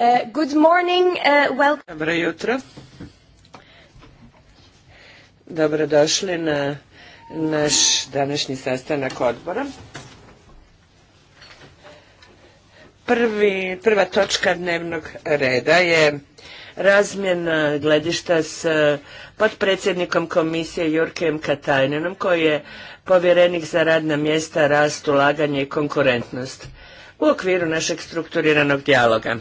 Uh, good morning, uh, Dobro jutro. Dobrodošli na naš današnji sastanak odbora. prva točka dnevnog reda je razmjena gledišta s potpredsjednikom komisije Jurkem Katajnenom koji je povjerenik za radna mjesta, rast, ulaganje i konkurentnost u okviru našeg strukturiranog dijaloga.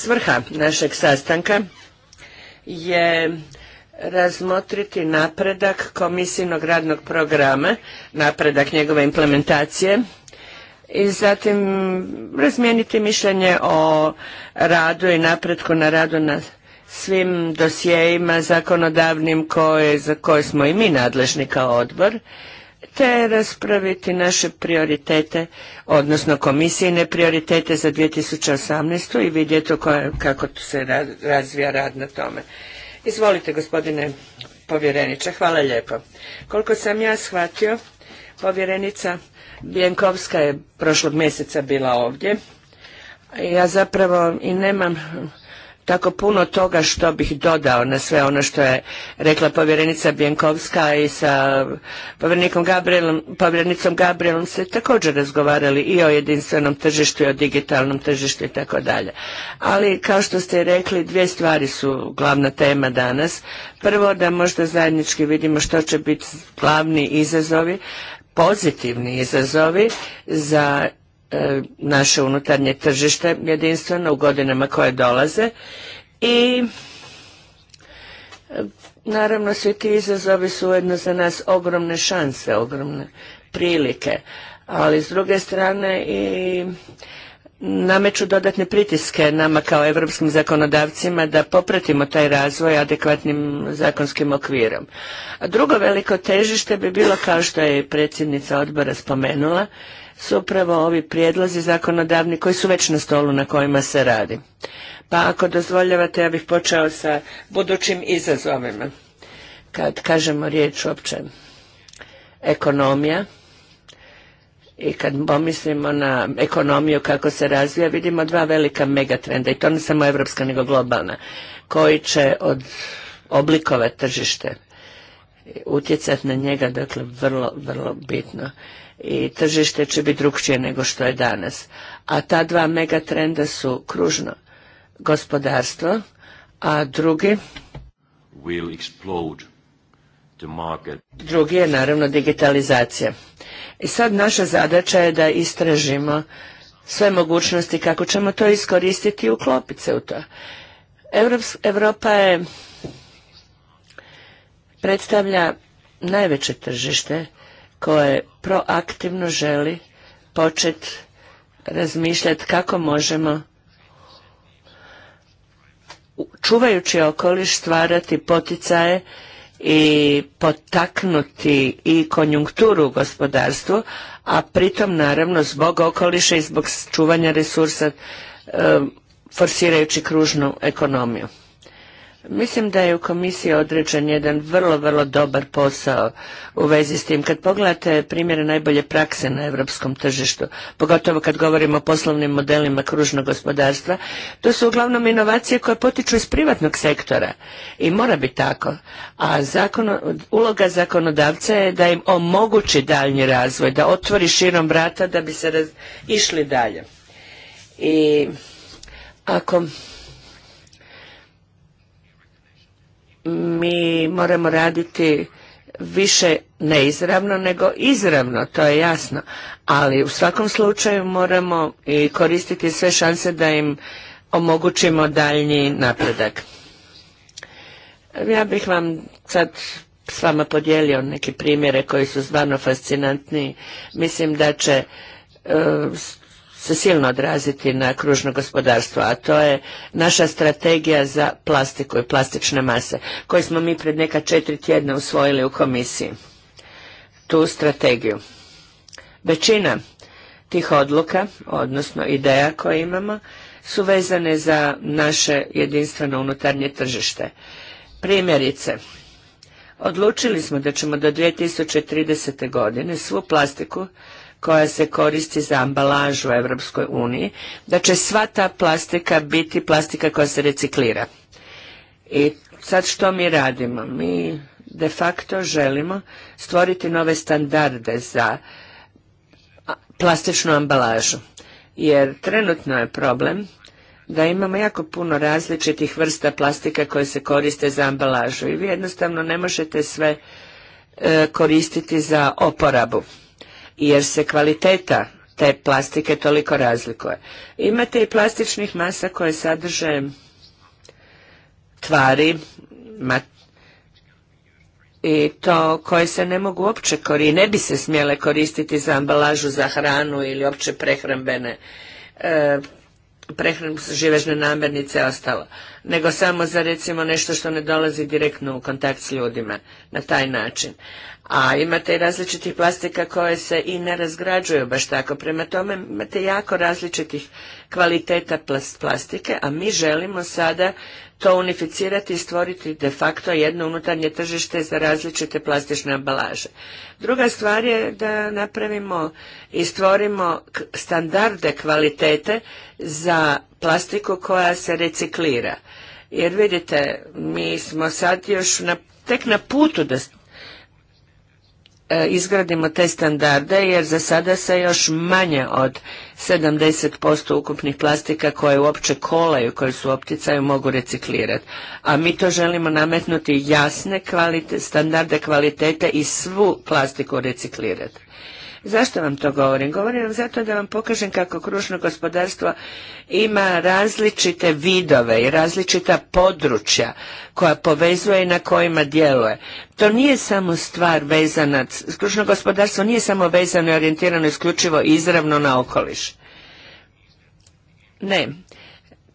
Svrha našeg sastanka je razmotriti napredak komisijnog radnog programa, napredak njegove implementacije i zatim razmijeniti mišljenje o radu i napretku na radu na svim dosjejima zakonodavnim koje, za koje smo i mi nadležni kao odbor te raspraviti naše prioritete, odnosno komisijne prioritete za 2018. i vidjeti kako se razvija rad na tome. Izvolite, gospodine povjereniče. Hvala lijepo. Koliko sam ja shvatio, povjerenica Bjenkovska je prošlog mjeseca bila ovdje. Ja zapravo i nemam tako puno toga što bih dodao na sve ono što je rekla povjerenica Bjenkovska i sa Gabrielom, povjerenicom Gabrielom se također razgovarali i o jedinstvenom tržištu i o digitalnom tržištu i tako dalje. Ali kao što ste rekli, dvije stvari su glavna tema danas. Prvo da možda zajednički vidimo što će biti glavni izazovi, pozitivni izazovi za E, naše unutarnje tržište jedinstveno u godinama koje dolaze i e, naravno svi ti izazovi su ujedno za nas ogromne šanse, ogromne prilike, ali s druge strane i nameću dodatne pritiske nama kao europskim zakonodavcima da popratimo taj razvoj adekvatnim zakonskim okvirom. A drugo veliko težište bi bilo, kao što je predsjednica odbora spomenula, su upravo ovi prijedlozi zakonodavni koji su već na stolu na kojima se radi. Pa ako dozvoljavate, ja bih počeo sa budućim izazovima. Kad kažemo riječ uopće ekonomija, i kad pomislimo na ekonomiju kako se razvija, vidimo dva velika megatrenda i to ne samo evropska nego globalna, koji će od oblikovat tržište, utjecati na njega, dakle, vrlo, vrlo bitno i tržište će biti drugčije nego što je danas. A ta dva megatrenda su kružno gospodarstvo, a drugi will Drugi je naravno digitalizacija. I sad naša zadaća je da istražimo sve mogućnosti kako ćemo to iskoristiti i uklopiti se u to. Europa je predstavlja najveće tržište koje proaktivno želi početi razmišljati kako možemo čuvajući okoliš stvarati poticaje i potaknuti i konjunkturu u gospodarstvu, a pritom naravno zbog okoliša i zbog čuvanja resursa e, forsirajući kružnu ekonomiju. Mislim da je u komisiji određen jedan vrlo, vrlo dobar posao u vezi s tim. Kad pogledate primjere najbolje prakse na europskom tržištu, pogotovo kad govorimo o poslovnim modelima kružnog gospodarstva, to su uglavnom inovacije koje potiču iz privatnog sektora i mora biti tako. A uloga zakonodavca je da im omogući daljnji razvoj, da otvori širom vrata da bi se išli dalje. I ako mi moramo raditi više neizravno nego izravno, to je jasno. Ali u svakom slučaju moramo i koristiti sve šanse da im omogućimo daljnji napredak. Ja bih vam sad s vama podijelio neke primjere koji su stvarno fascinantni. Mislim da će e, se silno odraziti na kružno gospodarstvo, a to je naša strategija za plastiku i plastične mase, koju smo mi pred neka četiri tjedna usvojili u komisiji. Tu strategiju. Većina tih odluka, odnosno ideja koje imamo, su vezane za naše jedinstveno unutarnje tržište. Primjerice, odlučili smo da ćemo do 2030. godine svu plastiku koja se koristi za ambalažu u Europskoj uniji, da će sva ta plastika biti plastika koja se reciklira. I sad što mi radimo? Mi de facto želimo stvoriti nove standarde za plastičnu ambalažu. Jer trenutno je problem da imamo jako puno različitih vrsta plastika koje se koriste za ambalažu i vi jednostavno ne možete sve e, koristiti za oporabu jer se kvaliteta te plastike toliko razlikuje. Imate i plastičnih masa koje sadrže tvari i to koje se ne mogu uopće koristiti, ne bi se smjele koristiti za ambalažu, za hranu ili opće prehrambene e, prehranu živežne namirnice ostalo, nego samo za recimo nešto što ne dolazi direktno u kontakt s ljudima na taj način. A imate i različitih plastika koje se i ne razgrađuju baš tako. Prema tome imate jako različitih kvaliteta plastike, a mi želimo sada to unificirati i stvoriti de facto jedno unutarnje tržište za različite plastične ambalaže. Druga stvar je da napravimo i stvorimo standarde kvalitete za plastiku koja se reciklira. Jer vidite, mi smo sad još na, tek na putu da E, izgradimo te standarde jer za sada se još manje od 70% ukupnih plastika koje uopće kolaju, koje su opticaju, mogu reciklirati. A mi to želimo nametnuti jasne standarde kvalitete i svu plastiku reciklirati. Zašto vam to govorim? Govorim vam zato da vam pokažem kako kružno gospodarstvo ima različite vidove i različita područja koja povezuje i na kojima djeluje. To nije samo stvar vezana, kružno gospodarstvo nije samo vezano i orijentirano isključivo izravno na okoliš. Ne.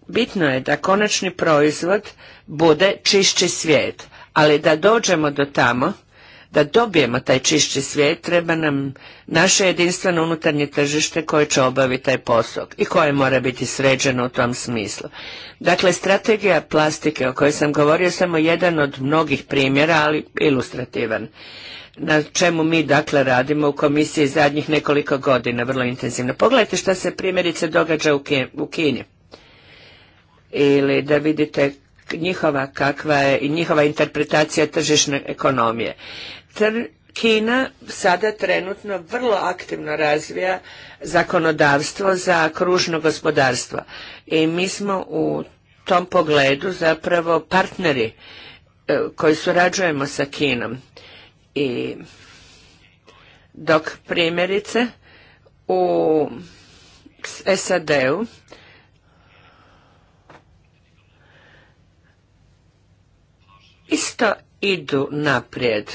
Bitno je da konačni proizvod bude čišći svijet, ali da dođemo do tamo da dobijemo taj čišći svijet, treba nam naše jedinstveno unutarnje tržište koje će obaviti taj posao i koje mora biti sređeno u tom smislu. Dakle, strategija plastike o kojoj sam govorio je samo jedan od mnogih primjera, ali ilustrativan na čemu mi dakle radimo u komisiji zadnjih nekoliko godina, vrlo intenzivno. Pogledajte što se primjerice događa u Kini. Ili da vidite njihova kakva je i njihova interpretacija tržišne ekonomije. Kina sada trenutno vrlo aktivno razvija zakonodavstvo za kružno gospodarstvo i mi smo u tom pogledu zapravo partneri e, koji surađujemo sa Kinom. I dok primjerice u SAD-u isto idu naprijed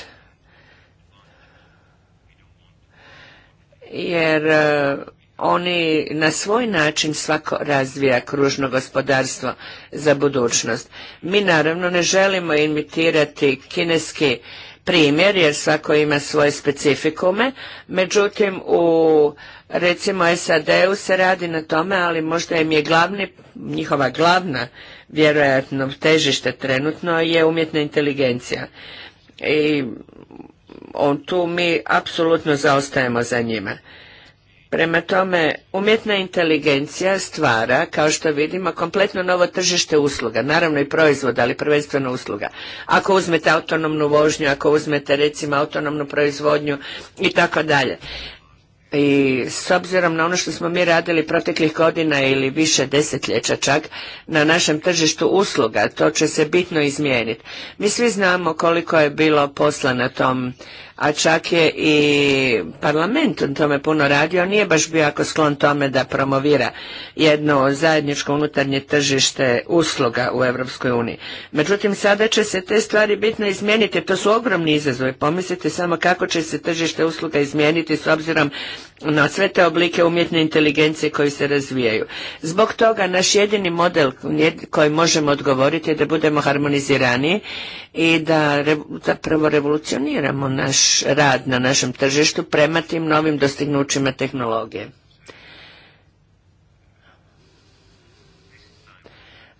jer e, oni na svoj način svako razvija kružno gospodarstvo za budućnost. Mi naravno ne želimo imitirati kineski primjer jer svako ima svoje specifikume, međutim u recimo SAD-u se radi na tome, ali možda im je glavni, njihova glavna vjerojatno težište trenutno je umjetna inteligencija. I on tu mi apsolutno zaostajemo za njima. Prema tome, umjetna inteligencija stvara, kao što vidimo, kompletno novo tržište usluga, naravno i proizvoda, ali prvenstveno usluga. Ako uzmete autonomnu vožnju, ako uzmete recimo autonomnu proizvodnju i tako dalje i s obzirom na ono što smo mi radili proteklih godina ili više desetljeća čak na našem tržištu usluga, to će se bitno izmijeniti. Mi svi znamo koliko je bilo posla na tom, a čak je i parlament na tome puno radio, nije baš bio jako sklon tome da promovira jedno zajedničko unutarnje tržište usluga u Europskoj uniji. Međutim, sada će se te stvari bitno izmijeniti, to su ogromni izazovi. Pomislite samo kako će se tržište usluga izmijeniti s obzirom na sve te oblike umjetne inteligencije koji se razvijaju. Zbog toga naš jedini model koji možemo odgovoriti je da budemo harmonizirani i da zapravo revolucioniramo naš rad na našem tržištu prema tim novim dostignućima tehnologije.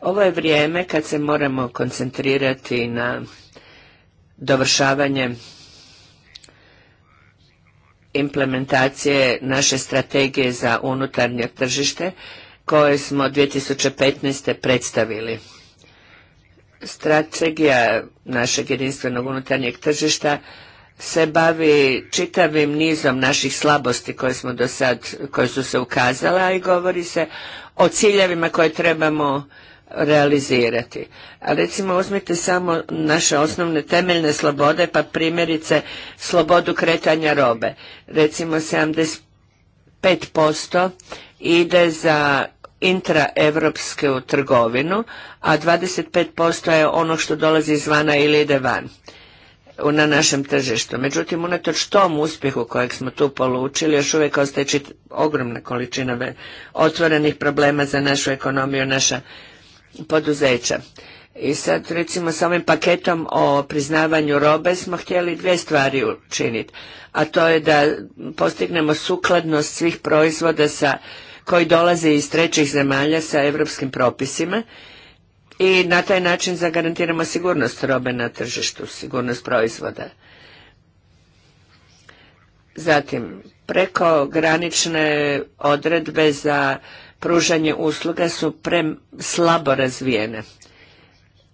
Ovo je vrijeme kad se moramo koncentrirati na dovršavanje implementacije naše strategije za unutarnje tržište koje smo 2015. predstavili. Strategija našeg jedinstvenog unutarnjeg tržišta se bavi čitavim nizom naših slabosti koje smo do sad, koje su se ukazala i govori se o ciljevima koje trebamo realizirati. A recimo uzmite samo naše osnovne temeljne slobode, pa primjerice slobodu kretanja robe. Recimo 75% ide za intraeuropsku trgovinu, a 25% je ono što dolazi izvana ili ide van na našem tržištu. Međutim, unatoč tom uspjehu kojeg smo tu polučili, još uvijek ostaje ogromna količina otvorenih problema za našu ekonomiju, naša poduzeća. I sad recimo s ovim paketom o priznavanju robe smo htjeli dvije stvari učiniti, a to je da postignemo sukladnost svih proizvoda sa, koji dolaze iz trećih zemalja sa europskim propisima i na taj način zagarantiramo sigurnost robe na tržištu, sigurnost proizvoda. Zatim, preko granične odredbe za pružanje usluga su pre slabo razvijene.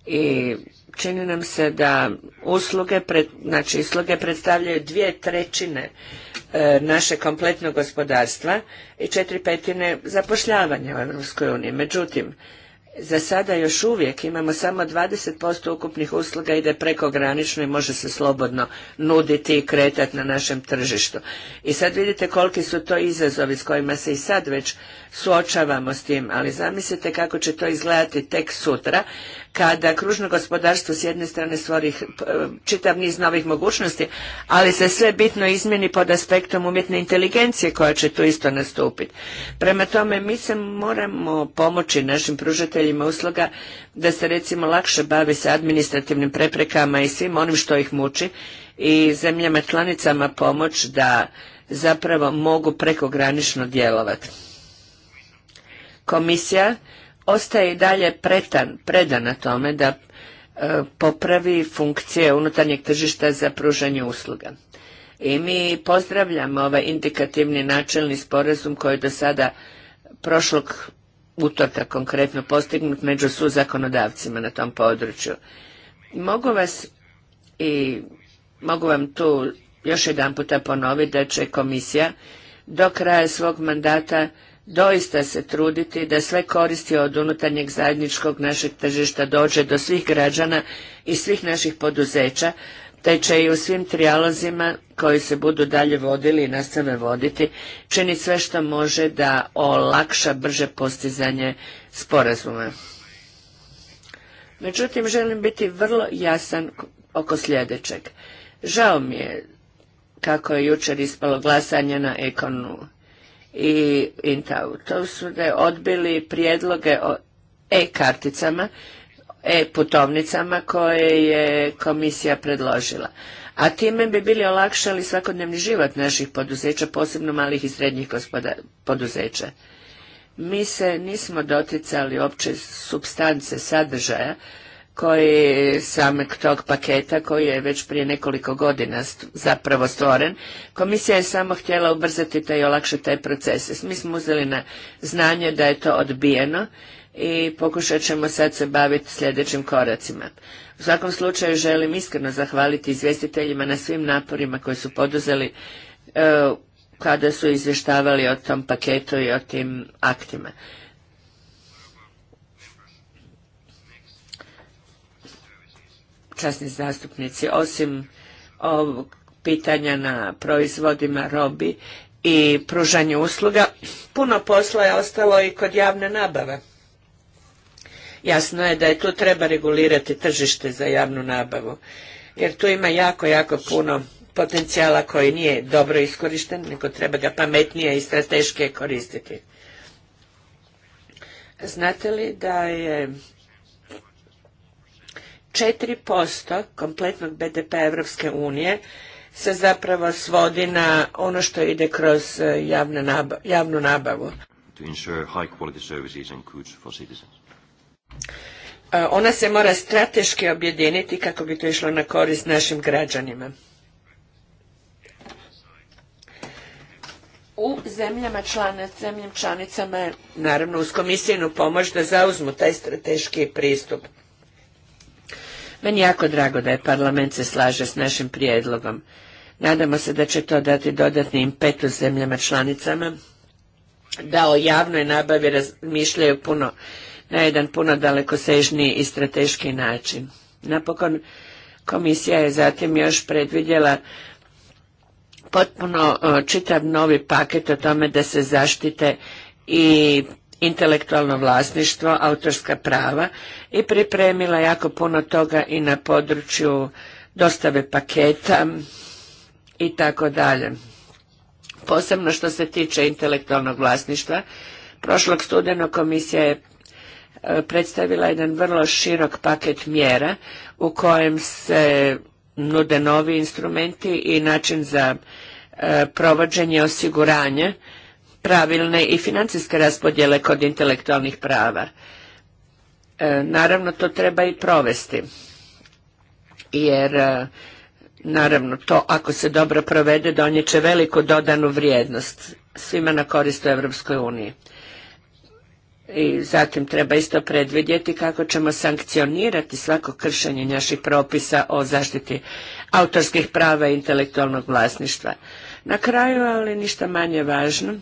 I čini nam se da usluge, pred, znači usluge predstavljaju dvije trećine e, naše kompletno gospodarstva i četiri petine zapošljavanja u Europskoj uniji. Međutim, za sada još uvijek imamo samo 20% ukupnih usluga ide preko prekogranično i može se slobodno nuditi i kretati na našem tržištu. I sad vidite koliki su to izazovi s kojima se i sad već suočavamo s tim, ali zamislite kako će to izgledati tek sutra kada kružno gospodarstvo s jedne strane stvori čitav niz novih mogućnosti, ali se sve bitno izmjeni pod aspektom umjetne inteligencije koja će tu isto nastupiti. Prema tome, mi se moramo pomoći našim pružateljima usluga da se recimo lakše bavi sa administrativnim preprekama i svim onim što ih muči i zemljama članicama pomoć da zapravo mogu prekogranično djelovati. Komisija ostaje i dalje pretan, na tome da e, popravi funkcije unutarnjeg tržišta za pružanje usluga. I mi pozdravljamo ovaj indikativni načelni sporazum koji je do sada prošlog utorka konkretno postignut među zakonodavcima na tom području. Mogu vas i mogu vam tu još jedan puta ponoviti da će komisija do kraja svog mandata doista se truditi da sve koristi od unutarnjeg zajedničkog našeg tržišta dođe do svih građana i svih naših poduzeća, te će i u svim trijalozima koji se budu dalje vodili i nastave voditi, čini sve što može da olakša brže postizanje sporazuma. Međutim, želim biti vrlo jasan oko sljedećeg. Žao mi je kako je jučer ispalo glasanje na ekonu i Intau. To su da je odbili prijedloge o e-karticama, e-putovnicama koje je komisija predložila. A time bi bili olakšali svakodnevni život naših poduzeća, posebno malih i srednjih poduzeća. Mi se nismo doticali opće substance sadržaja koji samog tog paketa koji je već prije nekoliko godina zapravo stvoren. Komisija je samo htjela ubrzati taj i olakšati taj proces. Mi smo uzeli na znanje da je to odbijeno i pokušat ćemo sad se baviti sljedećim koracima. U svakom slučaju želim iskreno zahvaliti izvjestiteljima na svim naporima koji su poduzeli e, kada su izvještavali o tom paketu i o tim aktima. časni zastupnici, osim ovog pitanja na proizvodima robi i pružanju usluga, puno posla je ostalo i kod javne nabave. Jasno je da je tu treba regulirati tržište za javnu nabavu, jer tu ima jako, jako puno potencijala koji nije dobro iskorišten, nego treba ga pametnije i strateške koristiti. Znate li da je 4% kompletnog BDP p-a Evropske unije se zapravo svodi na ono što ide kroz e, javnu, nabavu. E, ona se mora strateški objediniti kako bi to išlo na korist našim građanima. u zemljama članica, zemljim članicama je naravno uz komisijenu pomoć da zauzmu taj strateški pristup. Meni jako drago da je parlament se slaže s našim prijedlogom. Nadamo se da će to dati dodatnim petu zemljama članicama da o javnoj nabavi razmišljaju puno, na jedan puno dalekosežniji i strateški način. Napokon komisija je zatim još predvidjela potpuno čitav novi paket o tome da se zaštite i intelektualno vlasništvo, autorska prava i pripremila jako puno toga i na području dostave paketa i tako dalje. Posebno što se tiče intelektualnog vlasništva, prošlog studenog komisija je e, predstavila jedan vrlo širok paket mjera u kojem se nude novi instrumenti i način za e, provođenje osiguranja pravilne i financijske raspodjele kod intelektualnih prava. E, naravno, to treba i provesti, jer e, naravno to ako se dobro provede će veliku dodanu vrijednost svima na koristu u uniji. I zatim treba isto predvidjeti kako ćemo sankcionirati svako kršenje naših propisa o zaštiti autorskih prava i intelektualnog vlasništva. Na kraju, ali ništa manje važno,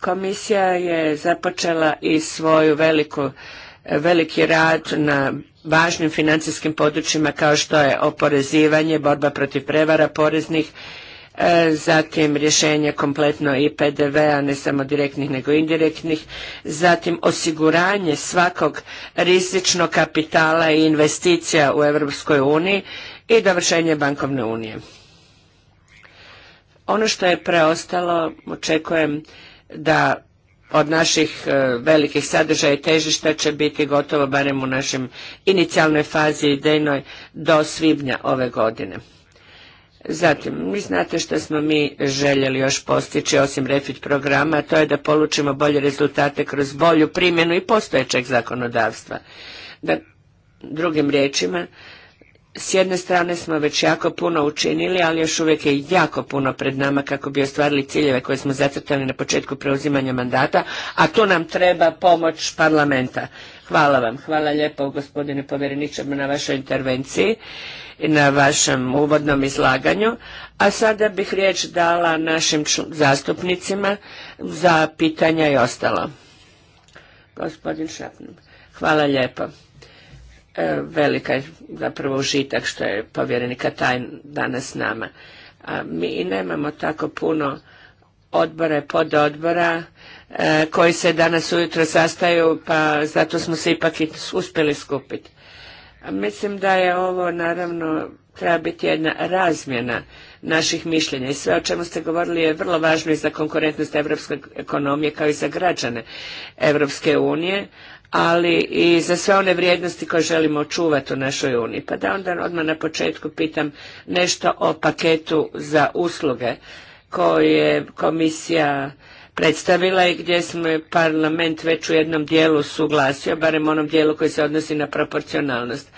Komisija je započela i svoju veliku, veliki rad na važnim financijskim područjima kao što je oporezivanje, borba protiv prevara poreznih, e, zatim rješenje kompletno i PDV-a, ne samo direktnih nego indirektnih, zatim osiguranje svakog rizičnog kapitala i investicija u Europskoj uniji i dovršenje bankovne unije. Ono što je preostalo, očekujem da od naših e, velikih sadržaja i težišta će biti gotovo barem u našem inicijalnoj fazi idejnoj do svibnja ove godine. Zatim, vi znate što smo mi željeli još postići osim refit programa, a to je da polučimo bolje rezultate kroz bolju primjenu i postojećeg zakonodavstva. Da, drugim riječima, s jedne strane smo već jako puno učinili, ali još uvijek je jako puno pred nama kako bi ostvarili ciljeve koje smo zacrtali na početku preuzimanja mandata, a tu nam treba pomoć parlamenta. Hvala vam. Hvala lijepo gospodine povjereniče na vašoj intervenciji i na vašem uvodnom izlaganju. A sada bih riječ dala našim zastupnicima za pitanja i ostalo. Gospodin Šapnum. Hvala lijepo. E, velika je zapravo užitak što je povjerenika taj danas nama. A mi i nemamo tako puno odbora i pododbora e, koji se danas ujutro sastaju, pa zato smo se ipak i uspjeli skupiti. Mislim da je ovo naravno treba biti jedna razmjena naših mišljenja i sve o čemu ste govorili je vrlo važno i za konkurentnost evropske ekonomije kao i za građane Evropske unije, ali i za sve one vrijednosti koje želimo očuvati u našoj Uniji. Pa da onda odmah na početku pitam nešto o paketu za usluge koje je komisija predstavila i gdje smo parlament već u jednom dijelu suglasio, barem onom dijelu koji se odnosi na proporcionalnost.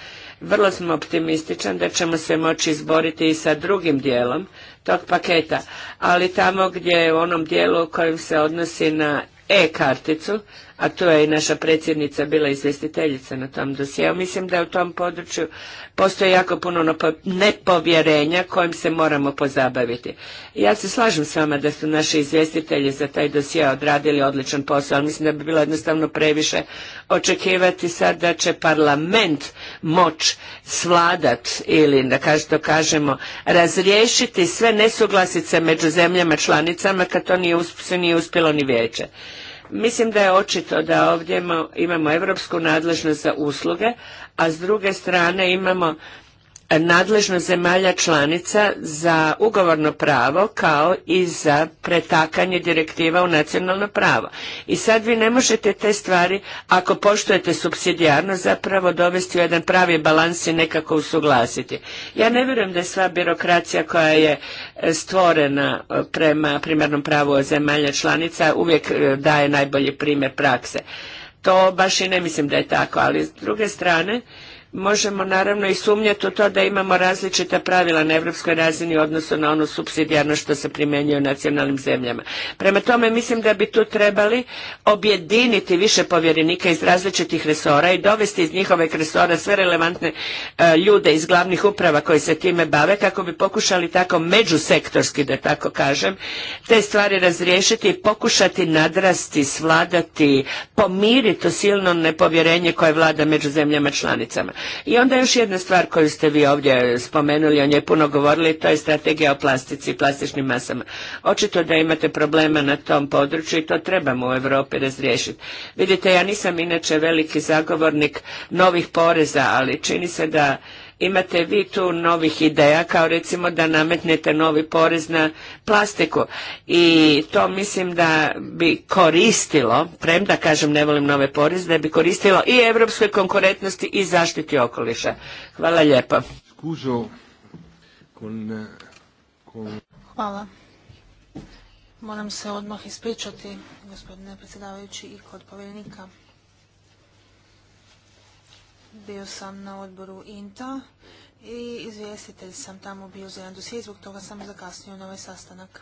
Vrlo smo optimističan da ćemo se moći izboriti i sa drugim dijelom tog paketa, ali tamo gdje je u onom dijelu kojim se odnosi na e-karticu, a tu je i naša predsjednica bila izvjestiteljica na tom dosijelu. Mislim da u tom području postoji jako puno ono nepovjerenja kojim se moramo pozabaviti. Ja se slažem s vama da su naši izvjestitelji za taj dosije odradili odličan posao, ali mislim da bi bilo jednostavno previše očekivati sad da će parlament moć svladat ili da kako kažemo razriješiti sve nesuglasice među zemljama članicama kad to nije uspjelo ni vijeće. Mislim da je očito da ovdje imamo, evropsku nadležnost za usluge, a s druge strane imamo nadležnost zemalja članica za ugovorno pravo kao i za pretakanje direktiva u nacionalno pravo. I sad vi ne možete te stvari, ako poštujete subsidijarno, zapravo dovesti u jedan pravi balans i nekako usuglasiti. Ja ne vjerujem da je sva birokracija koja je e, stvorena e, prema primarnom pravu zemalja članica uvijek e, daje najbolji primjer prakse. To baš i ne mislim da je tako, ali s druge strane, možemo naravno i sumnjati u to da imamo različita pravila na europskoj razini u odnosu na onu subsidijarno što se primjenjuje u nacionalnim zemljama. Prema tome mislim da bi tu trebali objediniti više povjerenika iz različitih resora i dovesti iz njihove resora sve relevantne e, ljude iz glavnih uprava koji se time bave kako bi pokušali tako međusektorski da tako kažem te stvari razriješiti i pokušati nadrasti, svladati, pomiriti to silno nepovjerenje koje vlada među zemljama članicama. I onda još jedna stvar koju ste vi ovdje spomenuli, o njoj puno govorili, to je strategija o plastici i plastičnim masama. Očito da imate problema na tom području i to trebamo u Europi razriješiti. Vidite, ja nisam inače veliki zagovornik novih poreza, ali čini se da imate vi tu novih ideja kao recimo da nametnete novi porez na plastiku i to mislim da bi koristilo, premda kažem ne volim nove poreze, da bi koristilo i europskoj konkurentnosti i zaštiti okoliša. Hvala lijepo. Hvala. Moram se odmah ispričati, gospodine predsjedavajući, i kod povjerenika. Bio sam na odboru INTA i izvjestitelj sam tamo bio za jedan dosije, zbog toga sam zakasnio na ovaj sastanak.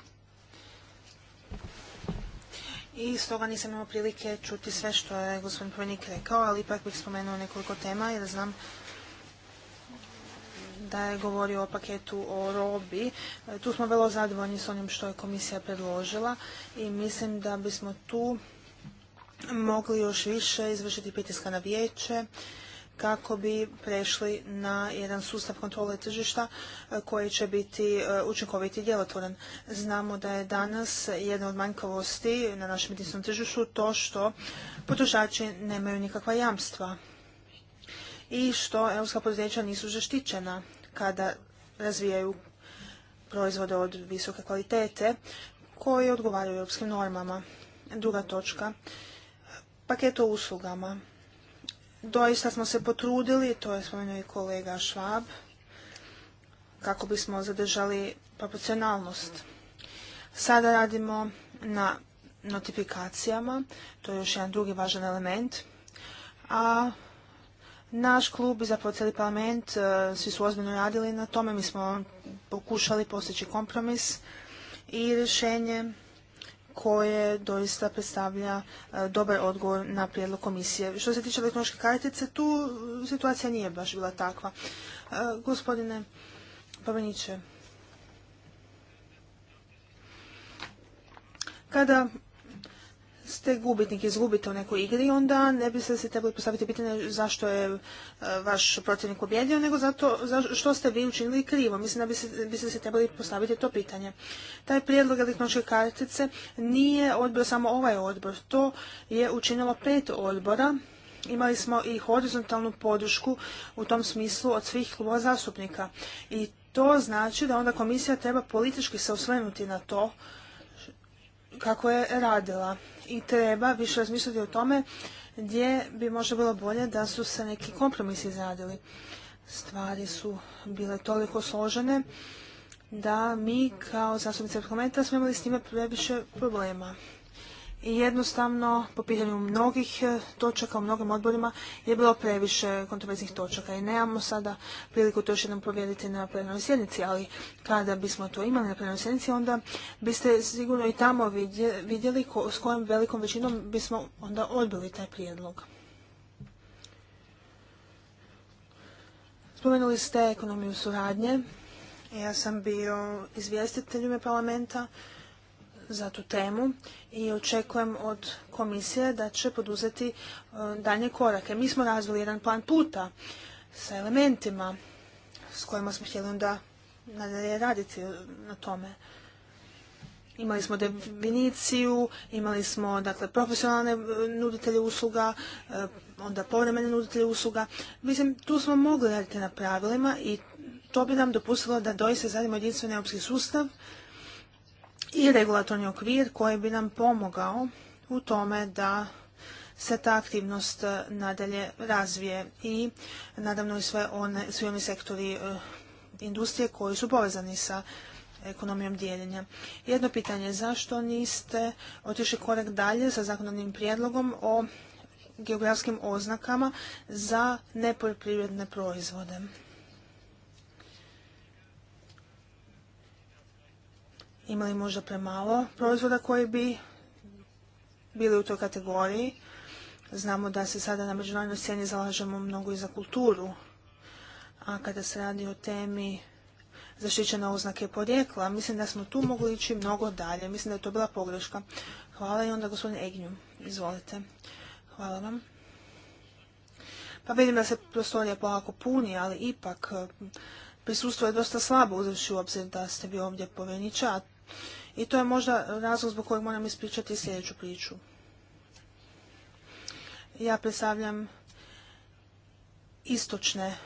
I stoga nisam imao prilike čuti sve što je gospodin Povenik rekao, ali ipak bih spomenuo nekoliko tema jer znam da je govorio o paketu o robi. Tu smo vrlo zadovoljni s onim što je komisija predložila i mislim da bismo tu mogli još više izvršiti pritiska na vijeće kako bi prešli na jedan sustav kontrole tržišta e, koji će biti e, učinkovit i djelotvoren. Znamo da je danas jedna od manjkavosti na našem jedinstvenom tržištu to što potrošači nemaju nikakva jamstva i što europska poduzeća nisu zaštićena kada razvijaju proizvode od visoke kvalitete koji odgovaraju europskim normama. Druga točka, paket o uslugama. Doista smo se potrudili, to je spomenuo i kolega Švab, kako bismo zadržali proporcionalnost. Sada radimo na notifikacijama, to je još jedan drugi važan element, a naš klub i zapravo cijeli parlament, e, svi su ozbiljno radili na tome, mi smo pokušali postići kompromis i rješenje koje doista predstavlja e, dobar odgovor na prijedlog komisije. Što se tiče elektroničke kartice, tu e, situacija nije baš bila takva. E, gospodine Pavaniće, kada ste gubitnik, izgubite u nekoj igri, onda ne bi se trebali postaviti pitanje zašto je e, vaš protivnik pobjedio, nego zato što ste vi učinili krivo. Mislim da biste, se trebali postaviti to pitanje. Taj prijedlog elektroničke kartice nije odbio samo ovaj odbor. To je učinilo pet odbora imali smo i horizontalnu podršku u tom smislu od svih klubova zastupnika. I to znači da onda komisija treba politički se osvrnuti na to kako je radila. I treba više razmišljati o tome gdje bi možda bilo bolje da su se neki kompromisi izradili. Stvari su bile toliko složene da mi kao zastupnici parlamenta smo imali s njima previše problema i jednostavno po pitanju mnogih e, točaka u mnogim odborima je bilo previše kontroverznih točaka i nemamo sada priliku to još jednom provjeriti na plenarnoj sjednici, ali kada bismo to imali na plenarnoj sjednici onda biste sigurno i tamo vidjeli s kojom velikom većinom bismo onda odbili taj prijedlog. Spomenuli ste ekonomiju suradnje. Ja sam bio izvjestitelj u parlamenta za tu temu i očekujem od komisije da će poduzeti e, dalje korake. Mi smo razvili jedan plan puta sa elementima s kojima smo htjeli onda raditi na tome. Imali smo definiciju, imali smo dakle, profesionalne e, nuditelje usluga, e, onda povremene nuditelje usluga. Mislim, tu smo mogli raditi na pravilima i to bi nam dopustilo da doista zadimo jedinstveni europski sustav i regulatorni okvir koji bi nam pomogao u tome da se ta aktivnost e, nadalje razvije i nadavno i sve one, svi oni sektori e, industrije koji su povezani sa ekonomijom dijeljenja. Jedno pitanje, zašto niste otišli korek dalje sa zakonodnim prijedlogom o geografskim oznakama za nepoljoprivredne proizvode? imali možda premalo proizvoda koji bi bili u toj kategoriji. Znamo da se sada na međunarodnoj sceni zalažemo mnogo i za kulturu, a kada se radi o temi zaštićene oznake porijekla, mislim da smo tu mogli ići mnogo dalje. Mislim da je to bila pogreška. Hvala i onda gospodin Egnju. Izvolite. Hvala vam. Pa vidim da se prostorija polako puni, ali ipak eh, prisustvo je dosta slabo uzavši u obzir da ste vi ovdje poveniča i to je možda razlog zbog kojeg moram ispričati sljedeću priču. Ja predstavljam istočne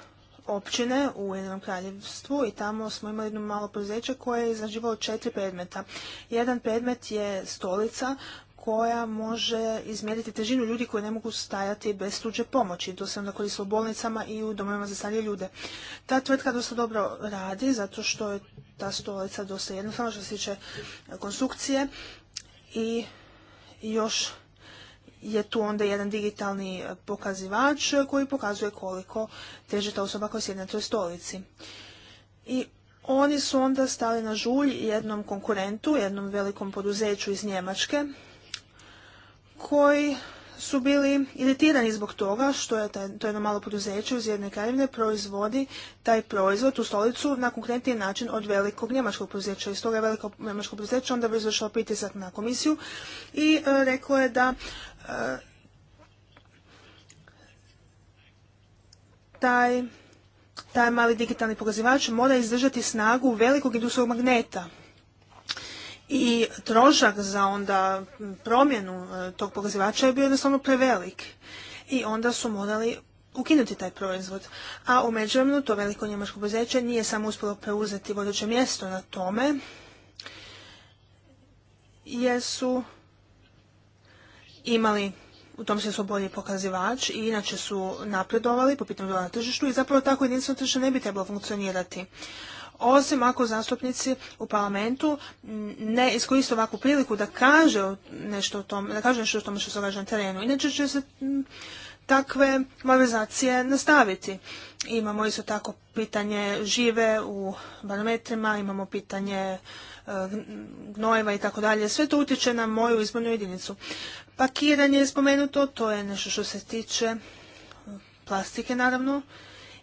općine u Jednom kraljevstvu i tamo smo imali jedno malo poduzeće koje je izrađivalo četiri predmeta. Jedan predmet je stolica koja može izmjeriti težinu ljudi koji ne mogu stajati bez tuđe pomoći. To se onda koristilo u bolnicama i u domovima za starije ljude. Ta tvrtka dosta dobro radi zato što je ta stolica dosta jednostavna što se tiče konstrukcije i još je tu onda jedan digitalni pokazivač koji pokazuje koliko teže ta osoba koja sjedne na toj stolici. I oni su onda stali na žulj jednom konkurentu, jednom velikom poduzeću iz Njemačke koji su bili iritirani zbog toga što je taj, to jedno malo poduzeće iz jedne kraljevine proizvodi taj proizvod u stolicu na konkretniji način od velikog njemačkog poduzeća. I stoga je veliko njemačko poduzeće onda bi izvršilo pritisak na komisiju i e, rekao je da e, taj, taj mali digitalni pokazivač mora izdržati snagu velikog industrijskog magneta i trošak za onda promjenu e, tog pokazivača je bio jednostavno prevelik i onda su morali ukinuti taj proizvod. A u međuvremenu to veliko njemačko poduzeće nije samo uspjelo preuzeti vodeće mjesto na tome, jer su imali u tom smislu bolji pokazivač i inače su napredovali po pitanju na tržištu i zapravo tako jedinstveno tržište ne bi trebalo funkcionirati osim ako zastupnici u parlamentu ne iskoriste ovakvu priliku da kaže nešto o tome, da kaže nešto o što se događa na terenu. Inače će se takve mobilizacije nastaviti. Imamo isto tako pitanje žive u barometrima, imamo pitanje e, gnojeva i tako dalje. Sve to utječe na moju izbornu jedinicu. Pakiranje je spomenuto, to je nešto što se tiče plastike naravno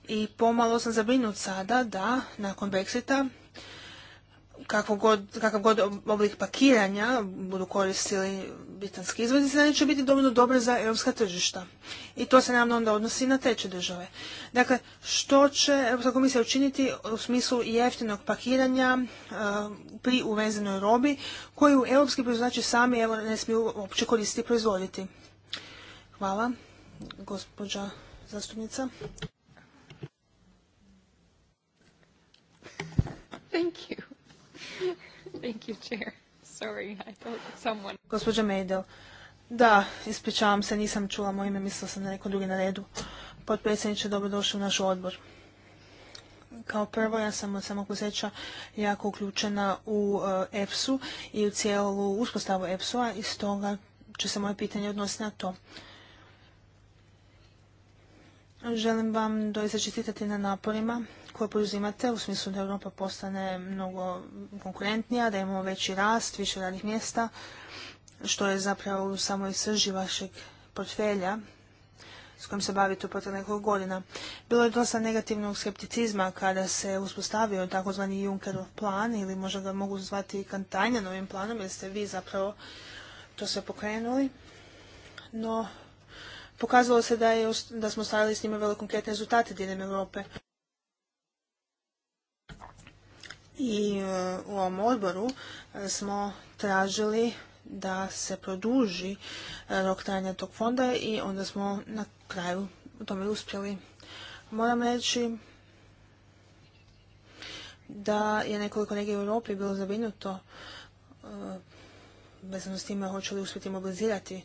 i pomalo sam zabrinut sada da nakon Brexita kakav god oblik pakiranja budu koristili britanski izvozi, znači neće biti dovoljno dobro za europska tržišta. I to se naravno onda odnosi na treće države. Dakle, što će Europska komisija učiniti u smislu jeftinog pakiranja e, pri uvezenoj robi koju europski proizvođači sami evo, ne smiju uopće koristiti i proizvoditi? Hvala, gospođa zastupnica. Thank you. Thank you, Chair. Sorry, I thought someone... Gospođa Mejdel, da, ispričavam se, nisam čula moje ime, mislila sam na neko drugi na redu. Potpredsjedniče, dobrodošli u naš odbor. Kao prvo, ja sam od samog poseća jako uključena u EFS-u eh, i u cijelu uspostavu u a i stoga će se moje pitanje odnositi na to. Želim vam doista čestitati na naporima koje poduzimate u smislu da Europa postane mnogo konkurentnija, da imamo veći rast, više radnih mjesta, što je zapravo u samoj srži vašeg portfelja s kojim se bavite u protiv nekoliko godina. Bilo je dosta negativnog skepticizma kada se uspostavio takozvani Junckerov plan ili možda ga mogu zvati i Kantanja novim planom jer ste vi zapravo to sve pokrenuli. No, pokazalo se da, da smo stavili s njima vrlo konkretne rezultate diljem Europe. i e, u ovom odboru e, smo tražili da se produži e, rok trajanja tog fonda i onda smo na kraju u tome uspjeli. Moram reći da je nekoliko regija u Europi bilo zabrinuto vezano s time hoće li uspjeti mobilizirati e,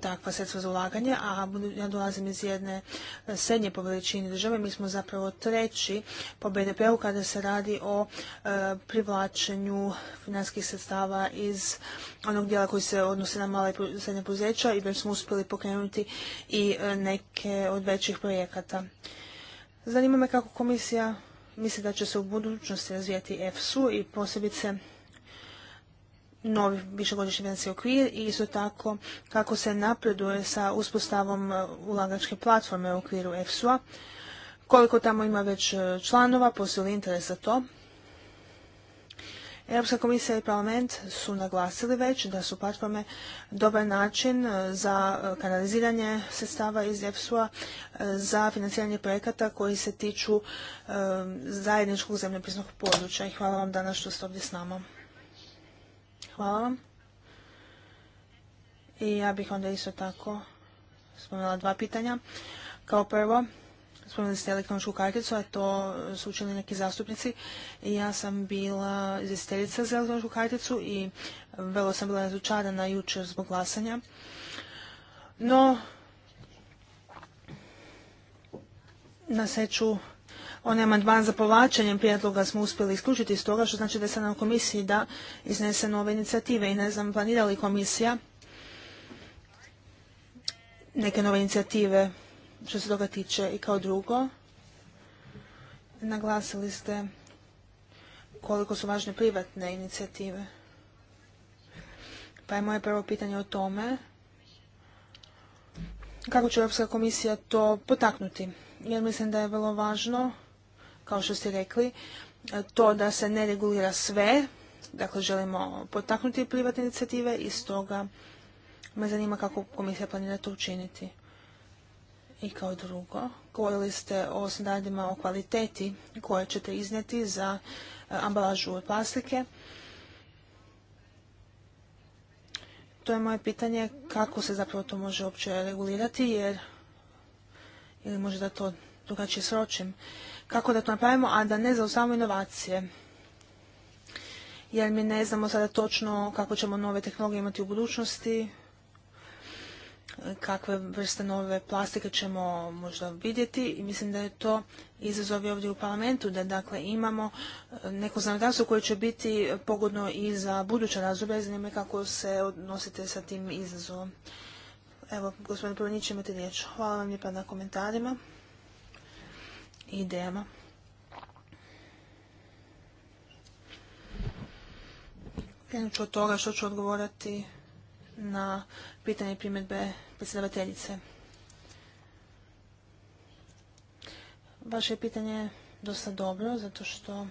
takva sredstva za ulaganje, a ja dolazim iz jedne e, srednje po veličini države, mi smo zapravo treći po BDP-u kada se radi o e, privlačenju financijskih sredstava iz onog dijela koji se odnose na mala i srednja poduzeća i već smo uspjeli pokrenuti i neke od većih projekata. Zanima me kako komisija misli da će se u budućnosti razvijati EFSU i posebice novi višegodišnji financijski okvir i isto tako kako se napreduje sa uspostavom e, ulagačke platforme u okviru EFSU-a, koliko tamo ima već e, članova, postoji li interes za to. Europska komisija i parlament su naglasili već da su platforme dobar način e, za kanaliziranje sredstava iz EFSU-a za financiranje projekata koji se tiču zajedničkog zemljopisnog područja. hvala vam danas što ste ovdje s nama. Hvala vam. I ja bih onda isto tako spomenula dva pitanja. Kao prvo, spomenuli ste elektroničku karticu, a to su učili neki zastupnici. I ja sam bila izvjestiteljica za elektroničku karticu i velo sam bila razočarana jučer zbog glasanja. No, na sreću onaj amandman za povlačenjem prijedloga smo uspjeli isključiti iz toga, što znači da se sad na komisiji da iznese nove inicijative i ne znam planira li komisija neke nove inicijative što se toga tiče i kao drugo. Naglasili ste koliko su važne privatne inicijative. Pa je moje prvo pitanje o tome kako će Europska komisija to potaknuti. Jer mislim da je vrlo važno kao što ste rekli, e, to da se ne regulira sve, dakle želimo potaknuti privatne inicijative i stoga me zanima kako komisija planira to učiniti. I kao drugo, govorili ste o standardima o kvaliteti koje ćete iznijeti za e, ambalažu od plastike. To je moje pitanje kako se zapravo to može uopće regulirati jer ili možda to drugačije sročim kako da to napravimo, a da ne samo inovacije. Jer mi ne znamo sada točno kako ćemo nove tehnologije imati u budućnosti, kakve vrste nove plastike ćemo možda vidjeti i mislim da je to izazov ovdje u parlamentu da dakle imamo e, neko zakonodavstvo koje će biti pogodno i za buduće razdoblje, zanima kako se odnosite sa tim izazovom. Evo, gospodin Prvnić, imate riječ. Hvala vam lijepa na komentarima i idejama. Krenut ću od toga što ću odgovorati na pitanje primjedbe predsjedavateljice. Vaše pitanje dosta dobro, zato što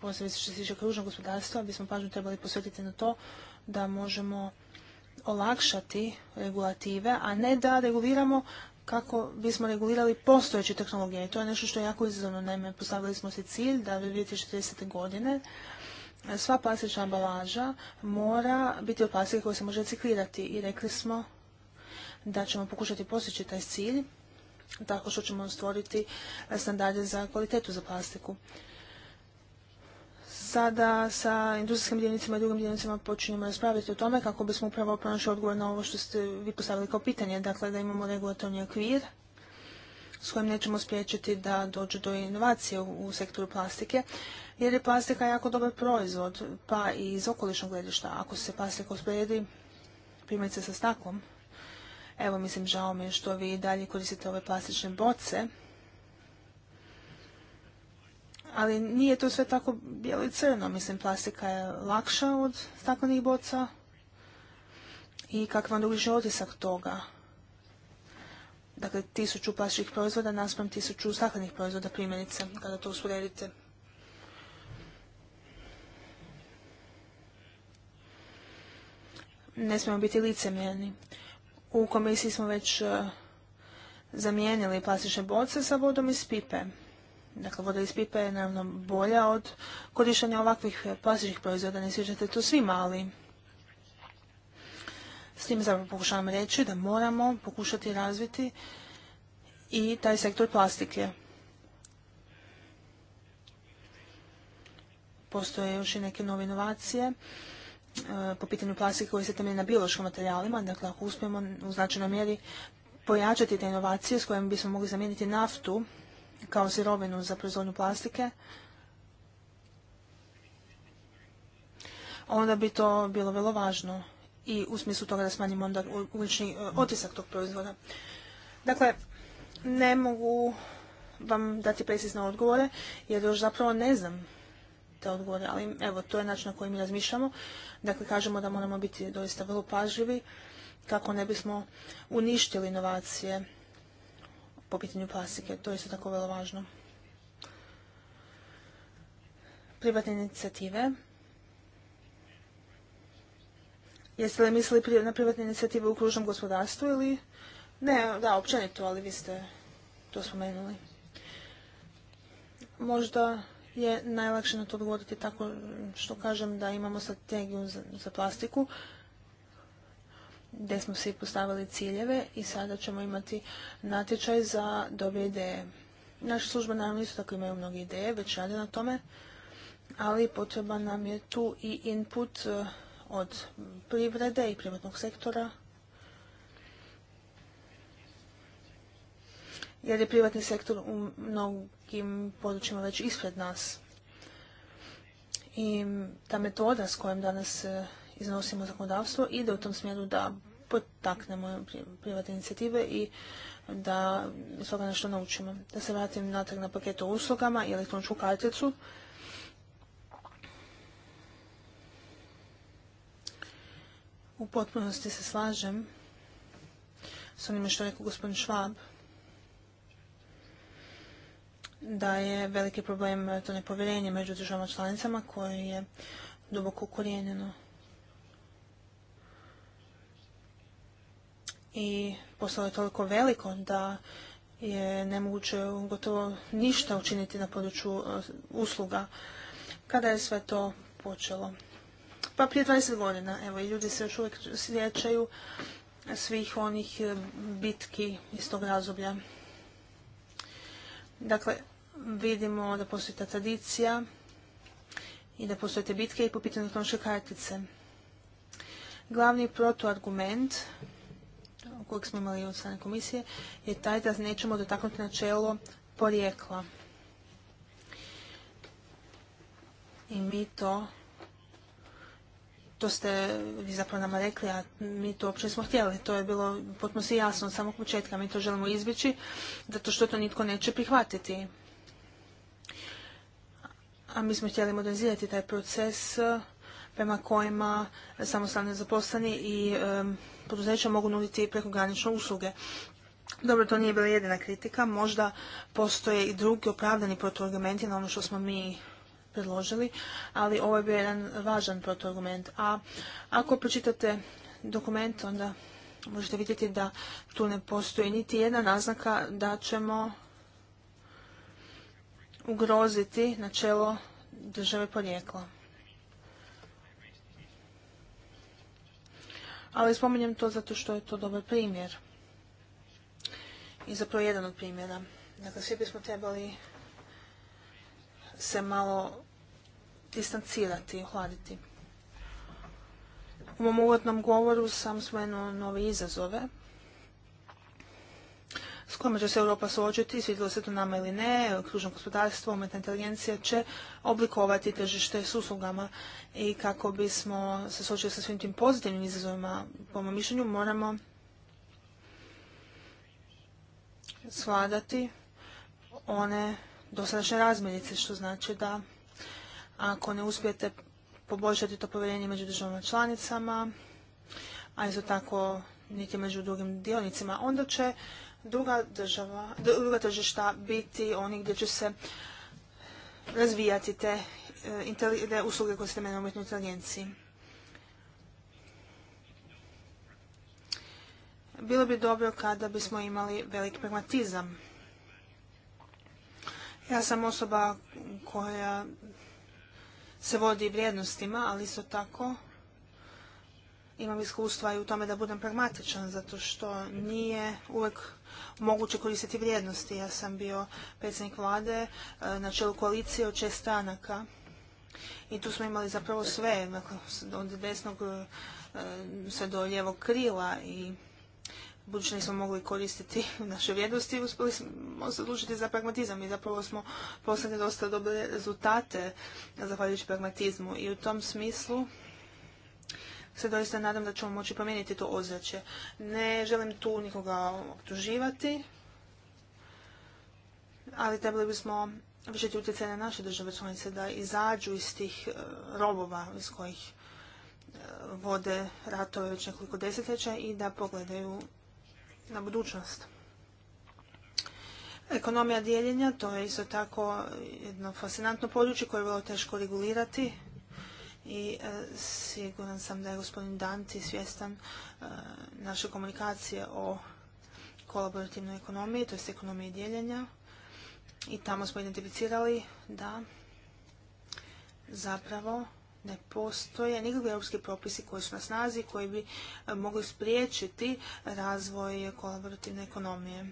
posebno što se tiče kružnog gospodarstva, bismo pažnju trebali posvetiti na to da možemo olakšati regulative, a ne da reguliramo kako bismo regulirali postojeće tehnologije. to je nešto što je jako izazovno. Naime, postavili smo se cilj da do 2040. godine e, sva plastična ambalaža mora biti od plastike koja se može reciklirati. I rekli smo da ćemo pokušati postići taj cilj tako što ćemo stvoriti e, standarde za kvalitetu za plastiku sada sa industrijskim djelnicima i drugim djelnicima počinjemo raspraviti o tome kako bismo upravo pronašli odgovor na ovo što ste vi postavili kao pitanje, dakle da imamo regulatorni okvir s kojim nećemo spriječiti da dođe do inovacije u sektoru plastike, jer je plastika jako dobar proizvod, pa i iz okolišnog gledišta. Ako se plastika usporedi primjerice sa staklom, evo mislim žao mi je što vi dalje koristite ove plastične boce, ali nije to sve tako bijelo i crno. Mislim, plastika je lakša od staklenih boca. I kakav onda uviše otisak toga? Dakle, tisuću plastičnih proizvoda naspram tisuću staklenih proizvoda primjerice, kada to usporedite. Ne smijemo biti licemjerni. U komisiji smo već eh, zamijenili plastične boce sa vodom iz pipe. Dakle, voda iz pipe je naravno bolja od korištenja ovakvih plastičnih proizvoda, ne sviđate to svi mali s tim zapravo pokušavam reći da moramo pokušati razviti i taj sektor plastike. Postoje još i neke nove inovacije e, po pitanju plastike koje se temelje na biološkim materijalima. Dakle, ako uspijemo u značajnoj mjeri pojačati te inovacije s kojima bismo mogli zamijeniti naftu kao sirovinu za proizvodnju plastike, onda bi to bilo vrlo važno i u smislu toga da smanjimo onda ulični e, otisak tog proizvoda. Dakle, ne mogu vam dati precizne odgovore, jer još zapravo ne znam te odgovore, ali evo, to je način na koji mi razmišljamo. Dakle, kažemo da moramo biti doista vrlo pažljivi kako ne bismo uništili inovacije po pitanju plastike. To je isto tako vrlo važno. Privatne inicijative. Jeste li mislili na privatne inicijative u kružnom gospodarstvu ili... Ne, da, općenito, ali vi ste to spomenuli. Možda je najlakše na to odgovoriti tako što kažem da imamo strategiju za, za plastiku gdje smo svi postavili ciljeve i sada ćemo imati natječaj za dobije ideje. Naša službe naravno isto tako imaju mnoge ideje, već rade na tome, ali potreba nam je tu i input eh, od privrede i privatnog sektora, jer je privatni sektor u mnogim područjima već ispred nas. I ta metoda s kojom danas eh, iznosimo zakonodavstvo ide u tom smjeru da potaknemo privatne inicijative i da iz toga nešto naučimo. Da se vratim natrag na paket o uslugama i elektroničku karticu. U potpunosti se slažem s onime što je rekao gospodin Švab, da je veliki problem to nepovjerenje među državama članicama koje je duboko ukorijenjeno i postalo je toliko veliko da je nemoguće gotovo ništa učiniti na području e, usluga. Kada je sve to počelo? Pa prije 20 godina, evo, i ljudi se još uvijek sjećaju svih onih e, bitki iz tog razoblja. Dakle, vidimo da postoji ta tradicija i da postoje te bitke i po pitanju elektroničke kartice. Glavni protuargument kojeg smo imali od strane komisije je taj da nećemo dotaknuti načelo porijekla. I mi to to ste vi zapravo nama rekli, a mi to uopće smo htjeli. To je bilo potpuno svi jasno od samog početka. Mi to želimo izbjeći, zato što to nitko neće prihvatiti. A mi smo htjeli modernizirati taj proces eh, prema kojima samostalni zaposleni i poduzeća mogu nuditi prekogranične usluge. Dobro, to nije bila jedina kritika, možda postoje i drugi opravdani protuargumenti na ono što smo mi predložili, ali ovo je bio jedan važan protuargument. A ako pročitate dokument, onda možete vidjeti da tu ne postoji niti jedna naznaka da ćemo ugroziti načelo države porijekla. ali spominjem to zato što je to dobar primjer. I zapravo jedan od primjera. Dakle, svi bismo trebali se malo distancirati i hladiti. U mom uvodnom govoru sam spomenuo nove izazove s kojima će se Europa suočiti, svidjelo se to nama ili ne, kružno gospodarstvo, umjetna inteligencija će oblikovati tržište s uslugama i kako bismo se suočili sa svim tim pozitivnim izazovima, po mom mišljenju, moramo svladati one dosadašnje razmjenice, što znači da ako ne uspijete poboljšati to povjerenje među državama članicama, a isto tako niti među drugim dionicima, onda će druga, država, druga tržišta biti oni gdje će se razvijati te e, usluge koje ste temene inteligenciji. Bilo bi dobro kada bismo imali veliki pragmatizam. Ja sam osoba koja se vodi vrijednostima, ali isto tako imam iskustva i u tome da budem pragmatičan, zato što nije uvek moguće koristiti vrijednosti. Ja sam bio predsjednik vlade e, na čelu koalicije od šest stranaka i tu smo imali zapravo sve, dakle, od desnog e, sve do lijevog krila i budući nismo mogli koristiti naše vrijednosti, uspjeli smo se odlučiti za pragmatizam i zapravo smo postigli dosta dobre rezultate zahvaljujući pragmatizmu. I u tom smislu se doista nadam da ćemo moći promijeniti to ozračje. Ne želim tu nikoga optuživati, ali trebali bismo vršiti utjecaj na naše države članice da izađu iz tih e, robova iz kojih e, vode ratove već nekoliko desetljeća i da pogledaju na budućnost. Ekonomija dijeljenja, to je isto tako jedno fascinantno područje koje je vrlo teško regulirati i e, siguran sam da je gospodin Danti svjestan e, naše komunikacije o kolaborativnoj ekonomiji, to je ekonomiji dijeljenja. I tamo smo identificirali da zapravo ne postoje nikakvi europski propisi koji su na snazi koji bi e, mogli spriječiti razvoj kolaborativne ekonomije.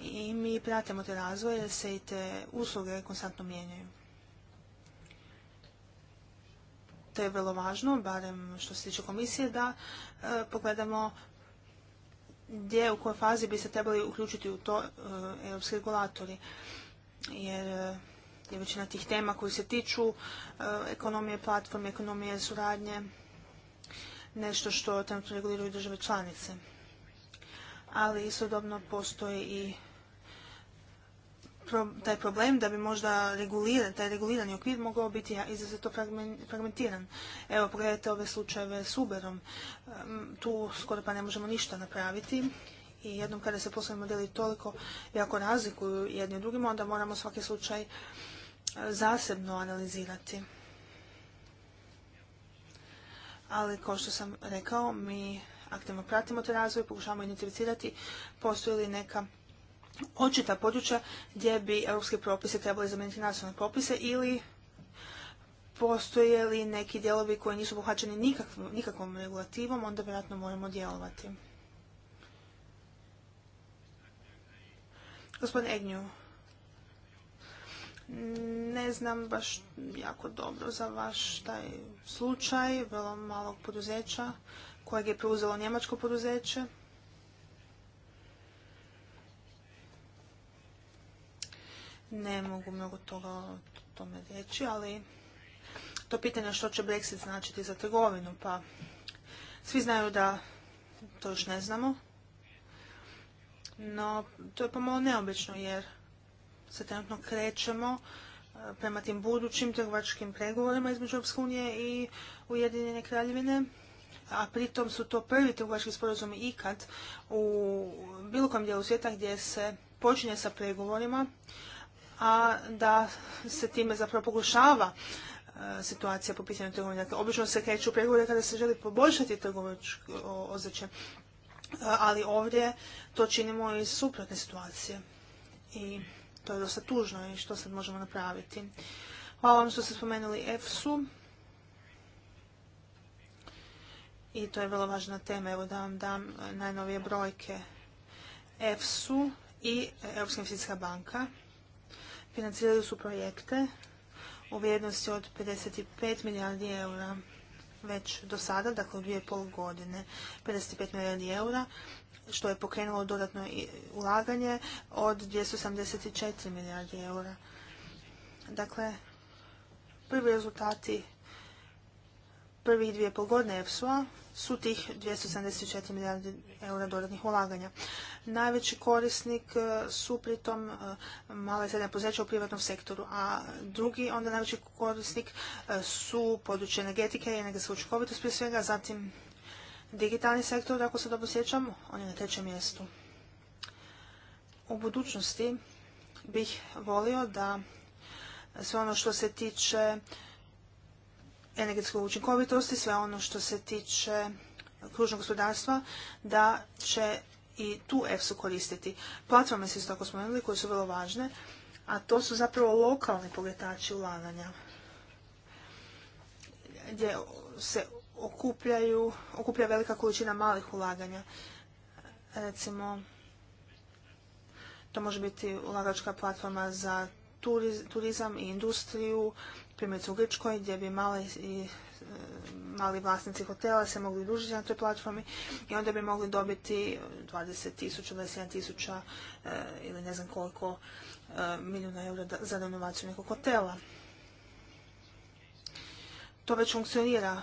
I mi pratimo te razvoje jer se i te usluge konstantno mijenjaju. To je vrlo važno, barem što se tiče komisije, da e, pogledamo gdje, u kojoj fazi bi se trebali uključiti u to e, europski regulatori. Jer e, je većina tih tema koji se tiču ekonomije platforme, ekonomije suradnje, nešto što trenutno reguliraju države članice. Ali istodobno postoji i taj problem da bi možda reguliran, taj regulirani okvir mogao biti izrazito fragmentiran. Evo, pogledajte ove slučajeve s Uberom. Tu skoro pa ne možemo ništa napraviti i jednom kada se poslovni modeli toliko jako razlikuju jedni drugima, onda moramo svaki slučaj e, zasebno analizirati. Ali, kao što sam rekao, mi aktivno pratimo te razvoj, pokušavamo identificirati postoji li neka očita područja gdje bi europske propise trebali zamijeniti nacionalne propise ili postoje li neki dijelovi koji nisu obuhvaćeni nikakvom, nikakvom regulativom, onda vjerojatno moramo djelovati. Gospodin Egnju, ne znam baš jako dobro za vaš taj slučaj, vrlo malog poduzeća kojeg je preuzelo njemačko poduzeće. Ne mogu mnogo toga o tome reći, ali to pitanje što će Brexit značiti za trgovinu, pa svi znaju da to još ne znamo. No, to je pomalo neobično jer se trenutno krećemo e, prema tim budućim trgovačkim pregovorima između Europske unije i Ujedinjene kraljevine, a pritom su to prvi trgovački sporazumi ikad u bilo kojem dijelu svijeta gdje se počinje sa pregovorima, a da se time zapravo pogušava e, situacija po pitanju trgovine. Dakle, obično se kreću pregovore kada se želi poboljšati trgovačko ozračje, e, ali ovdje to činimo iz suprotne situacije. I to je dosta tužno i što sad možemo napraviti. Hvala vam što ste spomenuli EFSU. I to je vrlo važna tema. Evo da vam dam najnovije brojke EFSU i Europska investicijska banka financirali su projekte u vrijednosti od 55 milijardi eura već do sada, dakle u dvije pol godine, 55 milijardi eura, što je pokrenulo dodatno ulaganje od 274 milijardi eura. Dakle, prvi rezultati prvih dvije pol godine epso a su tih 274 milijarde eura dodatnih ulaganja. Najveći korisnik e, su pritom e, mala i srednja poduzeća u privatnom sektoru, a drugi onda najveći korisnik e, su područje energetike i energetske učinkovitost prije svega, zatim digitalni sektor, ako se dobro sjećam, on je na trećem mjestu. U budućnosti bih volio da sve ono što se tiče energetskoj učinkovitosti, sve ono što se tiče kružnog gospodarstva, da će i tu EFSU koristiti. Platforme se isto tako spomenuli koje su vrlo važne, a to su zapravo lokalni pogretači ulaganja gdje se okupljaju, okuplja velika količina malih ulaganja. Recimo, to može biti ulagačka platforma za turizam i industriju, primjerice u Grčkoj, gdje bi mali, i, e, mali vlasnici hotela se mogli družiti na toj platformi i onda bi mogli dobiti 20.000, 27.000 tisuća e, ili ne znam koliko e, milijuna eura za renovaciju nekog hotela. To već funkcionira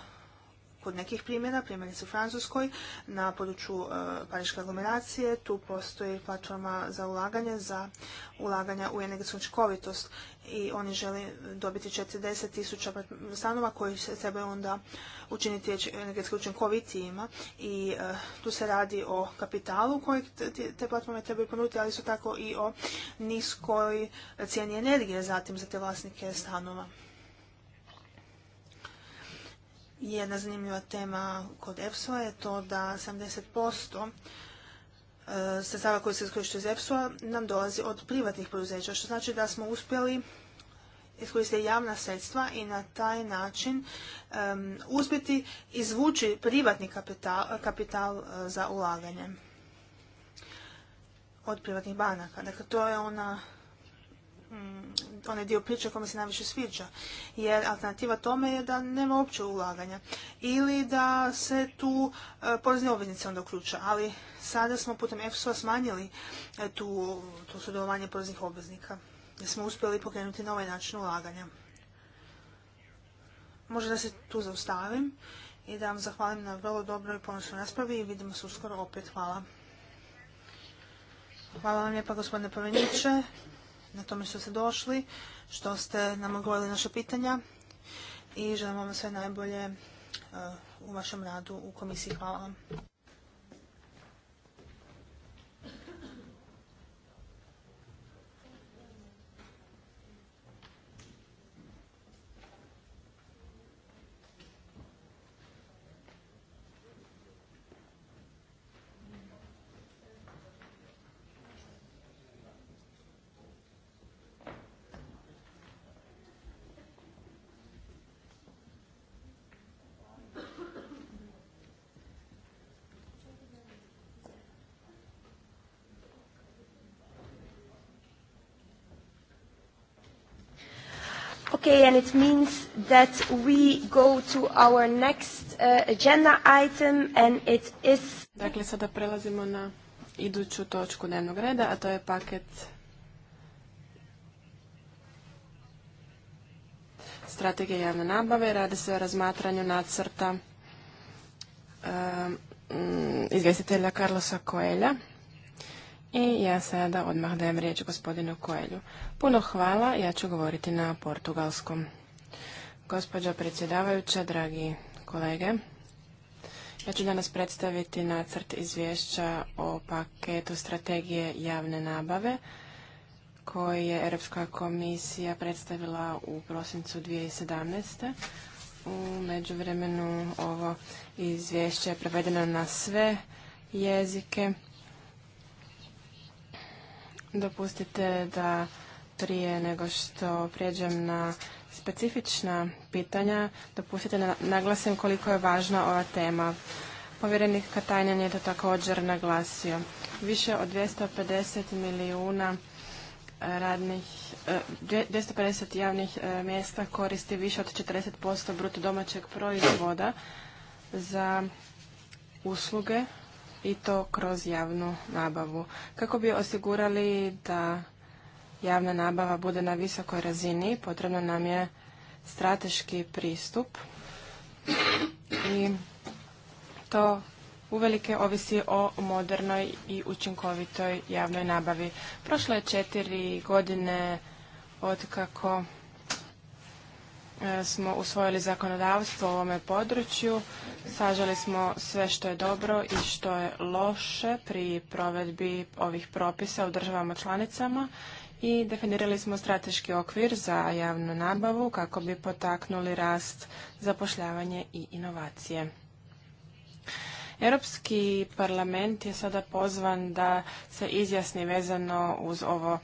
kod nekih primjera, primjerice u Francuskoj, na području Pariške aglomeracije, tu postoji platforma za ulaganje, za ulaganja u energetsku učinkovitost i oni žele dobiti 40 tisuća pa- stanova koji se trebaju onda učiniti energetski učinkovitijima i eh, tu se radi o kapitalu kojeg te platforme trebaju ponuditi, ali su tako i o niskoj cijeni energije zatim za te vlasnike stanova. Jedna zanimljiva tema kod EFSO je to da 70% E, sredstava koji se iskoristuje iz EPSO-a nam dolazi od privatnih poduzeća, što znači da smo uspjeli iskoristiti javna sredstva i na taj način uspjeti izvući privatni kapital, kapital e, za ulaganje od privatnih banaka. Dakle, to je ona Mm, onaj dio priče kome se najviše sviđa. Jer alternativa tome je da nema uopće ulaganja. Ili da se tu e, porezne obveznice onda uključa. Ali sada smo putem EFSO-a smanjili e, tu, sudjelovanje poreznih obveznika. Jer smo uspjeli pokrenuti na ovaj način ulaganja. Možda da se tu zaustavim i da vam zahvalim na vrlo dobroj i ponosnoj raspravi i vidimo se uskoro opet. Hvala. Hvala vam lijepa gospodine Poveniće na tome što ste došli, što ste nam odgovorili naše pitanja i želimo vam sve najbolje uh, u vašem radu u komisiji. Hvala vam. and it means that we go to our next uh, agenda item, and it is... Dakle, sada prelazimo na iduću točku dnevnog reda, a to je paket strategije javne nabave. Radi se o razmatranju nacrta um, izvjestitelja Carlosa Coelha. I ja sada odmah dajem riječ gospodinu Koelju. Puno hvala, ja ću govoriti na portugalskom. Gospođo predsjedavajuća, dragi kolege, ja ću danas predstaviti nacrt izvješća o paketu strategije javne nabave koji je Europska komisija predstavila u prosincu 2017. U međuvremenu ovo izvješće je prevedeno na sve jezike Dopustite da prije nego što prijeđem na specifična pitanja, dopustite da naglasim koliko je važna ova tema. Povjerenik Katajnan je to također naglasio. Više od 250 milijuna eh, radnih, 250 eh, javnih eh, mjesta koristi više od 40% bruto domaćeg proizvoda za usluge i to kroz javnu nabavu. Kako bi osigurali da javna nabava bude na visokoj razini, potrebno nam je strateški pristup i to uvelike ovisi o modernoj i učinkovitoj javnoj nabavi. Prošle je četiri godine od kako E, smo usvojili zakonodavstvo u ovome području, saželi smo sve što je dobro i što je loše pri provedbi ovih propisa u državama članicama i definirali smo strateški okvir za javnu nabavu kako bi potaknuli rast, zapošljavanje i inovacije. Europski parlament je sada pozvan da se izjasni vezano uz ovo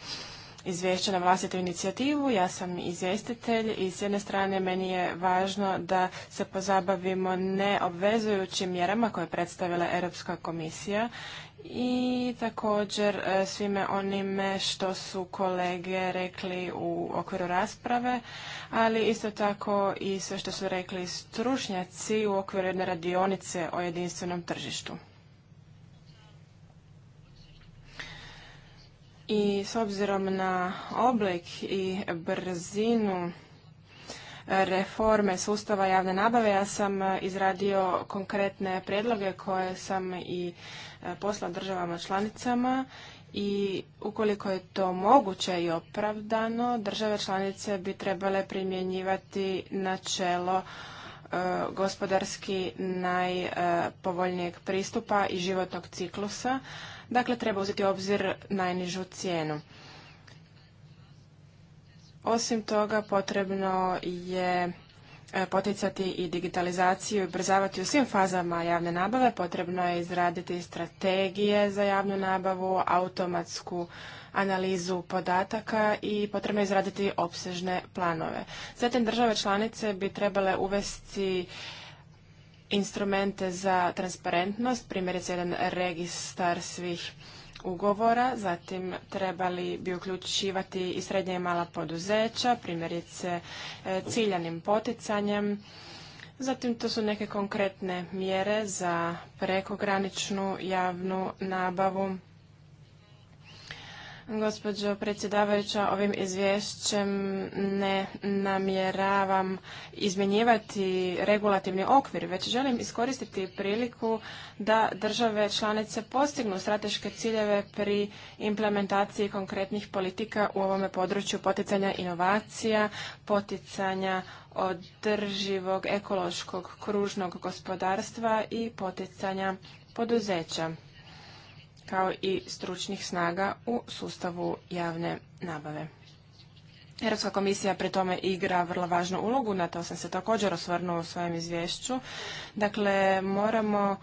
izvješće na vlastitu inicijativu. Ja sam izvjestitelj i s jedne strane meni je važno da se pozabavimo neobvezujućim mjerama koje je predstavila Europska komisija i također e, svime onime što su kolege rekli u okviru rasprave, ali isto tako i sve što su rekli stručnjaci u okviru jedne radionice o jedinstvenom tržištu. i s obzirom na oblik i brzinu e, reforme sustava javne nabave, ja sam e, izradio konkretne predloge koje sam i e, poslao državama članicama i ukoliko je to moguće i opravdano, države članice bi trebale primjenjivati načelo gospodarski najpovoljnijeg pristupa i životnog ciklusa, Dakle, treba uzeti u obzir najnižu cijenu. Osim toga, potrebno je e, poticati i digitalizaciju i brzavati u svim fazama javne nabave. Potrebno je izraditi strategije za javnu nabavu, automatsku analizu podataka i potrebno je izraditi opsežne planove. Zatim države članice bi trebale uvesti instrumente za transparentnost, primjerice jedan registar svih ugovora, zatim trebali bi uključivati i srednje i mala poduzeća, primjerice e, ciljanim poticanjem, Zatim to su neke konkretne mjere za prekograničnu javnu nabavu. Gospođo predsjedavajuća, ovim izvješćem ne namjeravam izmjenjivati regulativni okvir, već želim iskoristiti priliku da države članice postignu strateške ciljeve pri implementaciji konkretnih politika u ovome području poticanja inovacija, poticanja održivog ekološkog kružnog gospodarstva i poticanja poduzeća kao i stručnih snaga u sustavu javne nabave. Europska komisija pri tome igra vrlo važnu ulogu, na to sam se također osvrnuo u svojem izvješću. Dakle, moramo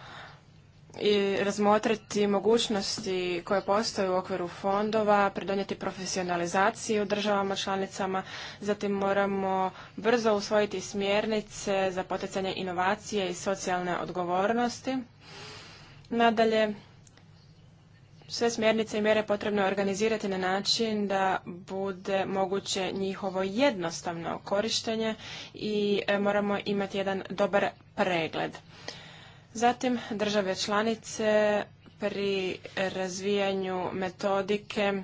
i razmotriti mogućnosti koje postoje u okviru fondova, pridonijeti profesionalizaciju državama članicama, zatim moramo brzo usvojiti smjernice za poticanje inovacije i socijalne odgovornosti. Nadalje, sve smjernice i mjere potrebno je organizirati na način da bude moguće njihovo jednostavno korištenje i e, moramo imati jedan dobar pregled. Zatim države članice pri razvijanju metodike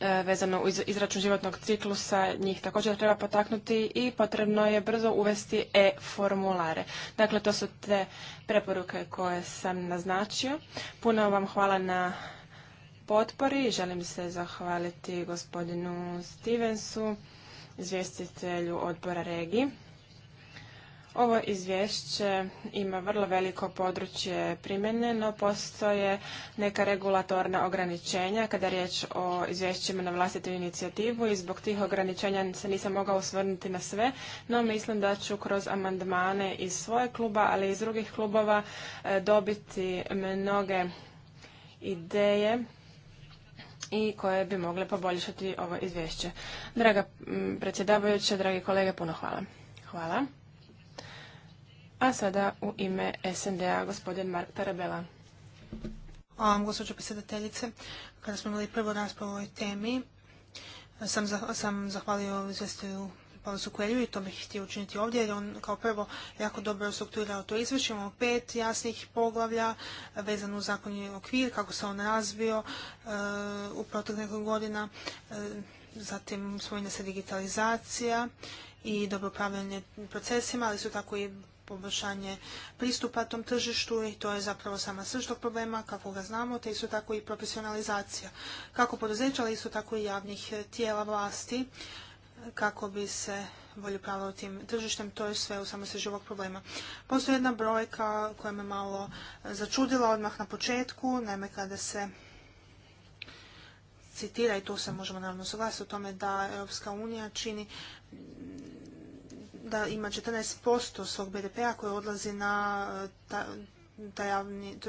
E, vezano uz izračun životnog ciklusa, njih također treba potaknuti i potrebno je brzo uvesti e-formulare. Dakle, to su te preporuke koje sam naznačio. Puno vam hvala na potpori. Želim se zahvaliti gospodinu Stevensu, izvjestitelju odbora regiji. Ovo izvješće ima vrlo veliko područje primjene, no postoje neka regulatorna ograničenja kada je riječ o izvješćima na vlastitu inicijativu i zbog tih ograničenja se nisam mogao osvrnuti na sve, no mislim da ću kroz amandmane iz svoje kluba, ali i iz drugih klubova e, dobiti mnoge ideje i koje bi mogle poboljšati ovo izvješće. Draga predsjedavajuća, dragi kolege, puno hvala. Hvala. A sada u ime SNDA a gospodin Mark Tarabela. Hvala vam, gospođo predsjedateljice. Kada smo imali prvo raspravu o ovoj temi, sam, sam zahvalio izvestiju Pavlosu i to bih htio učiniti ovdje jer on kao prvo jako dobro strukturirao to izvješće. Imamo pet jasnih poglavlja vezano u i okvir, kako se on razvio eh, u proteklih nekoliko godina. Eh, zatim spominja se digitalizacija i dobro upravljanje procesima, ali su tako i poboljšanje pristupa tom tržištu i to je zapravo sama srž tog problema, kako ga znamo, te isto tako i profesionalizacija, kako poduzeća, ali isto tako i javnih tijela vlasti, kako bi se bolje pravilo tim tržištem, to je sve u samo srži problema. Postoji jedna brojka koja me malo začudila odmah na početku, naime kada se citira i tu se možemo naravno suglasiti o tome da Europska unija čini da ima 14% svog BDP-a koji odlazi na eh,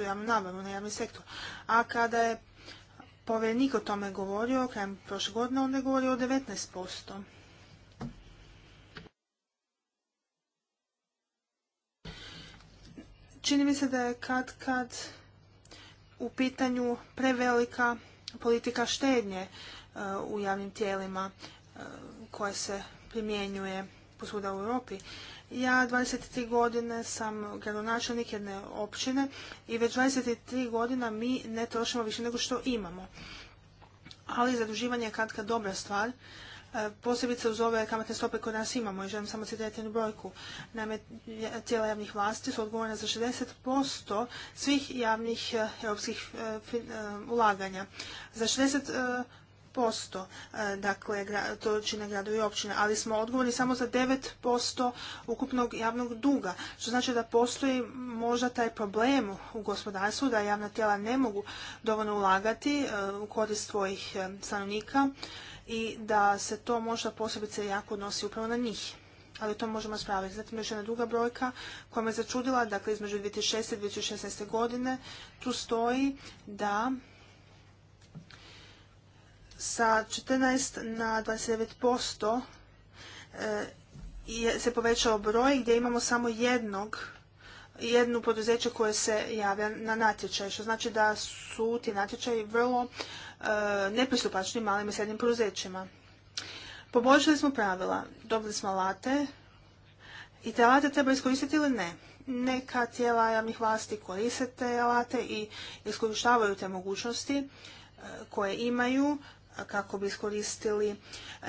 javnu nabavu, na javni sektor. A kada je povjerenik o tome govorio, krajem prošle godine, onda je govorio o 19%. Čini mi se da je kad kad u pitanju prevelika politika štednje eh, u javnim tijelima eh, koja se primjenjuje posvuda u Europi. Ja 23 godine sam gradonačelnik jedne općine i već 23 godina mi ne trošimo više nego što imamo. Ali zaduživanje je kratka dobra stvar, e, posebice uz ove kamatne stope koje nas imamo i želim samo citirati jednu brojku. Naime, tijela javnih vlasti su odgovorna za 60% svih javnih e, europskih e, ulaganja. Za 60% 5%, e, dakle to čine gradovi i općine, ali smo odgovorni samo za 9% ukupnog javnog duga, što znači da postoji možda taj problem u gospodarstvu da javna tijela ne mogu dovoljno ulagati e, u korist svojih e, stanovnika i da se to možda posebice jako odnosi upravo na njih ali to možemo spraviti. Zatim još jedna druga brojka koja me začudila, dakle između 2006. i 2016. godine, tu stoji da sa 14 na 29% e, se povećao broj gdje imamo samo jednog jednu poduzeće koje se javlja na natječaj, što znači da su ti natječaji vrlo e, nepristupačni malim i srednjim poduzećima. Poboljšali smo pravila, dobili smo alate i te alate treba iskoristiti ili ne. Neka tijela javnih vlasti koriste te alate i iskorištavaju te mogućnosti e, koje imaju kako bi iskoristili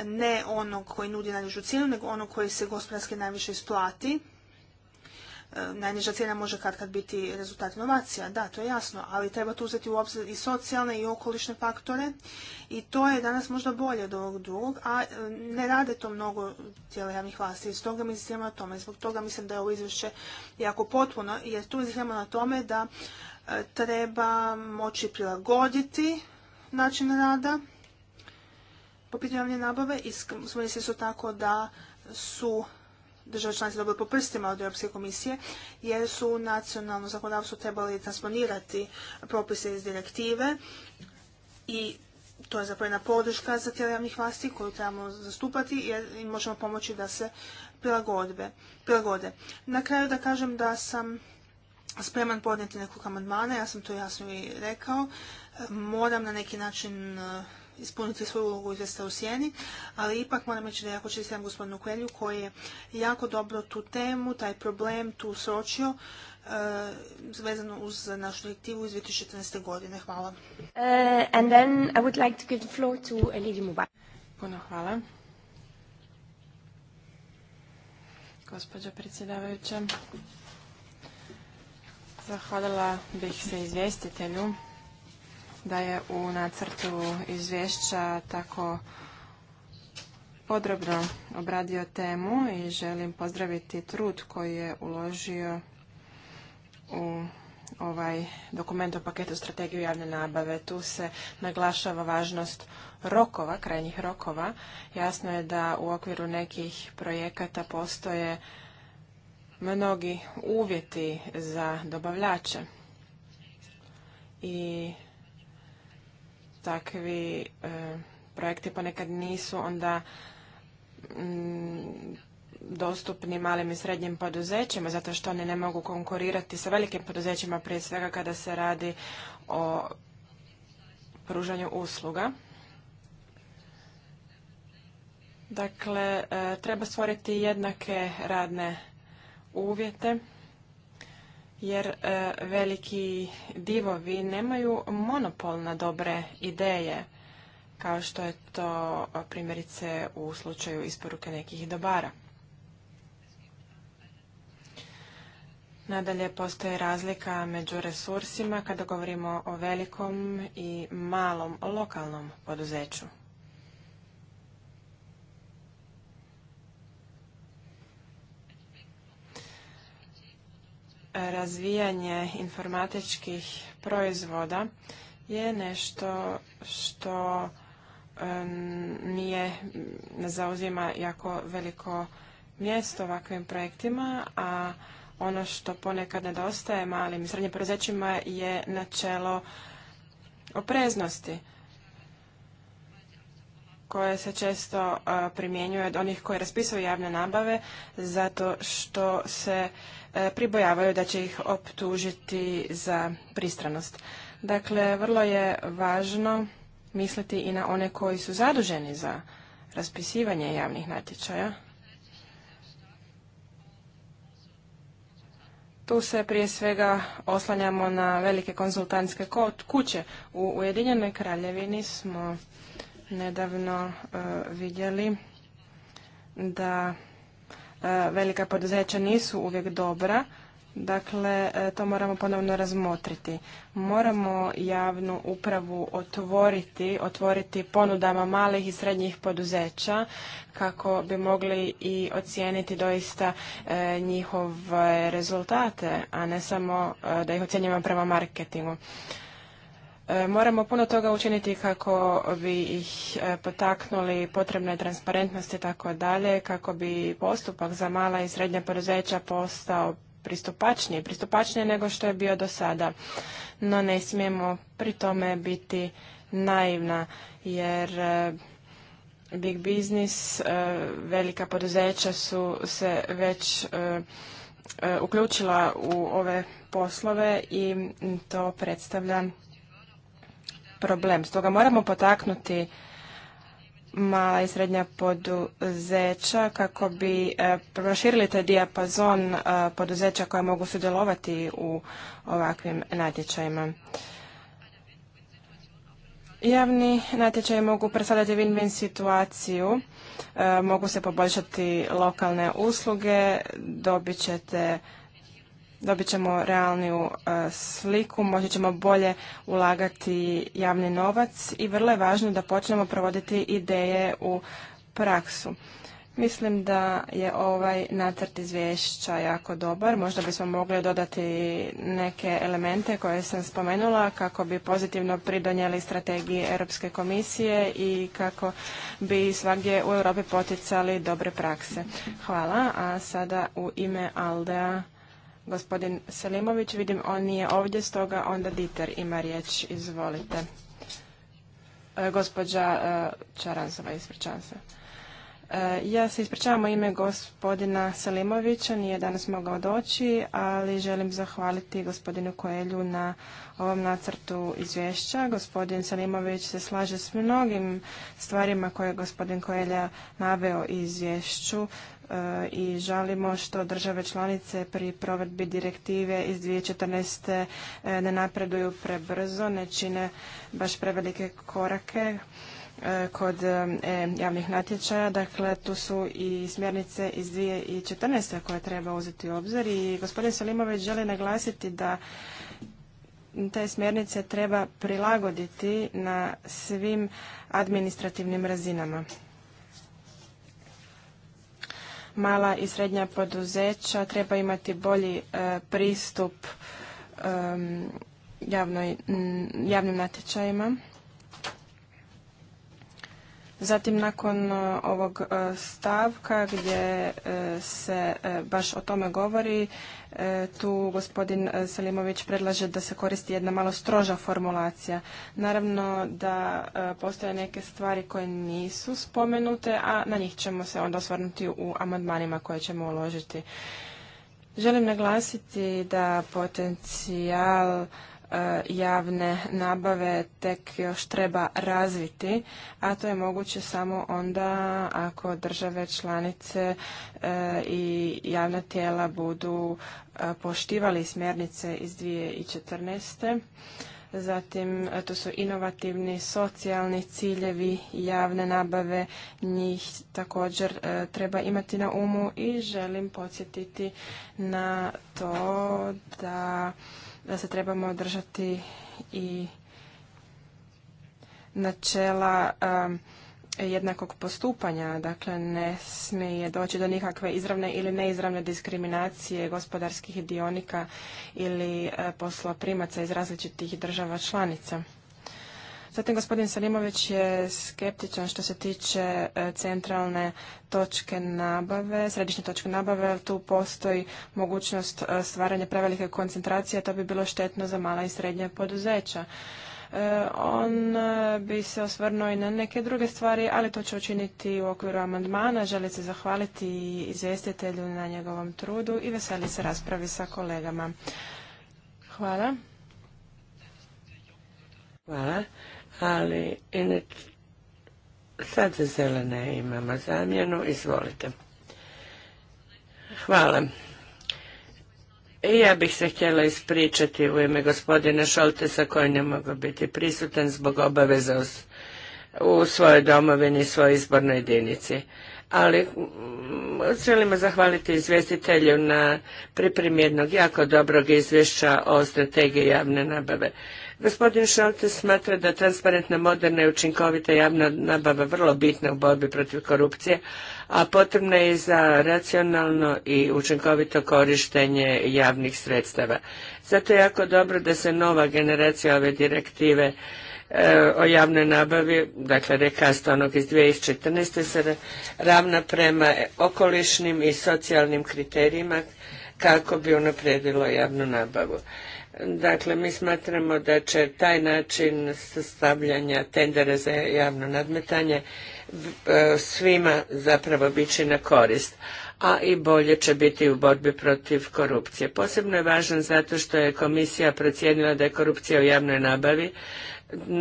ne onog koji nudi najnižu cijenu, nego onog koji se gospodarski najviše isplati. E, najniža cijena može kad kad biti rezultat inovacija, da, to je jasno, ali treba tu uzeti u obzir i socijalne i okolišne faktore i to je danas možda bolje od ovog drugog, a e, ne rade to mnogo tijela javnih vlasti i stoga mi na tome. Zbog toga mislim da je ovo izvješće jako potpuno, jer tu izgledamo na tome da e, treba moći prilagoditi način rada po pitanju javne nabave i spomenuli se su tako da su države članice dobili po prstima od Europske komisije, jer su nacionalno zakonodavstvo trebali transponirati propise iz direktive i to je zapravo jedna podrška za tijela javnih vlasti koju trebamo zastupati jer im možemo pomoći da se prilagode. Na kraju da kažem da sam spreman podnijeti nekog amandmana, ja sam to jasno i rekao. Moram na neki način ispuniti svoju ulogu izvesta u sjeni, ali ipak moram reći da jako čestitam gospodinu Kvelju koji je jako dobro tu temu, taj problem tu sročio eh, vezano uz našu direktivu iz 2014. godine. Hvala. Puno hvala. Gospođo predsjedavajuća, zahvalila bih se izvjestitelju da je u nacrtu izvješća tako podrobno obradio temu i želim pozdraviti trud koji je uložio u ovaj dokument o paketu strategiju javne nabave. Tu se naglašava važnost rokova, krajnjih rokova. Jasno je da u okviru nekih projekata postoje mnogi uvjeti za dobavljače. I takvi e, projekti ponekad nisu onda mm, dostupni malim i srednjim poduzećima zato što oni ne mogu konkurirati sa velikim poduzećima prije svega kada se radi o pružanju usluga. Dakle, e, treba stvoriti jednake radne uvjete jer e, veliki divovi nemaju monopol na dobre ideje, kao što je to primjerice u slučaju isporuke nekih dobara. Nadalje postoji razlika među resursima kada govorimo o velikom i malom lokalnom poduzeću. razvijanje informatičkih proizvoda je nešto što nije zauzima jako veliko mjesto ovakvim projektima, a ono što ponekad nedostaje malim i srednjim poduzećima je načelo opreznosti koje se često eh, primjenjuje od onih koji raspisuju javne nabave zato što se E, pribojavaju da će ih optužiti za pristranost. Dakle, vrlo je važno misliti i na one koji su zaduženi za raspisivanje javnih natječaja. Tu se prije svega oslanjamo na velike konzultantske kuće. U Ujedinjenoj kraljevini smo nedavno e, vidjeli da E, velika poduzeća nisu uvijek dobra, dakle e, to moramo ponovno razmotriti. Moramo javnu upravu otvoriti, otvoriti ponudama malih i srednjih poduzeća kako bi mogli i ocijeniti doista e, njihove rezultate, a ne samo da ih ocjenjujemo prema marketingu. E, moramo puno toga učiniti kako bi ih e, potaknuli potrebne transparentnosti i tako dalje, kako bi postupak za mala i srednja poduzeća postao pristupačniji, pristupačniji nego što je bio do sada. No ne smijemo pri tome biti naivna, jer e, big business, velika poduzeća su se već uključila u ove poslove i to predstavlja problem. Stoga moramo potaknuti mala i srednja poduzeća kako bi e, proširili taj dijapazon e, poduzeća koja mogu sudjelovati u ovakvim natječajima. Javni natječaji mogu predstavljati win-win situaciju, e, mogu se poboljšati lokalne usluge, dobit ćete dobit ćemo realniju e, sliku, možda ćemo bolje ulagati javni novac i vrlo je važno da počnemo provoditi ideje u praksu. Mislim da je ovaj nacrt izvješća jako dobar. Možda bismo mogli dodati neke elemente koje sam spomenula kako bi pozitivno pridonijeli strategiji Europske komisije i kako bi svagdje u Europi poticali dobre prakse. Hvala. A sada u ime Aldea gospodin Selimović. Vidim, on nije ovdje, stoga onda Diter ima riječ. Izvolite. E, gospođa e, Čaranzova, ispričavam se. E, ja se ispričavam o ime gospodina Selimovića, nije danas mogao doći, ali želim zahvaliti gospodinu Koelju na ovom nacrtu izvješća. Gospodin Selimović se slaže s mnogim stvarima koje je gospodin Koelja naveo izvješću i žalimo što države članice pri provedbi direktive iz 2014. E, ne napreduju prebrzo, ne čine baš prevelike korake e, kod e, javnih natječaja. Dakle, tu su i smjernice iz 2014. koje treba uzeti u obzir i gospodin Salimović želi naglasiti da te smjernice treba prilagoditi na svim administrativnim razinama mala i srednja poduzeća treba imati bolji e, pristup javnim natječajima. Zatim nakon e, ovog e, stavka gdje se baš o tome govori, E, tu gospodin e, Selimović predlaže da se koristi jedna malo stroža formulacija. Naravno da e, postoje neke stvari koje nisu spomenute, a na njih ćemo se onda osvrnuti u amandmanima koje ćemo uložiti. Želim naglasiti da potencijal E, javne nabave tek još treba razviti, a to je moguće samo onda ako države članice e, i javna tijela budu e, poštivali smjernice iz 2014. Zatim to su inovativni socijalni ciljevi javne nabave, njih također treba imati na umu i želim podsjetiti na to da da se trebamo držati i načela um, jednakog postupanja, dakle ne smije doći do nikakve izravne ili neizravne diskriminacije gospodarskih dionika ili uh, posloprimaca primaca iz različitih država članica. Zatim gospodin Salimović je skeptičan što se tiče e, centralne točke nabave, središnje točke nabave, tu postoji mogućnost e, stvaranja prevelike koncentracije, to bi bilo štetno za mala i srednja poduzeća. E, on bi se osvrnuo i na neke druge stvari, ali to će učiniti u okviru amandmana. Želi se zahvaliti izvjestitelju na njegovom trudu i veseli se raspravi sa kolegama. Hvala. Hvala ali sada sad za zelene imamo zamjenu, izvolite. Hvala. ja bih se htjela ispričati u ime gospodina Šoltesa koji ne mogu biti prisutan zbog obaveza u svojoj domovini i svojoj izbornoj jedinici. Ali mm, želimo zahvaliti izvjestitelju na pripremi jednog jako dobrog izvješća o strategiji javne nabave. Gospodin Šoltes smatra da transparentna, moderna i učinkovita javna nabava vrlo bitna u borbi protiv korupcije, a potrebna je za racionalno i učinkovito korištenje javnih sredstava. Zato je jako dobro da se nova generacija ove direktive e, o javnoj nabavi, dakle rekast onog iz 2014. se ravna prema okolišnim i socijalnim kriterijima kako bi unaprijedilo javnu nabavu. Dakle, mi smatramo da će taj način sastavljanja tendera za javno nadmetanje e, svima zapravo biti na korist, a i bolje će biti u borbi protiv korupcije. Posebno je važan zato što je komisija procijenila da je korupcija u javnoj nabavi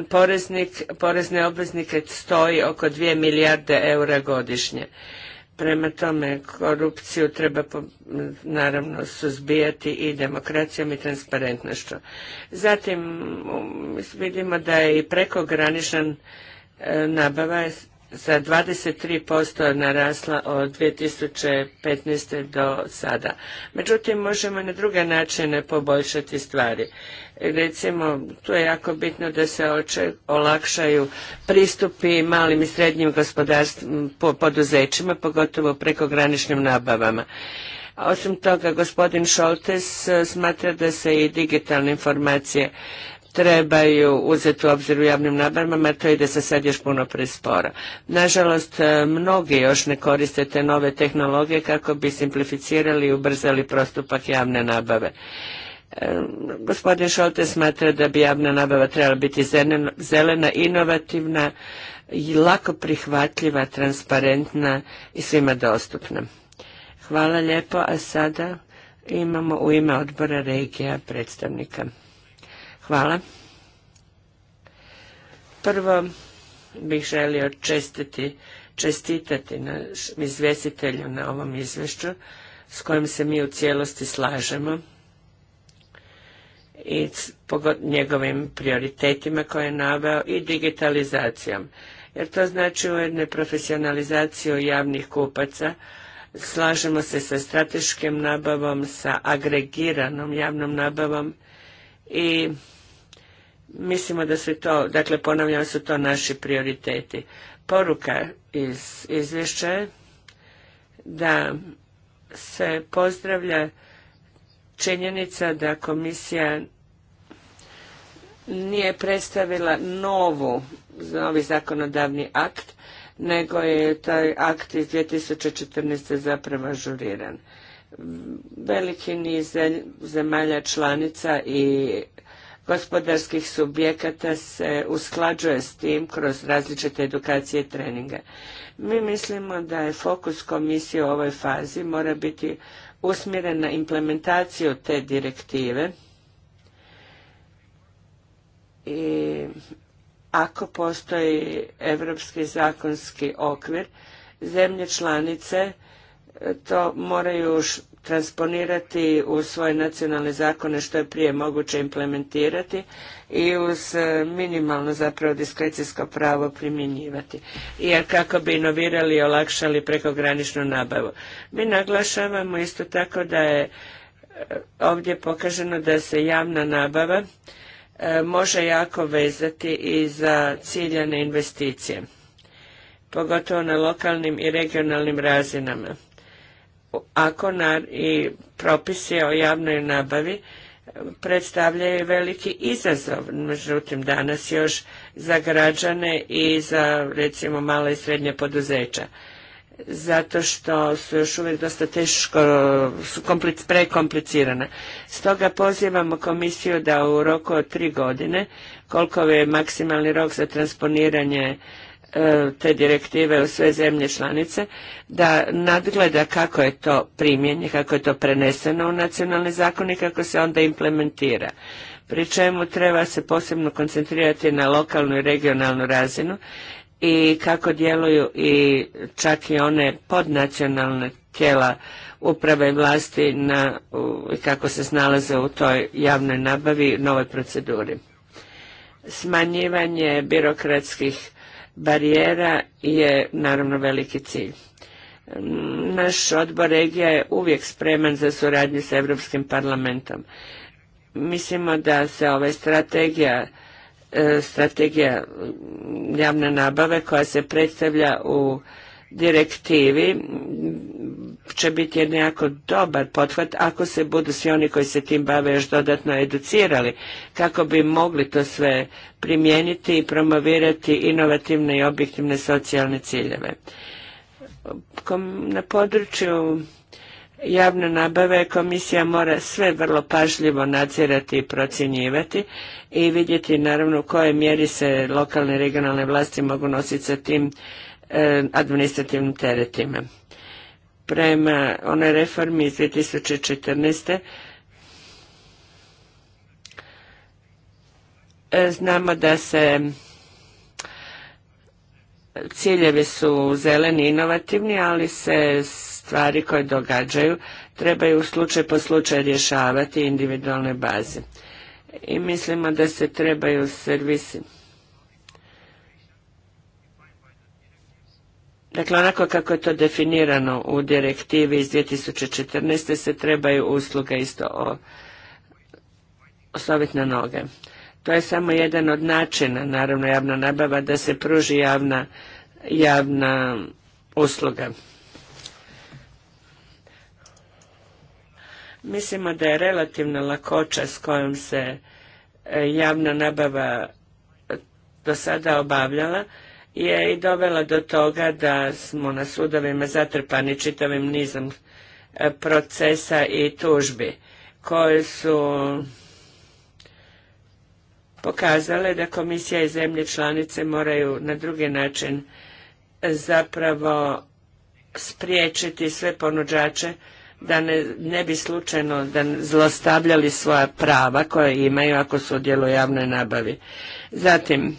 poreznik, porezne obveznike stoji oko 2 milijarde eura godišnje Prema tome, korupciju treba naravno suzbijati i demokracijom i transparentnošću. Zatim um, vidimo da je i prekogranična e, nabava za 23% narasla od 2015. do sada. Međutim, možemo na druge načine poboljšati stvari. Recimo, tu je jako bitno da se olakšaju pristupi malim i srednjim gospodarstvom po, poduzećima, pogotovo prekograničnim nabavama. Osim toga, gospodin Šoltes e, smatra da se i digitalne informacije trebaju uzeti u obzir u javnim nabavama, to ide se sad još puno presporo. Nažalost, e, mnogi još ne koriste te nove tehnologije kako bi simplificirali i ubrzali prostupak javne nabave. E, gospodin Šolte smatra da bi javna nabava trebala biti zelena, inovativna, lako prihvatljiva, transparentna i svima dostupna. Hvala lijepo, a sada imamo u ime odbora regija predstavnika. Hvala. Prvo bih želio čestiti, čestitati našem izvjestitelju na ovom izvješću s kojim se mi u cijelosti slažemo i njegovim prioritetima koje je naveo i digitalizacijom. Jer to znači ujedne profesionalizaciju javnih kupaca. Slažemo se sa strateškim nabavom, sa agregiranom javnom nabavom i Mislimo da su to, dakle ponavljam, su to naši prioriteti. Poruka iz izvješća je da se pozdravlja činjenica da komisija nije predstavila novu, novi zakonodavni akt, nego je taj akt iz 2014. zapravo ažuriran. Veliki niz zemalja članica i gospodarskih subjekata se usklađuje s tim kroz različite edukacije i treninge. Mi mislimo da je fokus komisije u ovoj fazi mora biti usmjeren na implementaciju te direktive i ako postoji europski zakonski okvir, zemlje članice to moraju transponirati u svoje nacionalne zakone što je prije moguće implementirati i uz e, minimalno zapravo diskrecijsko pravo primjenjivati. Jer kako bi inovirali i olakšali prekograničnu nabavu. Mi naglašavamo isto tako da je e, ovdje pokaženo da se javna nabava e, može jako vezati i za ciljane investicije, pogotovo na lokalnim i regionalnim razinama ako i propisi o javnoj nabavi predstavljaju veliki izazov. Međutim, danas još za građane i za recimo mala i srednja poduzeća. Zato što su još uvijek dosta teško, su komplic, Stoga pozivamo komisiju da u roku od tri godine, koliko je maksimalni rok za transponiranje E, te direktive u sve zemlje članice da nadgleda kako je to primjenje, kako je to preneseno u nacionalni zakon i kako se onda implementira. Pri čemu treba se posebno koncentrirati na lokalnu i regionalnu razinu i kako djeluju i čak i one podnacionalne tijela uprave vlasti na, kako se snalaze u toj javnoj nabavi novoj proceduri. Smanjivanje birokratskih barijera je naravno veliki cilj. Naš odbor regija je uvijek spreman za suradnju s Europskim parlamentom. Mislimo da se ova strategija e, strategija javne nabave koja se predstavlja u direktivi će biti jedan dobar pothvat ako se budu svi oni koji se tim bave još dodatno educirali kako bi mogli to sve primijeniti i promovirati inovativne i objektivne socijalne ciljeve. Na području javne nabave komisija mora sve vrlo pažljivo nadzirati i procjenjivati i vidjeti naravno u kojoj mjeri se lokalne i regionalne vlasti mogu nositi sa tim E, administrativnim teretima. Prema onoj reformi iz 2014. E, znamo da se ciljevi su zeleni inovativni, ali se stvari koje događaju trebaju slučaj po slučaj rješavati individualne baze. I mislimo da se trebaju servisi Dakle, onako kako je to definirano u direktivi iz 2014. se trebaju usluge isto osnoviti na noge. To je samo jedan od načina, naravno javna nabava, da se pruži javna, javna usluga. Mislimo da je relativna lakoća s kojom se e, javna nabava do sada obavljala, je i dovela do toga da smo na sudovima zatrpani čitavim nizom e, procesa i tužbi koje su pokazale da komisija i zemlje članice moraju na drugi način zapravo spriječiti sve ponuđače da ne, bi slučajno da zlostavljali svoja prava koja imaju ako su u javnoj nabavi. Zatim,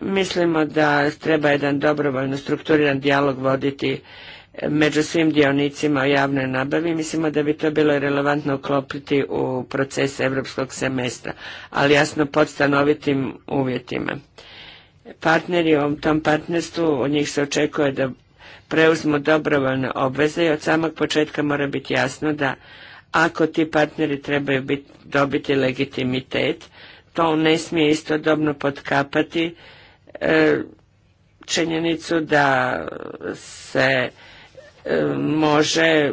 Mislimo da treba jedan dobrovoljno strukturiran dijalog voditi među svim dionicima o javnoj nabavi. Mislimo da bi to bilo relevantno uklopiti u proces europskog semestra, ali jasno pod stanovitim uvjetima. Partneri u tom partnerstvu, od njih se očekuje da preuzmu dobrovoljne obveze i od samog početka mora biti jasno da ako ti partneri trebaju dobiti legitimitet, to ne smije istodobno potkapati E, činjenicu da se e, može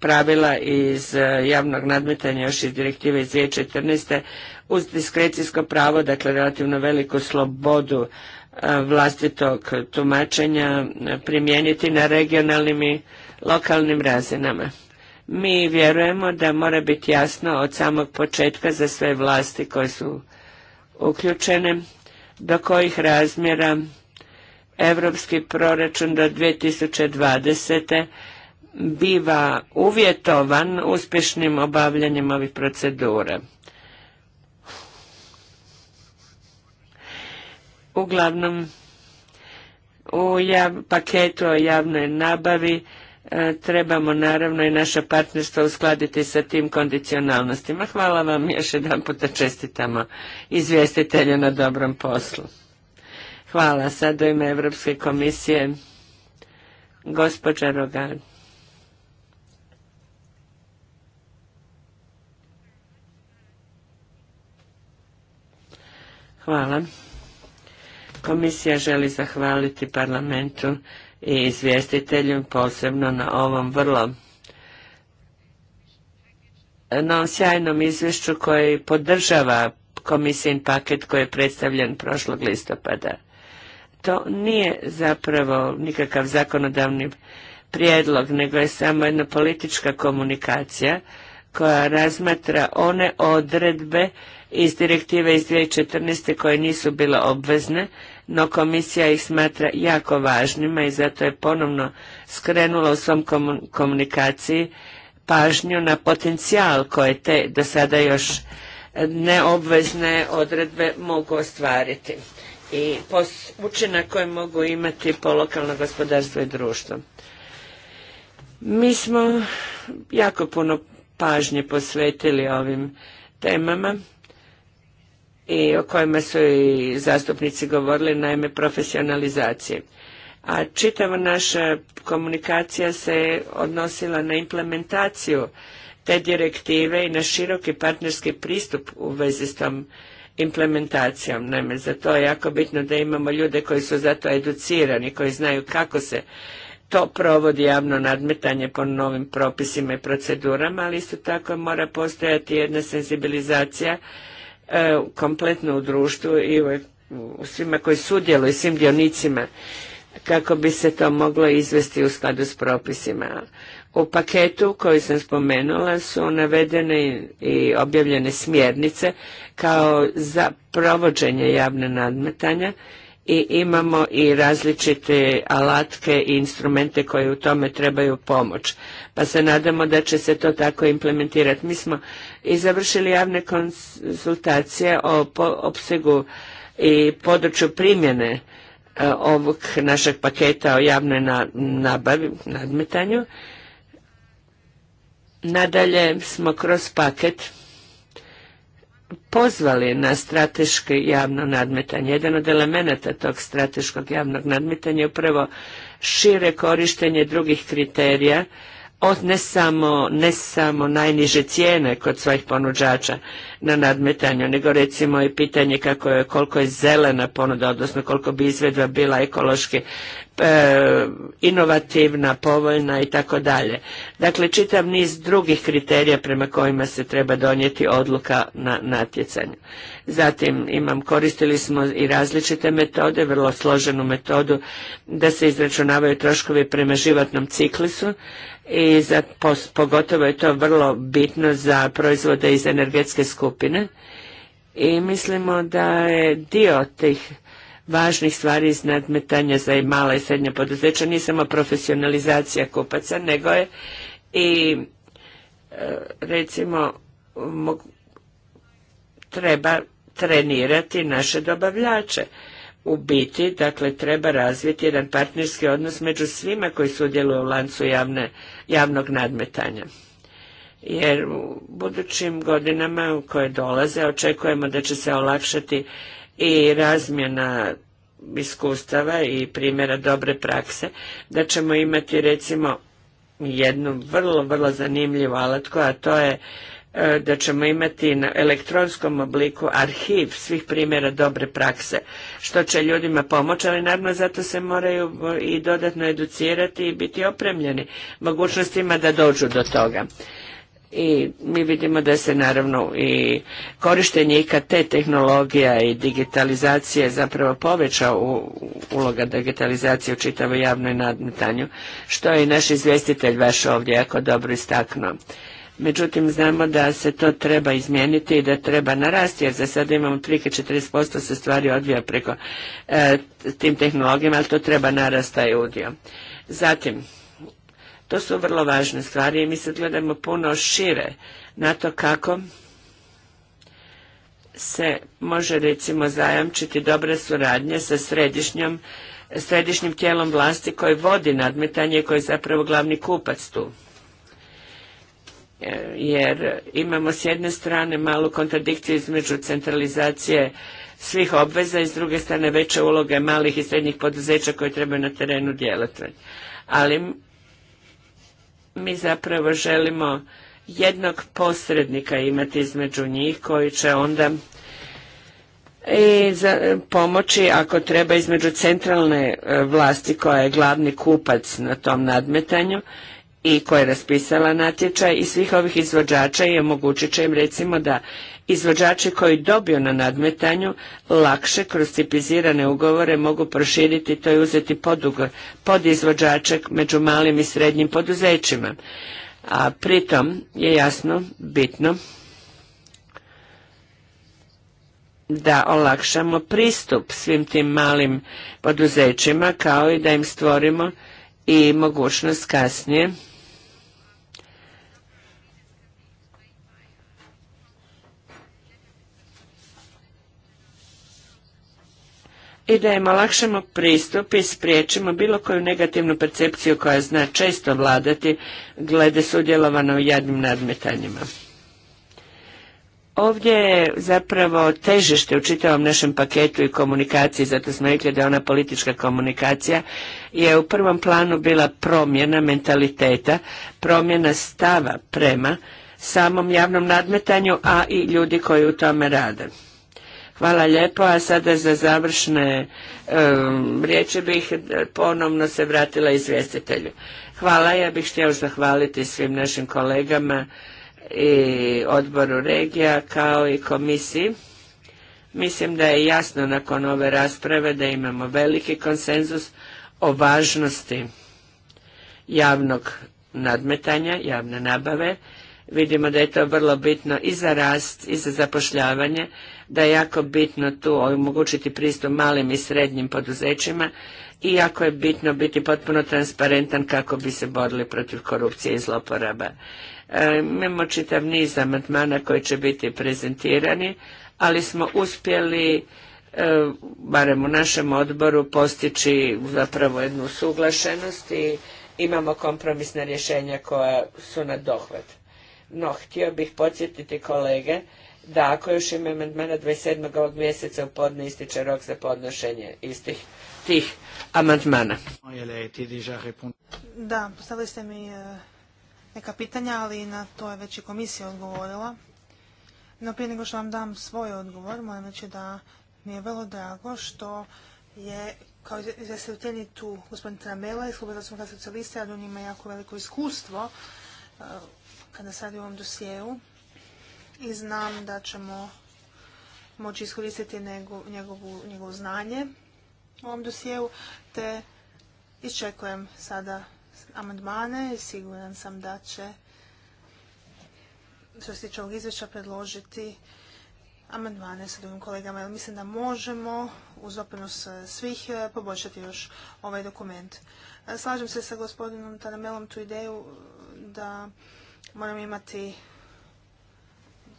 pravila iz javnog nadmetanja još iz direktive iz 2014. uz diskrecijsko pravo, dakle relativno veliku slobodu e, vlastitog tumačenja primijeniti na regionalnim i lokalnim razinama. Mi vjerujemo da mora biti jasno od samog početka za sve vlasti koje su uključene do kojih razmjera europski proračun do 2020. biva uvjetovan uspješnim obavljanjem ovih procedura. Uglavnom, u paketu o javnoj nabavi E, trebamo naravno i naše partnerstvo uskladiti sa tim kondicionalnostima. Hvala vam još jedan puta čestitamo izvjestitelju na dobrom poslu. Hvala. Sad u ime Evropske komisije gospođa Rogan. Hvala. Komisija želi zahvaliti parlamentu i izvjestitelju posebno na ovom vrlo na sjajnom izvješću koji podržava komisijin paket koji je predstavljen prošlog listopada. To nije zapravo nikakav zakonodavni prijedlog, nego je samo jedna politička komunikacija koja razmatra one odredbe iz direktive iz 2014. koje nisu bile obvezne, no komisija ih smatra jako važnima i zato je ponovno skrenula u svom komunikaciji pažnju na potencijal koje te do sada još neobvezne odredbe mogu ostvariti i učinak koje mogu imati po lokalno gospodarstvo i društvo. Mi smo jako puno pažnje posvetili ovim temama i o kojima su i zastupnici govorili, naime profesionalizacije. A čitava naša komunikacija se odnosila na implementaciju te direktive i na široki partnerski pristup u vezi s tom implementacijom. Naime, za to je jako bitno da imamo ljude koji su za to educirani, koji znaju kako se to provodi javno nadmetanje po novim propisima i procedurama, ali isto tako mora postojati jedna senzibilizacija E, kompletno u društvu i u, svima koji sudjeluju, svim dionicima kako bi se to moglo izvesti u skladu s propisima. U paketu koji sam spomenula su navedene i objavljene smjernice kao za provođenje javne nadmetanja i imamo i različite alatke i instrumente koje u tome trebaju pomoć. Pa se nadamo da će se to tako implementirati. Mi smo i završili javne konsultacije o opsegu i području primjene e, ovog našeg paketa o javnoj nabavi, nadmetanju. Nadalje smo kroz paket pozvali na strateško javno nadmetanje. Jedan od elemenata tog strateškog javnog nadmetanja je upravo šire korištenje drugih kriterija od ne samo, ne samo najniže cijene kod svojih ponuđača na nadmetanju, nego recimo i pitanje kako je, koliko je zelena ponuda, odnosno koliko bi izvedba bila ekološki e, inovativna, povoljna i tako dalje. Dakle, čitav niz drugih kriterija prema kojima se treba donijeti odluka na natjecanju. Zatim imam, koristili smo i različite metode, vrlo složenu metodu da se izračunavaju troškovi prema životnom ciklusu, i za, pogotovo je to vrlo bitno za proizvode iz energetske skupine i mislimo da je dio tih važnih stvari iz nadmetanja za i mala i srednja poduzeća nije samo profesionalizacija kupaca, nego je i e, recimo treba trenirati naše dobavljače u biti, dakle, treba razviti jedan partnerski odnos među svima koji sudjeluju u lancu javne, javnog nadmetanja. Jer u budućim godinama u koje dolaze očekujemo da će se olakšati i razmjena iskustava i primjera dobre prakse, da ćemo imati recimo jednu vrlo, vrlo zanimljivu alatku, a to je E, da ćemo imati na elektronskom obliku arhiv svih primjera dobre prakse, što će ljudima pomoći, ali naravno zato se moraju i dodatno educirati i biti opremljeni mogućnostima da dođu do toga. I mi vidimo da se naravno i korištenje IKT tehnologija i digitalizacije zapravo poveća u, uloga digitalizacije u čitavoj javnoj nadmetanju, što je i naš izvjestitelj vaš ovdje jako dobro istaknuo. Međutim, znamo da se to treba izmijeniti i da treba narasti, jer za sada imamo trike 40% se stvari odvija preko e, tim tehnologijama, ali to treba taj udio. Zatim, to su vrlo važne stvari i mi se gledamo puno šire na to kako se može recimo zajamčiti dobra suradnja sa središnjom, središnjim tijelom vlasti koji vodi nadmetanje i koji je zapravo glavni kupac tu. E, jer imamo s jedne strane malu kontradikciju između centralizacije svih obveza i s druge strane veće uloge malih i srednjih poduzeća koje trebaju na terenu djelovati. Ali mi zapravo želimo jednog posrednika imati između njih koji će onda e, pomoći ako treba između centralne e, vlasti koja je glavni kupac na tom nadmetanju i koja je raspisala natječaj i svih ovih izvođača i omogućit će im recimo da izvođači koji dobiju na nadmetanju lakše kroz tipizirane ugovore mogu proširiti to i uzeti pod podizvođače među malim i srednjim poduzećima. A pritom je jasno bitno da olakšamo pristup svim tim malim poduzećima kao i da im stvorimo i mogućnost kasnije i da im olakšamo pristup i spriječimo bilo koju negativnu percepciju koja zna često vladati glede sudjelovana u jadnim nadmetanjima. Ovdje je zapravo težište u čitavom našem paketu i komunikaciji, zato smo rekli da je ona politička komunikacija, je u prvom planu bila promjena mentaliteta, promjena stava prema samom javnom nadmetanju, a i ljudi koji u tome rade. Hvala lijepo, a sada za završne riječi bih ponovno se vratila izvjestitelju. Hvala, ja bih htio zahvaliti svim našim kolegama i odboru regija kao i komisiji. Mislim da je jasno nakon ove rasprave da imamo veliki konsenzus o važnosti javnog nadmetanja, javne nabave Vidimo da je to vrlo bitno i za rast i za zapošljavanje, da je jako bitno tu omogućiti pristup malim i srednjim poduzećima i jako je bitno biti potpuno transparentan kako bi se borili protiv korupcije i zloporaba. E, imamo čitav niz amandmana koji će biti prezentirani, ali smo uspjeli e, barem u našem odboru postići zapravo jednu suglašenost i imamo kompromisna rješenja koja su na dohvat. No, htio bih podsjetiti kolege da ako još ima amandmana 27. ovog mjeseca u podne ističe rok za podnošenje istih tih amandmana. Da, postavili ste mi e, neka pitanja, ali na to je već i komisija odgovorila. No prije nego što vam dam svoj odgovor, moram reći da mi je vrlo drago što je kao izvjestitelji tu gospodin Tramela iz Kluba socijalista, jer on ima jako veliko iskustvo e, kada sad u ovom dosjeu i znam da ćemo moći iskoristiti njegovo znanje u ovom dosjeu, te iščekujem sada amandmane i siguran sam da će što se tiče ovog izvješća predložiti amandmane sa drugim kolegama, jer mislim da možemo uz doprinos svih eh, poboljšati još ovaj dokument. Eh, slažem se sa gospodinom Taramelom tu ideju da moramo imati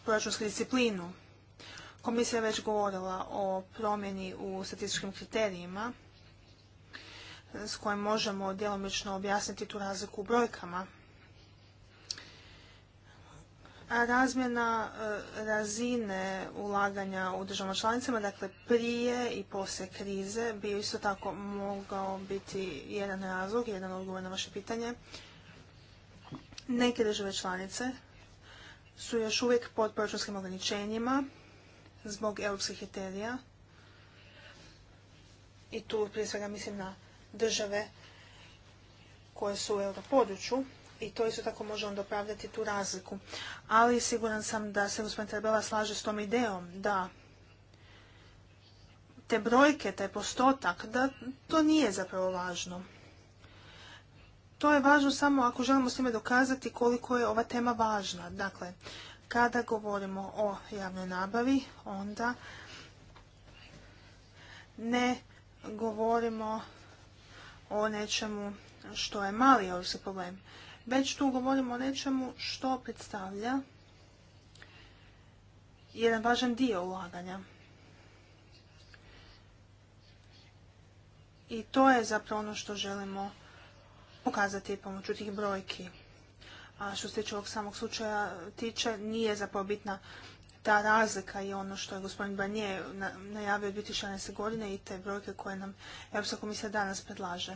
proračunsku disciplinu. Komisija je već govorila o promjeni u statističkim kriterijima s kojim možemo djelomično objasniti tu razliku u brojkama. razmjena e, razine ulaganja u državama članicama, dakle prije i poslije krize, bi isto tako mogao biti jedan razlog, jedan odgovor na vaše pitanje. Neke države članice su još uvijek pod proračunskim ograničenjima zbog europskih kriterija i tu prije svega mislim na države koje su u europodručju i to isto tako može onda opravdati tu razliku. Ali siguran sam da se gospodin Trebela slaže s tom idejom da te brojke, taj postotak, da to nije zapravo važno. To je važno samo ako želimo s time dokazati koliko je ova tema važna. Dakle, kada govorimo o javnoj nabavi, onda ne govorimo o nečemu što je mali europski problem, već tu govorimo o nečemu što predstavlja jedan važan dio ulaganja. I to je zapravo ono što želimo ukazati pomoću tih brojki. A što se tiče ovog samog slučaja tiče, nije zapravo bitna ta razlika i ono što je gospodin Banje najavio 2016. godine i te brojke koje nam Europska komisija danas predlaže.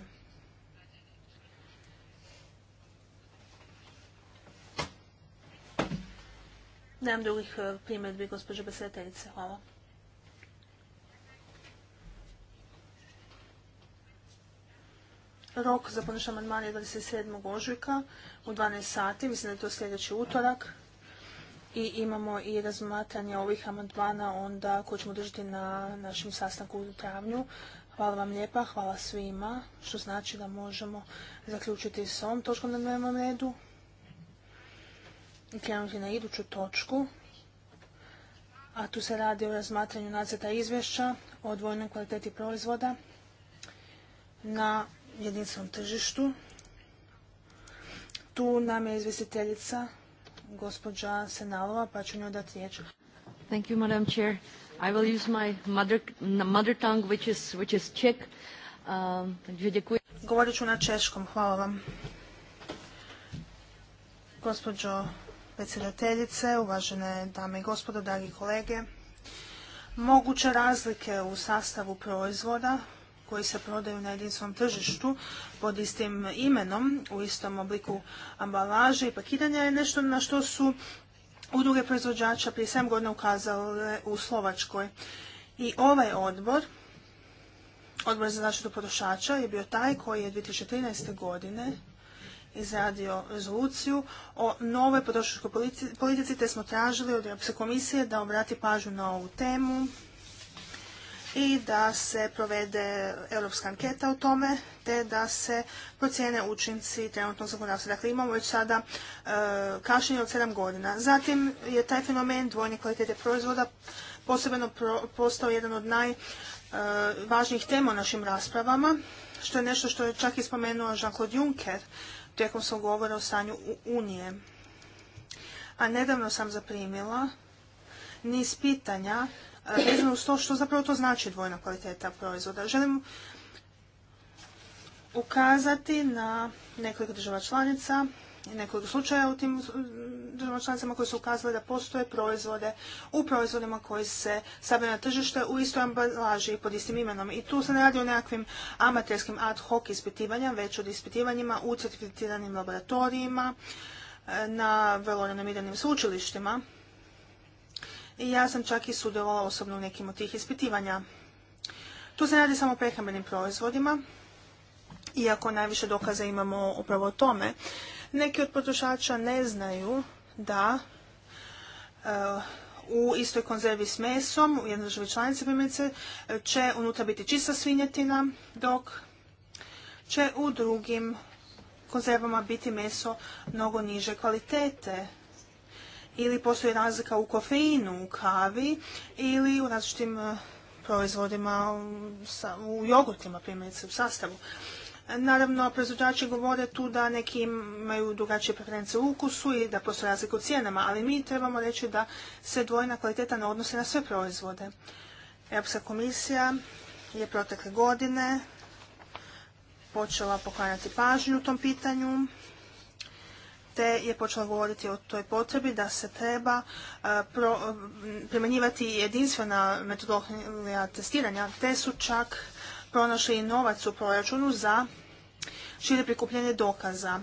Nemam drugih e, primjedbi, gospođe Beseteljice. Hvala. Rok za podnošenje amandmana je 27. ožujka u 12 sati, mislim da je to sljedeći utorak. I imamo i razmatranje ovih amandmana onda koje ćemo držati na našem sastanku u travnju. Hvala vam lijepa, hvala svima, što znači da možemo zaključiti s ovom točkom na dnevnom redu i krenuti na iduću točku. A tu se radi o razmatranju nacrta izvješća o dvojnoj kvaliteti proizvoda na jedinstvenom tržištu. Tu nam je izvjestiteljica gospođa Senalova, pa ću njoj dati riječ. Thank you, Madam Chair. I will use my mother, tongue, which is, Czech. Um, Govorit ću na češkom, hvala vam. Gospođo predsjedateljice, uvažene dame i gospodo, dragi kolege, moguće razlike u sastavu proizvoda koji se prodaju na jedinstvom tržištu pod istim imenom, u istom obliku ambalaže i pakiranja je nešto na što su udruge proizvođača prije 7 godina ukazale u Slovačkoj. I ovaj odbor, odbor za zaštitu potrošača, je bio taj koji je 2013. godine izradio rezoluciju o novoj potrošačkoj politici te smo tražili od Europske komisije da obrati pažnju na ovu temu i da se provede europska anketa o tome, te da se procijene učinci trenutnog zakonodavstva. Dakle, imamo već sada e, kašnjenje od sedam godina. Zatim je taj fenomen dvojne kvalitete proizvoda posebno postao jedan od najvažnijih e, tema u našim raspravama, što je nešto što je čak i spomenuo Jean-Claude Juncker tijekom svog govora o stanju Unije. A nedavno sam zaprimila niz pitanja E, vezano uz to što zapravo to znači dvojna kvaliteta proizvoda. Želim ukazati na nekoliko država članica i nekoliko slučaja u tim državama članicama koje su ukazale da postoje proizvode u proizvodima koji se stavljaju na tržište u istoj ambalaži i pod istim imenom. I tu se ne radi o nekakvim amaterskim ad hoc ispitivanja već od ispitivanjima u certificiranim laboratorijima, e, na vrlo renomiranim sveučilištima i ja sam čak i sudjelovala osobno u nekim od tih ispitivanja. Tu se radi samo o prehrambenim proizvodima, iako najviše dokaza imamo upravo o tome. Neki od potrošača ne znaju da eh, u istoj konzervi s mesom, u jednoj državi članici primjerice, će unutra biti čista svinjetina, dok će u drugim konzervama biti meso mnogo niže kvalitete ili postoji razlika u kofeinu u kavi ili u različitim eh, proizvodima u jogurtima, primjerice u sastavu. Naravno, proizvođači govore tu da neki imaju drugačije preferencije u ukusu i da postoje razlike u cijenama, ali mi trebamo reći da se dvojna kvaliteta ne odnosi na sve proizvode. Europska komisija je protekle godine počela poklanjati pažnju u tom pitanju te je počela govoriti o toj potrebi da se treba e, primjenjivati jedinstvena metodologija testiranja, te su čak pronašli i novac u proračunu za šire prikupljanje dokaza.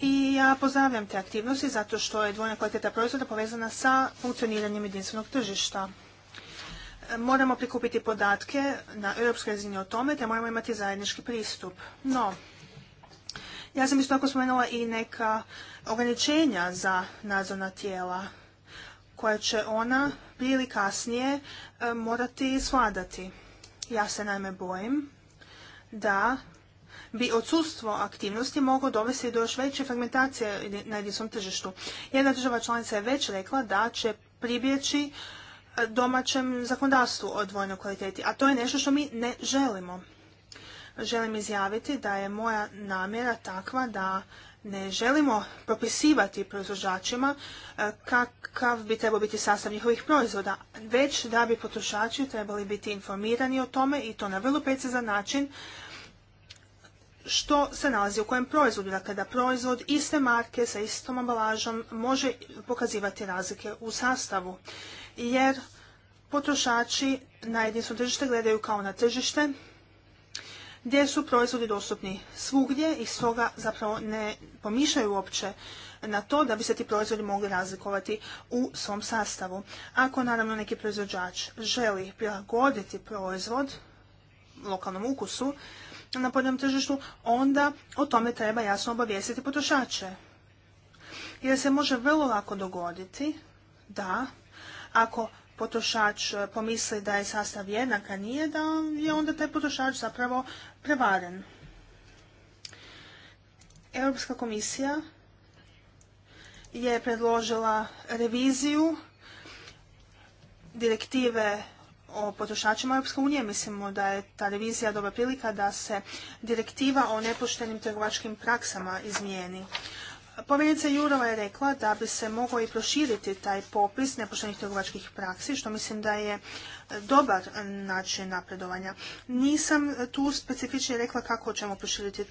I ja pozdravljam te aktivnosti zato što je dvojna kvaliteta proizvoda povezana sa funkcioniranjem jedinstvenog tržišta. E, moramo prikupiti podatke na europskoj razini o tome, te moramo imati zajednički pristup. No, ja sam isto tako spomenula i neka ograničenja za nadzorna tijela koja će ona prije ili kasnije e, morati svladati. Ja se najme bojim da bi odsustvo aktivnosti moglo dovesti do još veće fragmentacije na jedinstvom tržištu. Jedna država članica je već rekla da će pribjeći e, domaćem zakonodavstvu o dvojnoj kvaliteti, a to je nešto što mi ne želimo želim izjaviti da je moja namjera takva da ne želimo propisivati proizvođačima e, kakav bi trebao biti sastav njihovih proizvoda, već da bi potrošači trebali biti informirani o tome i to na vrlo precizan način što se nalazi u kojem proizvodu. Dakle, da proizvod iste marke sa istom ambalažom može pokazivati razlike u sastavu. Jer potrošači na jedinstvo tržište gledaju kao na tržište gdje su proizvodi dostupni svugdje i stoga zapravo ne pomišljaju uopće na to da bi se ti proizvodi mogli razlikovati u svom sastavu. Ako naravno neki proizvođač želi prilagoditi proizvod lokalnom ukusu na podnjem tržištu, onda o tome treba jasno obavijestiti potrošače. Jer se može vrlo lako dogoditi da ako potrošač e, pomisli da je sastav jednak, a nije, da je onda taj potrošač zapravo prevaren. Europska komisija je predložila reviziju direktive o potrošačima Europske unije. Mislimo da je ta revizija dobra prilika da se direktiva o nepoštenim trgovačkim praksama izmijeni. Povjerenica Jurova je rekla da bi se mogao i proširiti taj popis nepoštenih trgovačkih praksi, što mislim da je e, dobar način napredovanja. Nisam tu specifičnije rekla kako ćemo proširiti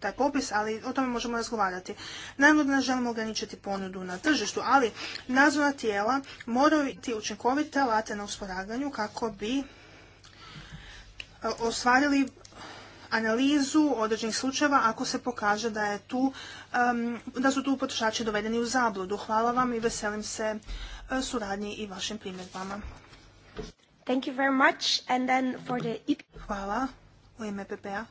taj popis, ali o tome možemo razgovarati. Naravno da želimo ograničiti ponudu na tržištu, ali nadzorna tijela moraju biti učinkovite alate na usporaganju kako bi e, ostvarili analizu određenih slučajeva ako se pokaže da, je da su tu potrošači dovedeni u zabludu. Hvala vam i veselim se e, suradnji i vašim primjedbama. Thank you very much. E Hvala u ime e PPA.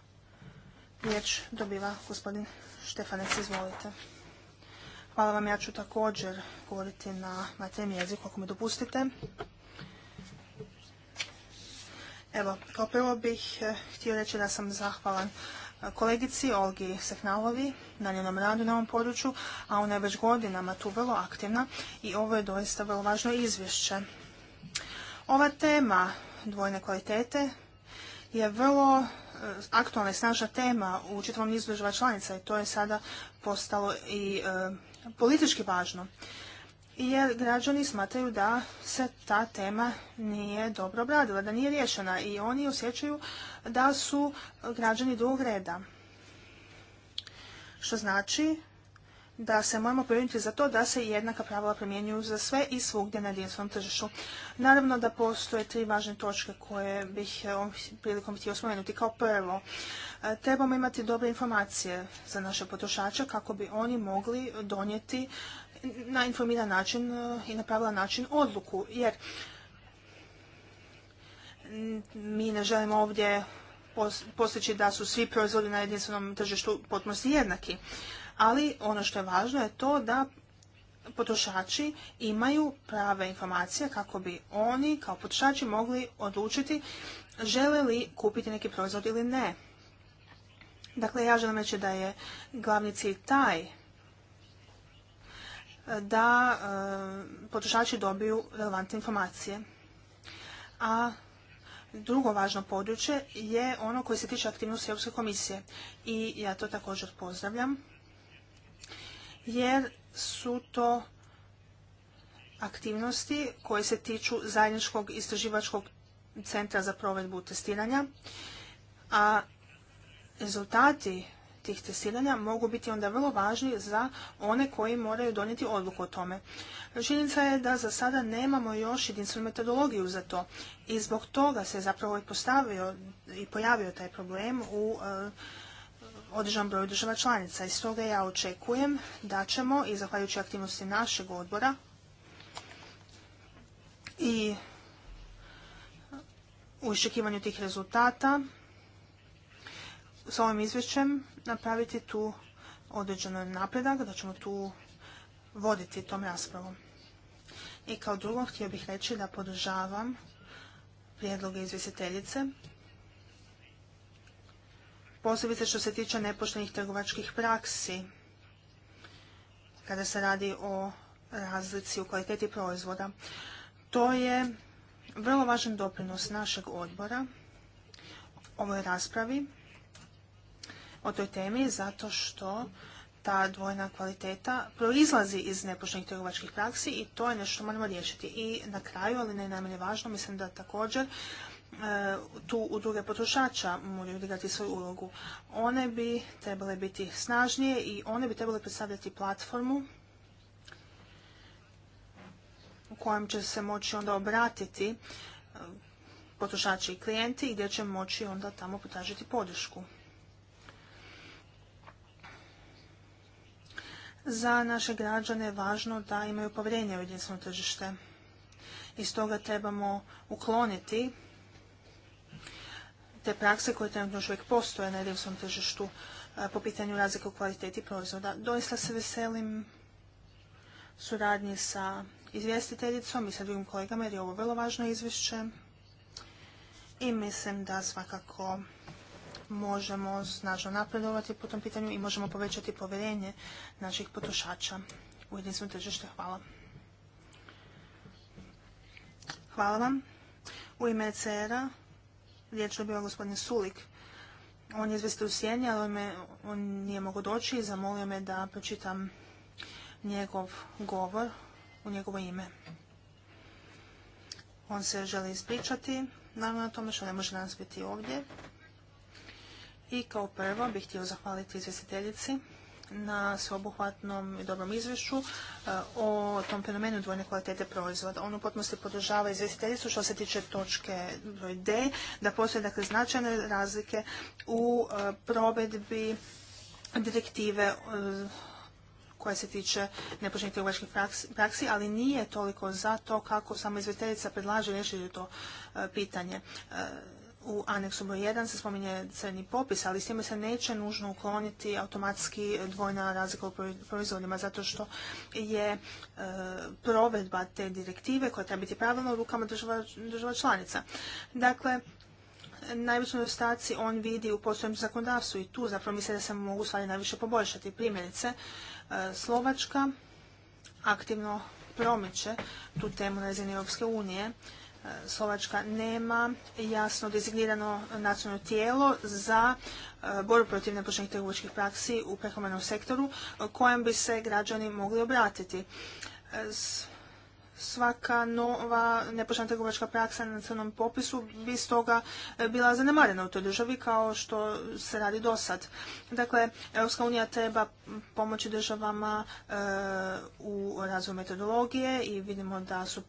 Riječ dobiva gospodin Štefanec, izvolite. Hvala vam, ja ću također govoriti na materijem jeziku, ako mi dopustite. Evo, kao prvo bih e, htio reći da sam zahvalan e, kolegici Olgi Sehnalovi na njenom radu na ovom području, a ona je već godinama tu vrlo aktivna i ovo je doista vrlo važno izvješće. Ova tema dvojne kvalitete je vrlo e, aktualna i snažna tema u čitavom nizu država članica i to je sada postalo i politički važno jer građani smatraju da se ta tema nije dobro obradila, da nije riješena i oni osjećaju da su građani drugog reda. Što znači da se moramo pobrinuti za to da se jednaka pravila primjenjuju za sve i svugdje na jedinstvenom tržištu. Naravno da postoje tri važne točke koje bih eh, ovom prilikom htio spomenuti. Kao prvo, eh, trebamo imati dobre informacije za naše potrošače kako bi oni mogli donijeti na informiran način e, i na pravilan način odluku. Jer mi ne želimo ovdje postići da su svi proizvodi na jedinstvenom tržištu potpunosti jednaki. Ali ono što je važno je to da potrošači imaju prave informacije kako bi oni kao potrošači mogli odlučiti žele li kupiti neki proizvod ili ne. Dakle, ja želim reći da je glavni cilj taj da e, potrošači dobiju relevantne informacije. A drugo važno područje je ono koje se tiče aktivnosti Europske komisije i ja to također pozdravljam jer su to aktivnosti koje se tiču zajedničkog istraživačkog centra za provedbu testiranja, a rezultati tih testiranja mogu biti onda vrlo važni za one koji moraju donijeti odluku o tome. Činjenica je da za sada nemamo još jedinstvenu metodologiju za to i zbog toga se zapravo i postavio i pojavio taj problem u održan eh, određenom broju država članica. I stoga ja očekujem da ćemo i zahvaljujući aktivnosti našeg odbora i u iščekivanju tih rezultata s ovim izvješćem napraviti tu određenu napredak, da ćemo tu voditi tom raspravom. I kao drugo htio bih reći da podržavam prijedloge izvjestiteljice, posebice što se tiče nepoštenih trgovačkih praksi, kada se radi o razlici u kvaliteti proizvoda. To je vrlo važan doprinos našeg odbora ovoj raspravi o toj temi zato što ta dvojna kvaliteta proizlazi iz nepoštenih trgovačkih praksi i to je nešto što moramo riješiti. I na kraju, ali ne najmanje važno, mislim da također e, tu udruge potrošača moraju odigrati svoju ulogu. One bi trebale biti snažnije i one bi trebale predstavljati platformu u kojem će se moći onda obratiti e, potrošači i klijenti i gdje će moći onda tamo potražiti podršku. za naše građane je važno da imaju povjerenje u jedinstveno tržište. I stoga trebamo ukloniti te prakse koje trenutno još uvijek postoje na jedinstvenom tržištu e, po pitanju razlika u kvaliteti proizvoda. Doista se veselim suradnji sa izvjestiteljicom i sa drugim kolegama jer je ovo vrlo važno izvješće i mislim da svakako možemo snažno napredovati po tom pitanju i možemo povećati povjerenje naših potrošača u jedinstveno tržište. Hvala. Hvala vam. U ime ECR-a riječ je bio gospodin Sulik. On je izvestio u Sjeni, ali on nije mogao doći i zamolio me da pročitam njegov govor u njegovo ime. On se želi ispričati, naravno na tome što ne može danas biti ovdje. I kao prvo bih htio zahvaliti izvjestiteljici na sveobuhvatnom i dobrom izvješću e, o tom fenomenu dvojne kvalitete proizvoda. On u potpunosti podržava izvjestiteljicu što se tiče točke broj D, da postoje dakle značajne razlike u e, provedbi direktive e, koja se tiče nepoštenih trgovačkih praksi, ali nije toliko za to kako samo izvjestiteljica predlaže rješiti to pitanje u aneksu broj 1 se spominje crni popis, ali s time se neće nužno ukloniti automatski dvojna razlika u proizvodima, zato što je e, provedba te direktive koja treba biti pravilna u rukama država, članica. Dakle, najveći nedostaci on vidi u postojem zakonodavstvu i tu zapravo misle da se mogu stvari najviše poboljšati. Primjerice, e, Slovačka aktivno promiče tu temu na razini Europske unije Slovačka nema jasno dezignirano nacionalno tijelo za e, borbu protiv nepoštenih trgovačkih praksi u prehrambenom sektoru kojem bi se građani mogli obratiti. E, svaka nova nepoštena trgovačka praksa na crnom popisu bi stoga e, bila zanemarena u toj državi kao što se radi do sad. Dakle, Europska unija treba pomoći državama e, u razvoju metodologije i vidimo da su,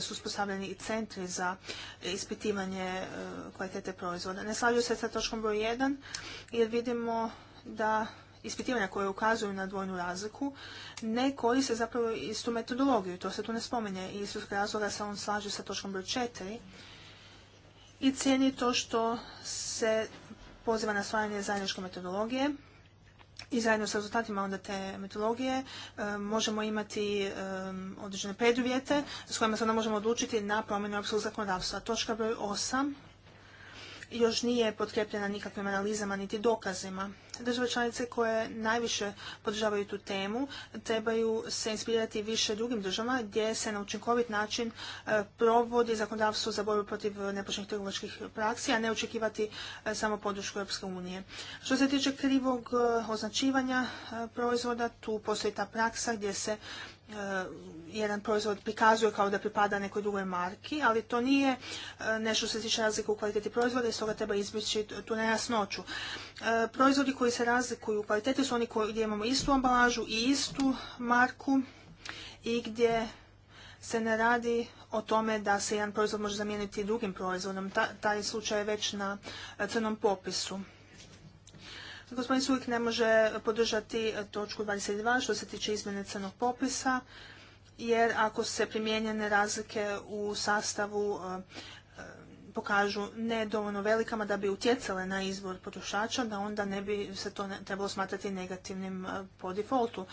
su uspostavljeni i centri za ispitivanje e, kvalitete proizvoda. Ne slažu se sa točkom broj 1 jer vidimo da ispitivanja koje ukazuju na dvojnu razliku ne koriste zapravo istu metodologiju, to se tu ne spomenje. I iz svog razloga se on slaže sa točkom broj četiri i cijeni to što se poziva na stvaranje zajedničke metodologije i zajedno sa rezultatima onda te metodologije e, možemo imati e, određene preduvjete s kojima se onda možemo odlučiti na promjenu europskog zakonodavstva. Točka broj osam još nije potkrepljena nikakvim analizama niti dokazima. Države članice koje najviše podržavaju tu temu trebaju se inspirirati više drugim državama gdje se na učinkovit način e, provodi zakonodavstvo za borbu protiv nepoštenih trgovačkih praksi, a ne očekivati e, samo podršku Europske unije. Što se tiče krivog e, označivanja proizvoda, tu postoji ta praksa gdje se E, jedan proizvod prikazuje kao da pripada nekoj drugoj marki, ali to nije e, nešto što se tiče razlika u kvaliteti proizvoda i stoga treba izbjeći tu nejasnoću. E, proizvodi koji se razlikuju u kvaliteti su oni koji, gdje imamo istu ambalažu i istu marku i gdje se ne radi o tome da se jedan proizvod može zamijeniti drugim proizvodom. taj slučaj je već na crnom popisu. Gospodin Sulik ne može podržati točku 22 što se tiče izmjene crnog popisa, jer ako se primijenjene razlike u sastavu e, e, pokažu nedovoljno velikama da bi utjecale na izbor potrošača, da onda ne bi se to trebalo smatrati negativnim e, po defaultu.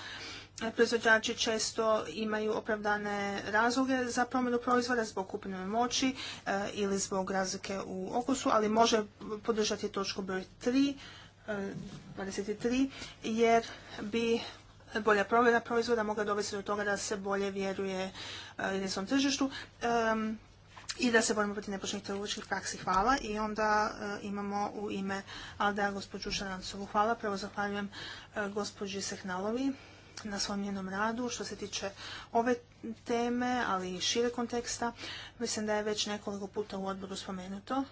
Proizvođači često imaju opravdane razloge za promjenu proizvoda zbog kupnjene moći ili zbog razlike u okusu, ali može podržati točku broj 3 23 jer bi bolja provjera proizvoda mogla dovesti do toga da se bolje vjeruje e, jedinstvom tržištu i da se borimo protiv nepoštenih trgovačkih praksi. Hvala. I onda e, imamo u ime Alda gospođu Šarancovu. Hvala. Prvo zahvaljujem e, gospođi Sehnalovi na svom njenom radu što se tiče ove teme, ali i šire konteksta. Mislim da je već nekoliko puta u odboru spomenuto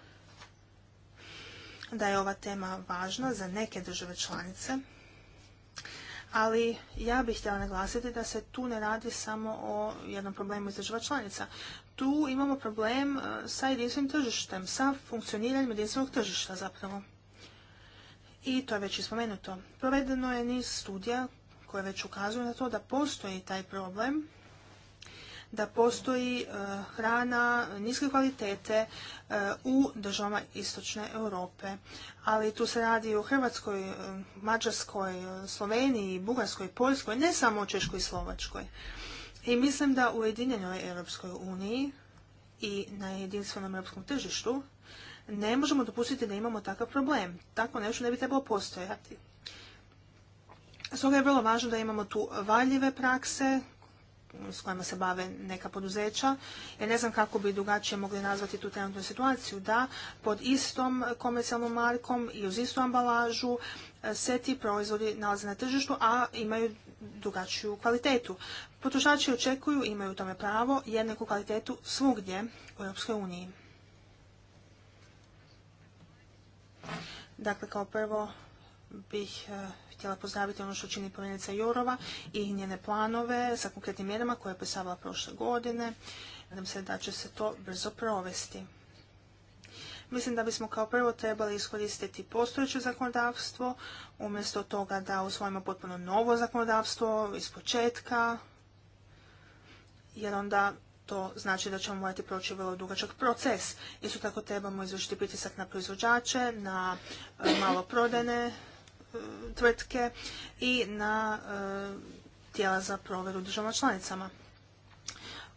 da je ova tema važna za neke države članice, ali ja bih htjela naglasiti da se tu ne radi samo o jednom problemu iz država članica. Tu imamo problem e, sa jedinstvenim tržištem, sa funkcioniranjem jedinstvenog tržišta zapravo. I to je već ispomenuto. Provedeno je niz studija koje već ukazuju na to da postoji taj problem da postoji e, hrana niske kvalitete e, u državama istočne Europe. Ali tu se radi o Hrvatskoj, e, Mađarskoj, Sloveniji, Bugarskoj, Poljskoj, ne samo o Češkoj i Slovačkoj. I mislim da u Ujedinjenoj Europskoj uniji i na jedinstvenom europskom tržištu ne možemo dopustiti da imamo takav problem. Tako nešto ne bi trebalo postojati. Stoga je vrlo važno da imamo tu valjive prakse s kojima se bave neka poduzeća. Ja ne znam kako bi drugačije mogli nazvati tu trenutnu situaciju, da pod istom komercijalnom markom i uz istu ambalažu e, se ti proizvodi nalaze na tržištu, a imaju drugačiju kvalitetu. Potrošači očekuju, imaju tome pravo, jednaku kvalitetu svugdje u Europskoj uniji. Dakle, kao prvo bih e, htjela pozdraviti ono što čini povjerenica Jorova i njene planove sa konkretnim mjerama koje je predstavila prošle godine. Nadam se da će se to brzo provesti. Mislim da bismo kao prvo trebali iskoristiti postojeće zakonodavstvo, umjesto toga da usvojimo potpuno novo zakonodavstvo iz početka, jer onda to znači da ćemo morati proći vrlo dugačak proces. Isto tako trebamo izvršiti pritisak na proizvođače, na e, maloprodajne tvrtke i na e, tijela za proveru državama članicama.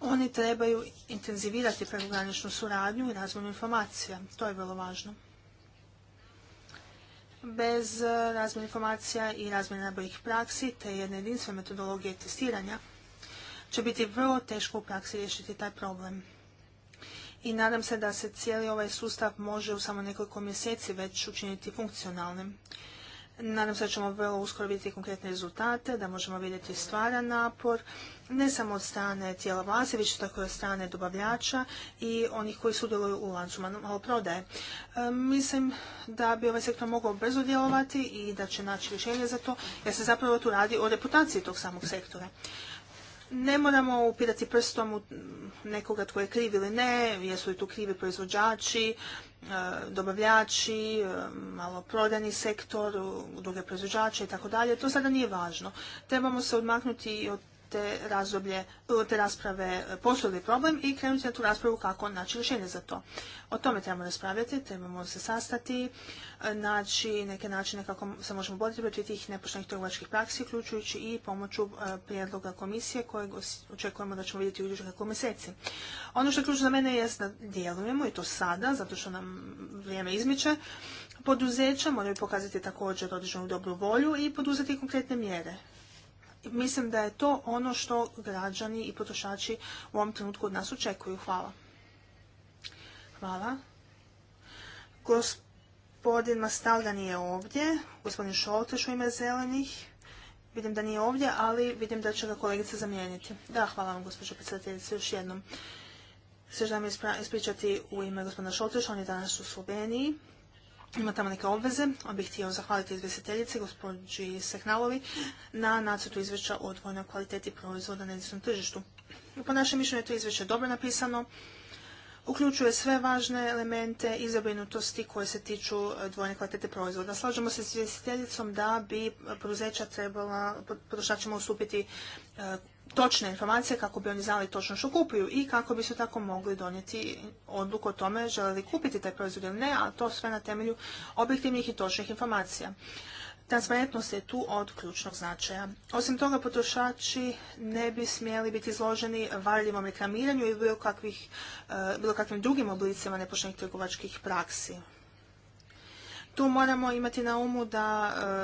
Oni trebaju intenzivirati prekograničnu suradnju i razmjenu informacija. To je vrlo važno. Bez e, razmjene informacija i razmjene najboljih praksi te jedne jedinstvene metodologije testiranja će biti vrlo teško u praksi riješiti taj problem. I nadam se da se cijeli ovaj sustav može u samo nekoliko mjeseci već učiniti funkcionalnim. Nadam se da ćemo vrlo uskoro vidjeti konkretne rezultate, da možemo vidjeti stvaran napor, ne samo od strane tijela vlasti, već tako i od strane dobavljača i onih koji sudjeluju u lancu maloprodaje. E, mislim da bi ovaj sektor mogao brzo djelovati i da će naći rješenje za to, jer se zapravo tu radi o reputaciji tog samog sektora. Ne moramo upirati prstom nekoga tko je kriv ili ne, jesu li tu krivi proizvođači, E, dobavljači, e, maloprodajni sektor, druge proizvođače i tako dalje. To sada nije važno. Trebamo se odmaknuti od te, razdoblje, te rasprave poslovni problem i krenuti na tu raspravu kako naći rješenje za to. O tome trebamo raspravljati, trebamo se sastati, naći neke načine kako se možemo boriti protiv tih nepoštenih trgovačkih praksi, uključujući i pomoću e, prijedloga komisije kojeg očekujemo da ćemo vidjeti u idućih nekoliko mjeseci. Ono što je ključno za mene je da djelujemo i to sada, zato što nam vrijeme izmiče, poduzeća moraju pokazati također određenu dobru volju i poduzeti konkretne mjere. Mislim da je to ono što građani i potrošači u ovom trenutku od nas očekuju. Hvala. Hvala. Gospodin Mastalga nije ovdje. Gospodin Šolteš u ime zelenih. Vidim da nije ovdje, ali vidim da će ga kolegica zamijeniti. Da, hvala vam gospođo predsjedateljice još jednom. Sve želim ispričati u ime gospodina Šolteša, on je danas u Sloveniji ima tamo neke obveze, a bih htio zahvaliti izvjestiteljici gospođi Sehnalovi na nacrtu izvješća o dvojnoj kvaliteti proizvoda na jednostavnom tržištu. Po našem mišljenju je to izvješće dobro napisano, uključuje sve važne elemente i zabrinutosti koje se tiču dvojne kvalitete proizvoda. Slažemo se s izvjestiteljicom da bi poduzeća trebala potrošačima ustupiti e, točne informacije kako bi oni znali točno što kupuju i kako bi su tako mogli donijeti odluku o tome žele li kupiti taj proizvod ili ne, a to sve na temelju objektivnih i točnih informacija. Transparentnost je tu od ključnog značaja. Osim toga, potrošači ne bi smjeli biti izloženi valjivom reklamiranju i bilo, eh, bilo kakvim drugim oblicima nepoštenih trgovačkih praksi. Tu moramo imati na umu da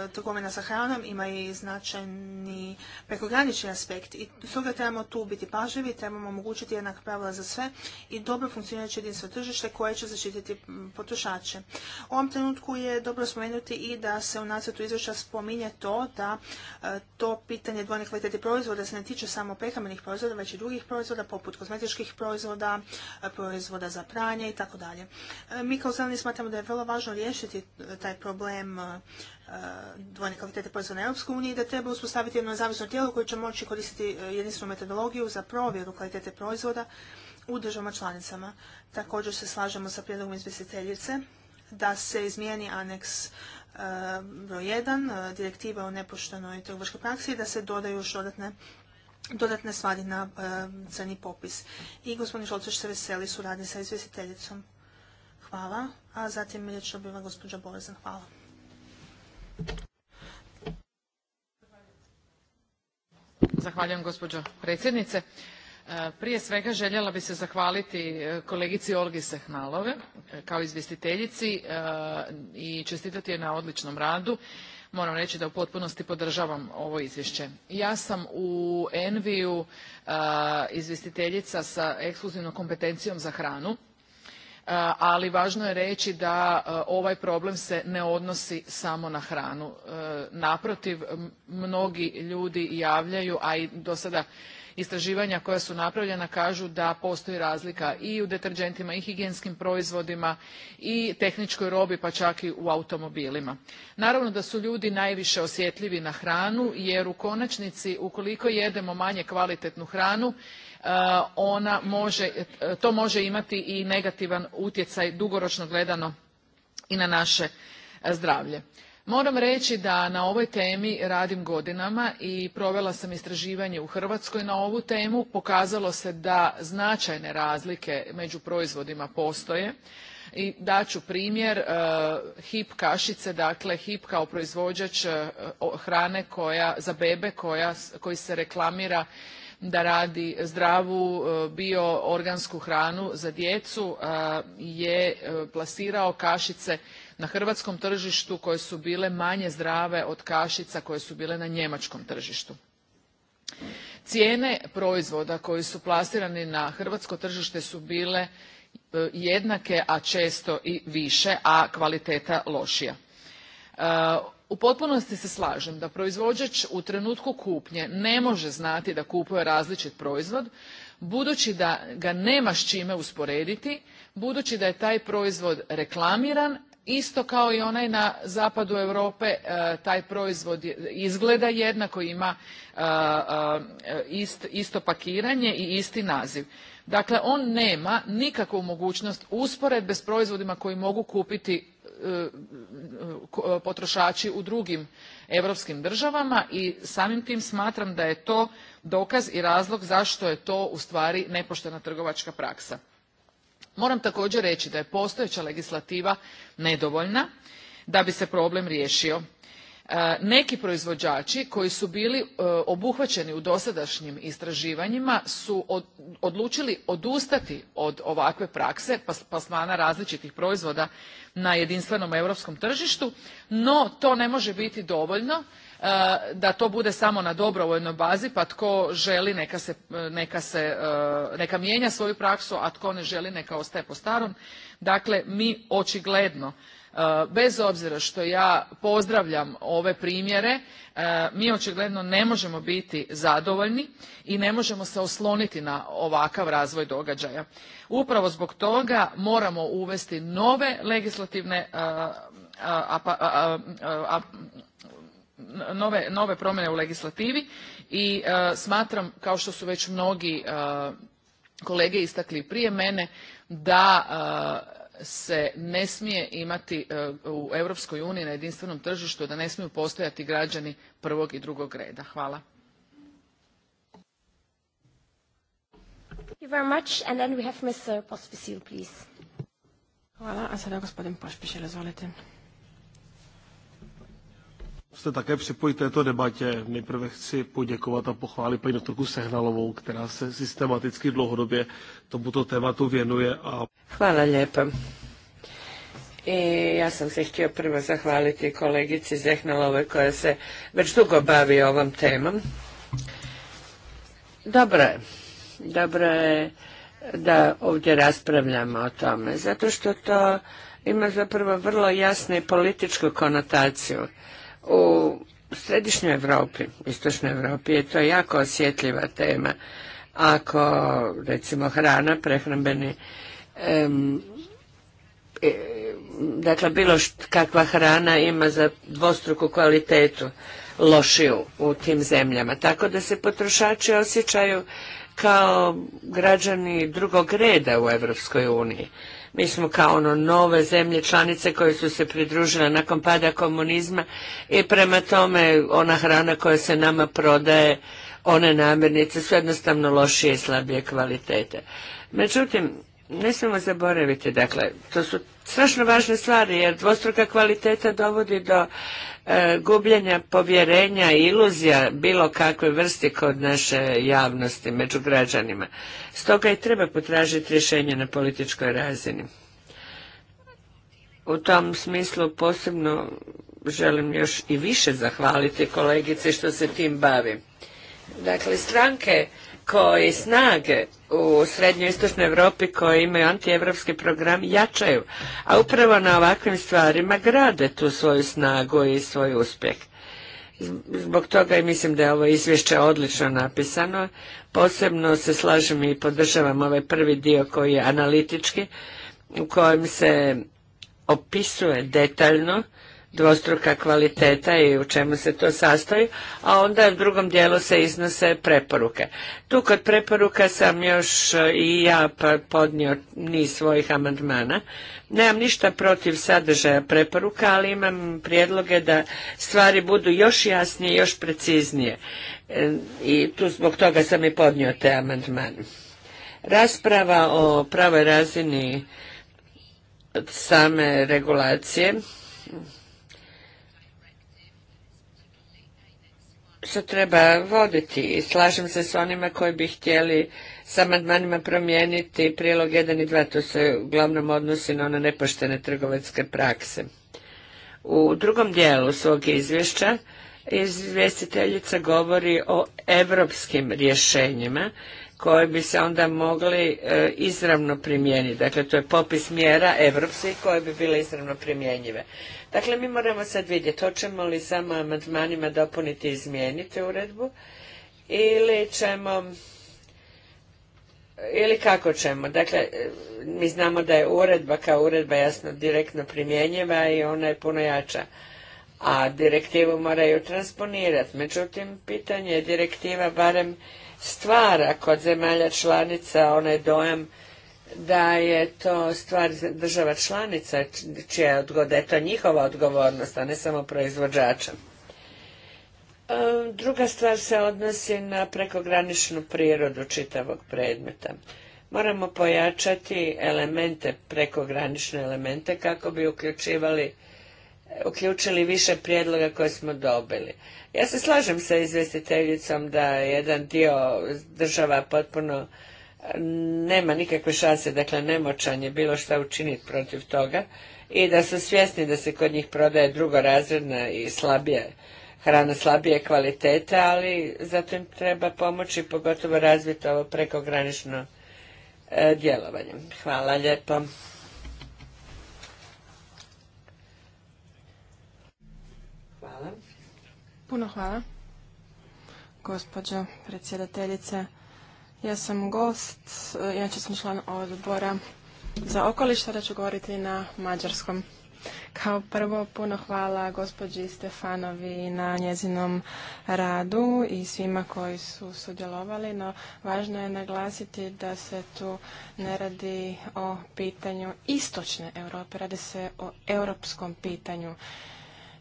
e, trgovina sa hranom ima i značajni prekogranični aspekt i stoga trebamo tu biti pažljivi, trebamo omogućiti jednak pravila za sve i dobro funkcionirajuće jedinstvo tržište koje će zaštititi potrošače. U ovom trenutku je dobro spomenuti i da se u nacrtu izvješća spominje to da e, to pitanje dvojne kvalitete proizvoda se ne tiče samo prehrambenih proizvoda, već i drugih proizvoda poput kozmetičkih proizvoda, e, proizvoda za pranje i tako dalje. Mi kao zeleni smatramo da je vrlo važno riješiti taj problem uh, dvojne kvalitete proizvoda na Europskoj uniji, da treba uspostaviti jedno nezavisno tijelo koje će moći koristiti uh, jedinstvenu metodologiju za provjeru kvalitete proizvoda u državama članicama. Također se slažemo sa prijedlogom izvjestiteljice da se izmijeni aneks uh, broj 1 direktiva o nepoštenoj trgovačkoj praksi i da se dodaju još dodatne dodatne stvari na crni popis. I gospodin Šolce se veseli suradnji sa izvjestiteljicom. Hvala. A zatim riječ gospođa Hvala. Zahvaljujem gospođo predsjednice. E, prije svega željela bi se zahvaliti e, kolegici Olgi Sehnalove e, kao izvjestiteljici i čestitati je na odličnom radu. Moram reći da u potpunosti podržavam ovo izvješće. Ja sam u Enviju izvjestiteljica sa ekskluzivnom kompetencijom za hranu Eh, ali važno je reći da eh, ovaj problem se ne odnosi samo na hranu. Eh, naprotiv, mnogi ljudi javljaju, a i do sada istraživanja koja su napravljena kažu da postoji razlika i u deterdžentima i higijenskim proizvodima i tehničkoj robi pa čak i u automobilima. Naravno da su ljudi najviše osjetljivi na hranu jer u konačnici ukoliko jedemo manje kvalitetnu hranu E, ona može, e, to može imati i negativan utjecaj dugoročno gledano i na naše e, zdravlje. Moram reći da na ovoj temi radim godinama i provela sam istraživanje u Hrvatskoj na ovu temu. Pokazalo se da značajne razlike među proizvodima postoje i daću primjer hip kašice dakle hip kao proizvođač hrane koja za bebe koji se reklamira da radi zdravu e, bioorgansku hranu za djecu e, je e, plasirao kašice na hrvatskom tržištu koje su bile manje zdrave od kašica koje su bile na njemačkom tržištu. Cijene proizvoda koji su plasirani na hrvatsko tržište su bile jednake, a često i više, a kvaliteta lošija u potpunosti se slažem da proizvođač u trenutku kupnje ne može znati da kupuje različit proizvod budući da ga nema s čime usporediti budući da je taj proizvod reklamiran isto kao i onaj na zapadu europe e, taj proizvod izgleda jednako ima e, e, isto pakiranje i isti naziv dakle on nema nikakvu mogućnost usporedbe s proizvodima koji mogu kupiti E, potrošači u drugim europskim državama i samim tim smatram da je to dokaz i razlog zašto je to ustvari nepoštena trgovačka praksa. Moram također reći da je postojeća legislativa nedovoljna da bi se problem riješio. E, neki proizvođači koji su bili e, obuhvaćeni u dosadašnjim istraživanjima su odlučili odustati od ovakve prakse plasmana različitih proizvoda na jedinstvenom europskom tržištu no to ne može biti dovoljno e, da to bude samo na dobrovoljnoj bazi pa tko želi neka, neka, neka mijenja svoju praksu a tko ne želi neka ostaje po starom dakle mi očigledno E, bez obzira što ja pozdravljam ove primjere e, mi očigledno ne možemo biti zadovoljni i ne možemo se osloniti na ovakav razvoj događaja upravo zbog toga moramo uvesti nove legislativne e, nove, nove promjene u legislativi i smatram kao što su već mnogi kolege istakli prije mene da se ne smije imati e, u Europskoj uniji na jedinstvenom tržištu, da ne smiju postojati građani prvog i drugog reda. Hvala. Hvala, a sada gospodin Pošpišil, izvolite jste také připojit k této debatě. Nejprve chci poděkovat a pochválit paní doktorku Sehnalovou, která se systematicky dlouhodobě tomuto tématu věnuje. A... Hvala lijepo. I ja sam se htio prvo zahvaliti kolegici Zehnalove koja se već dugo bavi ovom temom. Dobro je. Dobro je da ovdje raspravljamo o tome, zato što to ima zapravo vrlo jasnu i političku konotaciju u središnjoj Europi, istočnoj Europi je to jako osjetljiva tema. Ako recimo hrana, prehrambeni e, dakle bilo kakva hrana ima za dvostruku kvalitetu lošiju u tim zemljama. Tako da se potrošači osjećaju kao građani drugog reda u Europskoj uniji. Mi smo kao ono nove zemlje članice koje su se pridružile nakon pada komunizma i prema tome ona hrana koja se nama prodaje, one namirnice su jednostavno lošije i slabije kvalitete. Međutim, ne smemo zaboraviti, dakle, to su strašno važne stvari, jer dvostruka kvaliteta dovodi do e, gubljenja povjerenja i iluzija bilo kakve vrsti kod naše javnosti među građanima. Stoga i treba potražiti rješenje na političkoj razini. U tom smislu posebno želim još i više zahvaliti kolegice što se tim bavi. Dakle, stranke koje snage u srednjoj istočnoj Europi koji imaju antievropski program jačaju, a upravo na ovakvim stvarima grade tu svoju snagu i svoj uspjeh. Zbog toga i mislim da je ovo izvješće odlično napisano. Posebno se slažem i podržavam ovaj prvi dio koji je analitički, u kojem se opisuje detaljno dvostruka kvaliteta i u čemu se to sastoji, a onda u drugom dijelu se iznose preporuke. Tu kod preporuka sam još eh, i ja pa podnio niz svojih amandmana. Nemam ništa protiv sadržaja preporuka, ali imam prijedloge da stvari budu još jasnije, još preciznije. Eh, I tu zbog toga sam i podnio te amandmane. Rasprava o pravoj razini same regulacije se treba voditi i slažem se s onima koji bi htjeli s amandmanima promijeniti prilog 1 i 2, to se uglavnom odnosi na one nepoštene trgovatske prakse. U drugom dijelu svog izvješća izvjestiteljica govori o europskim rješenjima koji bi se onda mogli e, izravno primijeniti. Dakle, to je popis mjera evropskih koje bi bile izravno primjenjive. Dakle, mi moramo sad vidjeti hoćemo li samo amandmanima dopuniti i izmijeniti uredbu ili ćemo ili kako ćemo. Dakle, e, mi znamo da je uredba kao uredba jasno direktno primjenjiva i ona je puno jača a direktivu moraju transponirati. Međutim, pitanje je direktiva barem stvara kod zemalja članica onaj dojam da je to stvar država članica čija je to njihova odgovornost, a ne samo proizvođača. E, druga stvar se odnosi na prekograničnu prirodu čitavog predmeta. Moramo pojačati elemente, prekogranične elemente kako bi uključivali uključili više prijedloga koje smo dobili. Ja se slažem sa izvjestiteljicom da jedan dio država potpuno e, nema nikakve šanse, dakle nemoćan je bilo šta učiniti protiv toga i da su svjesni da se kod njih prodaje drugorazredna i slabije hrana slabije kvalitete, ali zato im treba pomoći pogotovo razviti ovo prekogranično e, djelovanje. Hvala lijepo. Puno hvala, gospođo predsjedateljice. Ja sam gost, ću eh, sam član odbora za okoliš, sada ću govoriti na mađarskom. Kao prvo, puno hvala gospođi Stefanovi na njezinom radu i svima koji su sudjelovali, no važno je naglasiti da se tu ne radi o pitanju istočne Europe, radi se o europskom pitanju.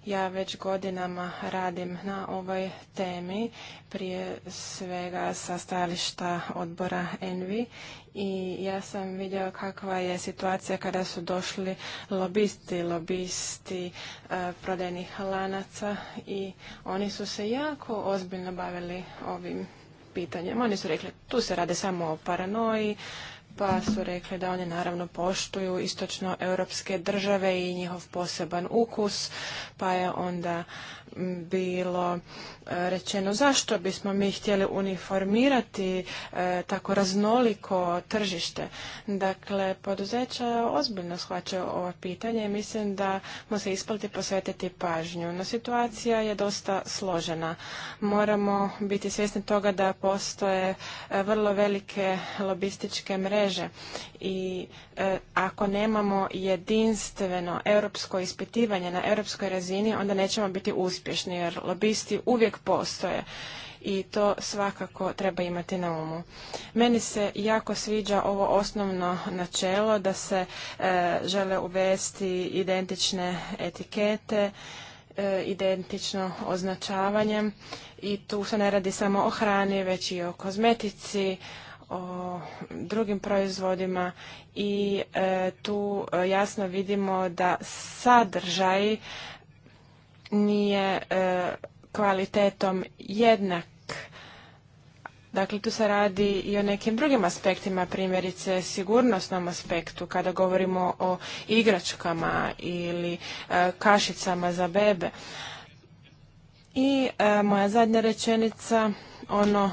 Ja već godinama radim na ovoj temi, prije svega sa stajališta odbora Envi i ja sam vidio kakva je situacija kada su došli lobisti, lobisti prodenih prodajnih lanaca i oni su se jako ozbiljno bavili ovim pitanjem. Oni su rekli tu se radi samo o paranoji, pa su rekli da oni naravno poštuju istočno europske države i njihov poseban ukus, pa je onda bilo e, rečeno zašto bismo mi htjeli uniformirati e, tako raznoliko tržište. Dakle, poduzeća ozbiljno shvaćaju ovo pitanje i mislim da mu se isplati posvetiti pažnju. No situacija je dosta složena. Moramo biti svjesni toga da postoje e, vrlo velike lobističke mreže i ako nemamo jedinstveno europsko ispitivanje na europskoj razini, onda nećemo biti uz uspješni jer lobisti uvijek postoje i to svakako treba imati na umu. Meni se jako sviđa ovo osnovno načelo da se e, žele uvesti identične etikete, e, identično označavanje i tu se ne radi samo o hrani, već i o kozmetici, o drugim proizvodima i e, tu jasno vidimo da sadržaj nije e, kvalitetom jednak. Dakle, tu se radi i o nekim drugim aspektima, primjerice sigurnosnom aspektu, kada govorimo o igračkama ili e, kašicama za bebe. I e, moja zadnja rečenica, ono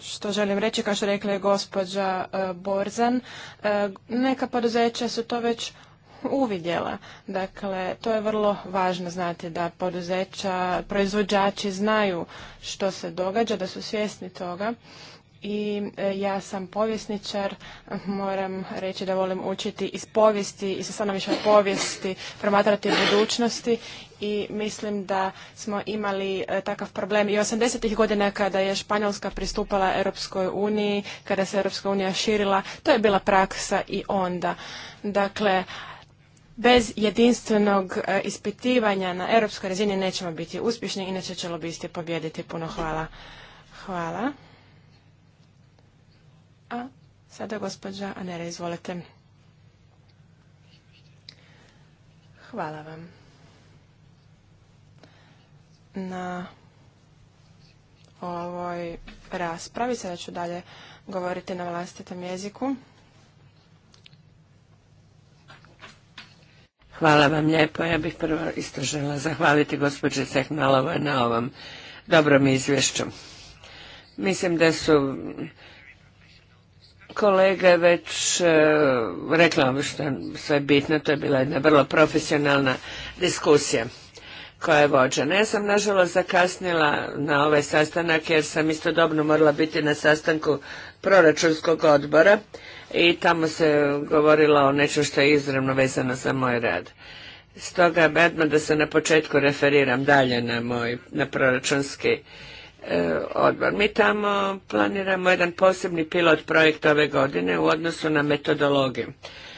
što želim reći, kao što rekla je gospođa Borzan, neka poduzeća su to već uvidjela. Dakle, to je vrlo važno znati da poduzeća, proizvođači znaju što se događa, da su svjesni toga. I e, ja sam povjesničar, moram reći da volim učiti iz povijesti i sa stanovišta povijesti, promatrati budućnosti i mislim da smo imali e, takav problem i 80. godina kada je Španjolska pristupala Europskoj uniji, kada se Europska unija širila, to je bila praksa i onda. Dakle, bez jedinstvenog e, ispitivanja na europskoj razini nećemo biti uspješni, inače će lobisti pobjediti. Puno hvala. Hvala. A sada gospođa Anera, izvolite. Hvala vam. Na ovoj raspravi sada ću dalje govoriti na vlastitom jeziku. Hvala vam lijepo. Ja bih prvo isto žela zahvaliti gospođe Cehnalovoj na ovom dobrom izvješću. Mislim da su kolege već e, rekla što je sve bitno, to je bila jedna vrlo profesionalna diskusija koja je vođena. Ja sam nažalost zakasnila na ovaj sastanak jer sam istodobno morala biti na sastanku proračunskog odbora i tamo se govorilo o nečem što je izravno vezano za moj rad. Stoga, bedno da se na početku referiram dalje na moj, na proračunski e, odbor. Mi tamo planiramo jedan posebni pilot projekt ove godine u odnosu na metodologiju.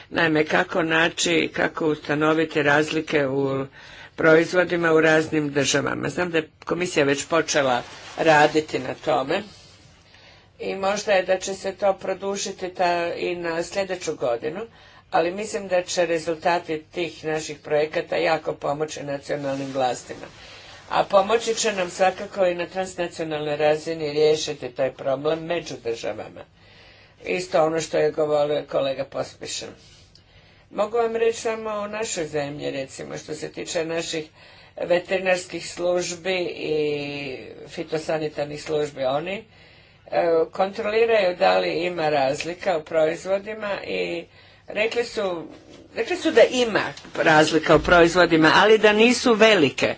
Naime, kako naći, kako ustanoviti razlike u proizvodima u raznim državama. Znam da je komisija već počela raditi na tome i možda je da će se to produžiti ta i na sljedeću godinu, ali mislim da će rezultati tih naših projekata jako pomoći nacionalnim vlastima. A pomoći će nam svakako i na transnacionalnoj razini riješiti taj problem među državama. Isto ono što je govorio kolega Pospišan. Mogu vam reći samo o našoj zemlji, recimo, što se tiče naših veterinarskih službi i fitosanitarnih službi. Oni E, kontroliraju da li ima razlika u proizvodima i rekli su, rekli su da ima razlika u proizvodima, ali da nisu velike.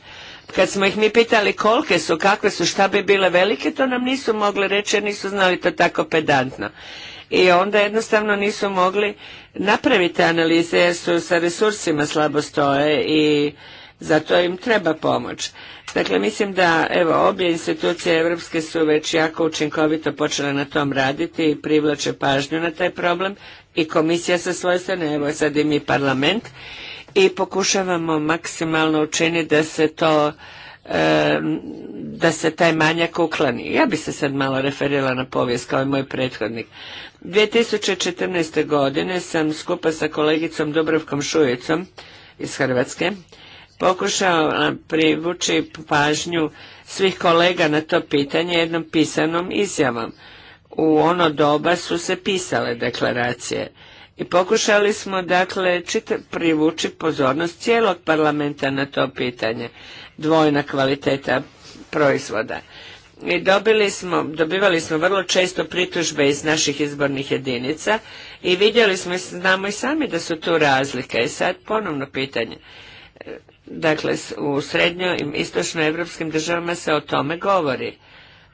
Kad smo ih mi pitali kolike su, kakve su, šta bi bile velike, to nam nisu mogli reći jer nisu znali to tako pedantno. I onda jednostavno nisu mogli napraviti analize jer su sa resursima slabo stoje i za to im treba pomoć. Dakle, mislim da evo, obje institucije evropske su već jako učinkovito počele na tom raditi i privlače pažnju na taj problem i komisija sa svoje strane, evo sad i mi parlament i pokušavamo maksimalno učiniti da se to da se taj manjak uklani. Ja bi se sad malo referila na povijest kao i moj prethodnik. 2014. godine sam skupa sa kolegicom Dubrovkom Šujicom iz Hrvatske pokušao privući pažnju svih kolega na to pitanje jednom pisanom izjavom. U ono doba su se pisale deklaracije i pokušali smo dakle privući pozornost cijelog parlamenta na to pitanje dvojna kvaliteta proizvoda. I dobili smo, dobivali smo vrlo često pritužbe iz naših izbornih jedinica i vidjeli smo, znamo i sami da su tu razlike. I sad ponovno pitanje, Dakle, u srednjo i istočnoevropskim državama se o tome govori.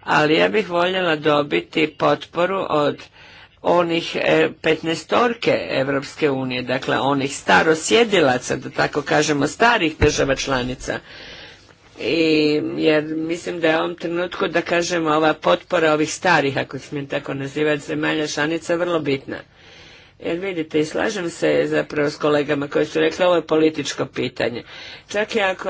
Ali ja bih voljela dobiti potporu od onih e, petnestorke Evropske unije, dakle onih starosjedilaca, da tako kažemo, starih država članica. I, jer mislim da je u ovom trenutku, da kažemo, ova potpora ovih starih, ako smijem tako nazivati, zemalja članica vrlo bitna. Jer vidite, i slažem se zapravo s kolegama koji su rekli, ovo je političko pitanje. Čak i ako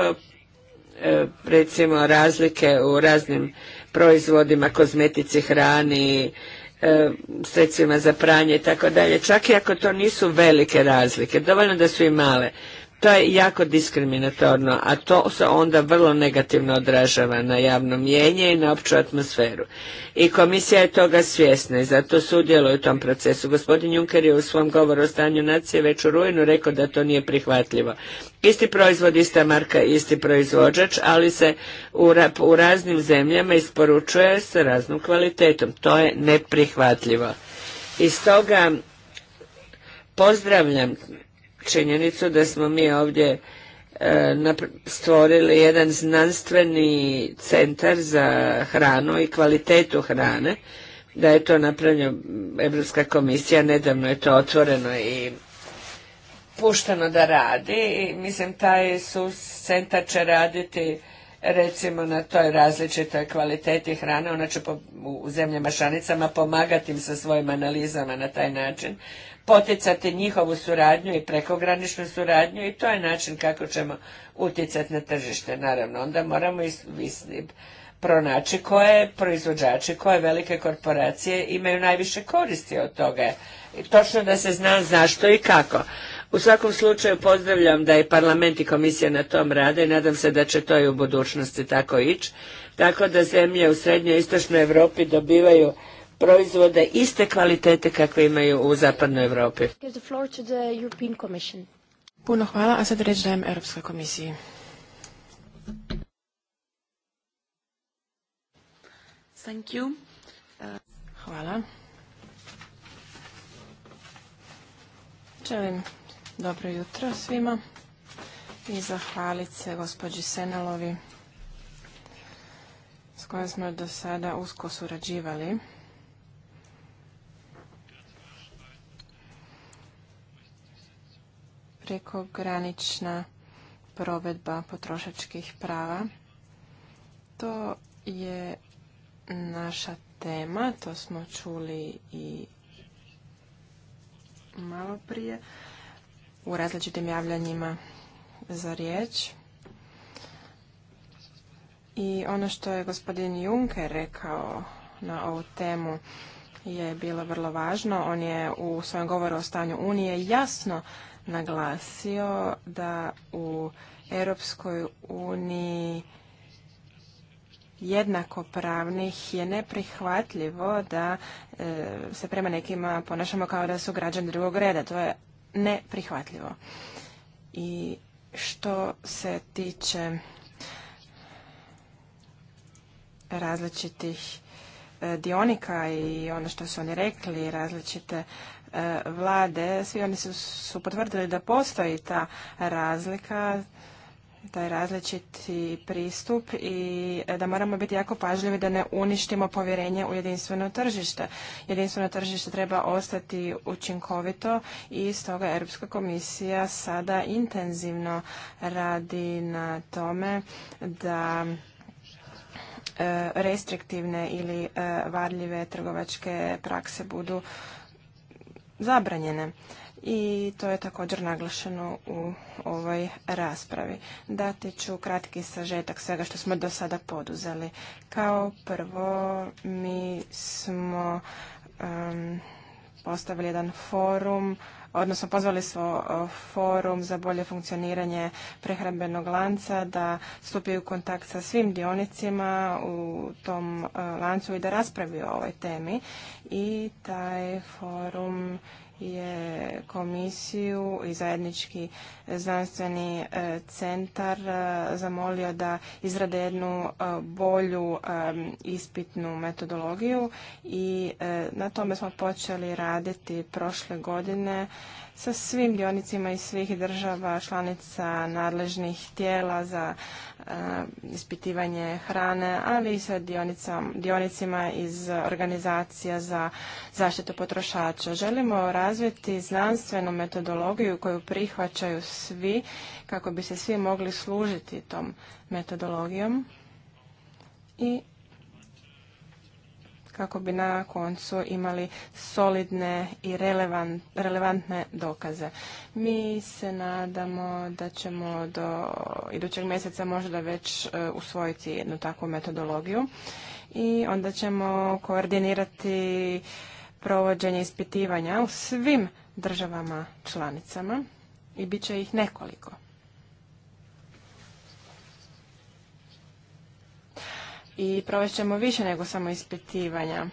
e, recimo razlike u raznim proizvodima, kozmetici, hrani, e, sredstvima za pranje i tako dalje. Čak i ako to nisu velike razlike, dovoljno da su i male. To je jako diskriminatorno, a to se onda vrlo negativno odražava na javno mijenje i na opću atmosferu. I komisija je toga svjesna i zato sudjeluje u tom procesu. Gospodin Juncker je u svom govoru o stanju nacije već u rujnu rekao da to nije prihvatljivo. Isti proizvod, ista marka, isti proizvođač, ali se u, u raznim zemljama isporučuje sa raznom kvalitetom. To je neprihvatljivo. I stoga pozdravljam činjenicu da smo mi ovdje e, stvorili jedan znanstveni centar za hranu i kvalitetu hrane, da je to napravljeno Evropska komisija, nedavno je to otvoreno i pušteno da radi i mislim taj centar će raditi recimo na toj različitoj kvaliteti hrane, ona će u zemljama šanicama pomagati im sa svojim analizama na taj način poticati njihovu suradnju i prekograničnu suradnju i to je način kako ćemo utjecati na tržište. Naravno, onda moramo i pronaći koje proizvođače, koje velike korporacije imaju najviše koristi od toga. točno da se zna zašto i kako. U svakom slučaju pozdravljam da i parlament i komisija na tom rade i nadam se da će to i u budućnosti tako ići. Tako da zemlje u srednjoj istočnoj Europi dobivaju proizvode iste kvalitete kakve imaju u zapadnoj Europi. Puno hvala, a sad reč dajem Europskoj komisiji. Uh, hvala. Želim dobro jutro svima i zahvalit se gospođi Senalovi s kojom smo do sada usko surađivali prekogranična provedba potrošačkih prava. To je naša tema, to smo čuli i malo prije u različitim javljanjima za riječ. I ono što je gospodin Juncker rekao na ovu temu je bilo vrlo važno. On je u svojem govoru o stanju Unije jasno naglasio da u Europskoj uniji jednakopravnih je neprihvatljivo da e, se prema nekima ponašamo kao da su građani drugog reda. To je neprihvatljivo. I što se tiče različitih e, dionika i ono što su oni rekli, različite E, vlade, svi oni su, su potvrdili da postoji ta razlika, taj različiti pristup i e, da moramo biti jako pažljivi da ne uništimo povjerenje u jedinstveno tržište. Jedinstveno tržište treba ostati učinkovito i stoga Europska komisija sada intenzivno radi na tome da e, restriktivne ili varljive trgovačke prakse budu zabranjene i to je također naglašeno u ovoj raspravi. Dati ću kratki sažetak svega što smo do sada poduzeli. Kao prvo mi smo postavili jedan forum odnosno pozvali smo e, forum za bolje funkcioniranje prehrambenog lanca da stupi u kontakt sa svim dionicima u tom e, lancu i da raspravi o ovoj temi i taj forum je komisiju i zajednički znanstveni e, centar e, zamolio da izrade jednu e, bolju ispitnu metodologiju i na tome smo počeli raditi prošle godine sa svim dionicima iz svih država, članica nadležnih tijela za ispitivanje hrane, ali i sa dionicima iz organizacija za zaštitu potrošača. Želimo razviti znanstvenu metodologiju koju prihvaćaju svi kako bi se svi mogli služiti tom metodologijom i kako bi na koncu imali solidne i relevantne dokaze. Mi se nadamo da ćemo do idućeg mjeseca možda već e, usvojiti jednu takvu metodologiju i onda ćemo koordinirati provođenje ispitivanja u svim državama članicama i bit će ih nekoliko. i ćemo više nego samo ispitivanja.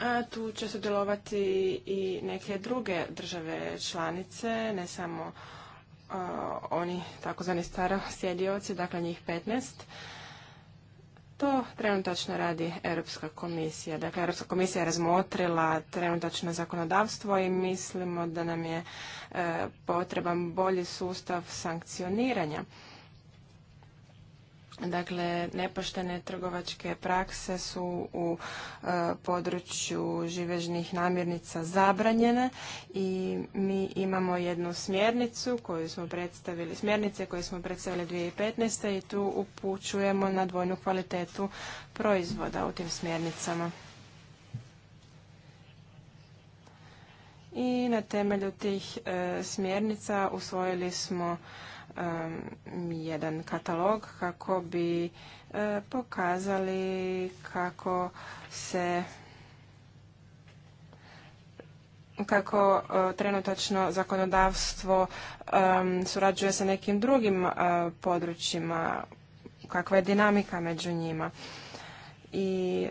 A tu će sudjelovati i neke druge države članice, ne samo oni takozvani starosjedioci, dakle njih 15. To trenutačno radi Europska komisija. Dakle, Europska komisija je razmotrila trenutačno zakonodavstvo i mislimo da nam je e, potreban bolji sustav sankcioniranja Dakle, nepoštene trgovačke prakse su u e, području živežnih namirnica zabranjene i mi imamo jednu smjernicu koju smo predstavili, smjernice koje smo predstavili 2015. i tu upućujemo na dvojnu kvalitetu proizvoda u tim smjernicama. I na temelju tih e, smjernica usvojili smo Um, jedan katalog kako bi uh, pokazali kako se kako uh, trenutačno zakonodavstvo um, surađuje sa nekim drugim uh, područjima, kakva je dinamika među njima. I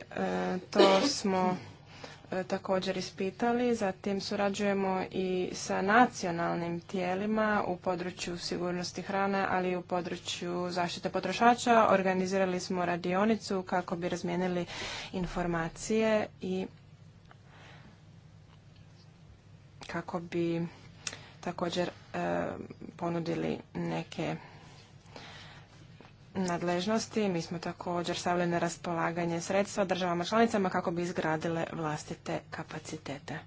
to smo E, također ispitali. Zatim surađujemo i sa nacionalnim tijelima u području sigurnosti hrane, ali i u području zaštite potrošača. Organizirali smo radionicu kako bi razmijenili informacije i kako bi također e, ponudili neke nadležnosti. Mi smo također stavili na raspolaganje sredstva državama članicama kako bi izgradile vlastite kapacitete.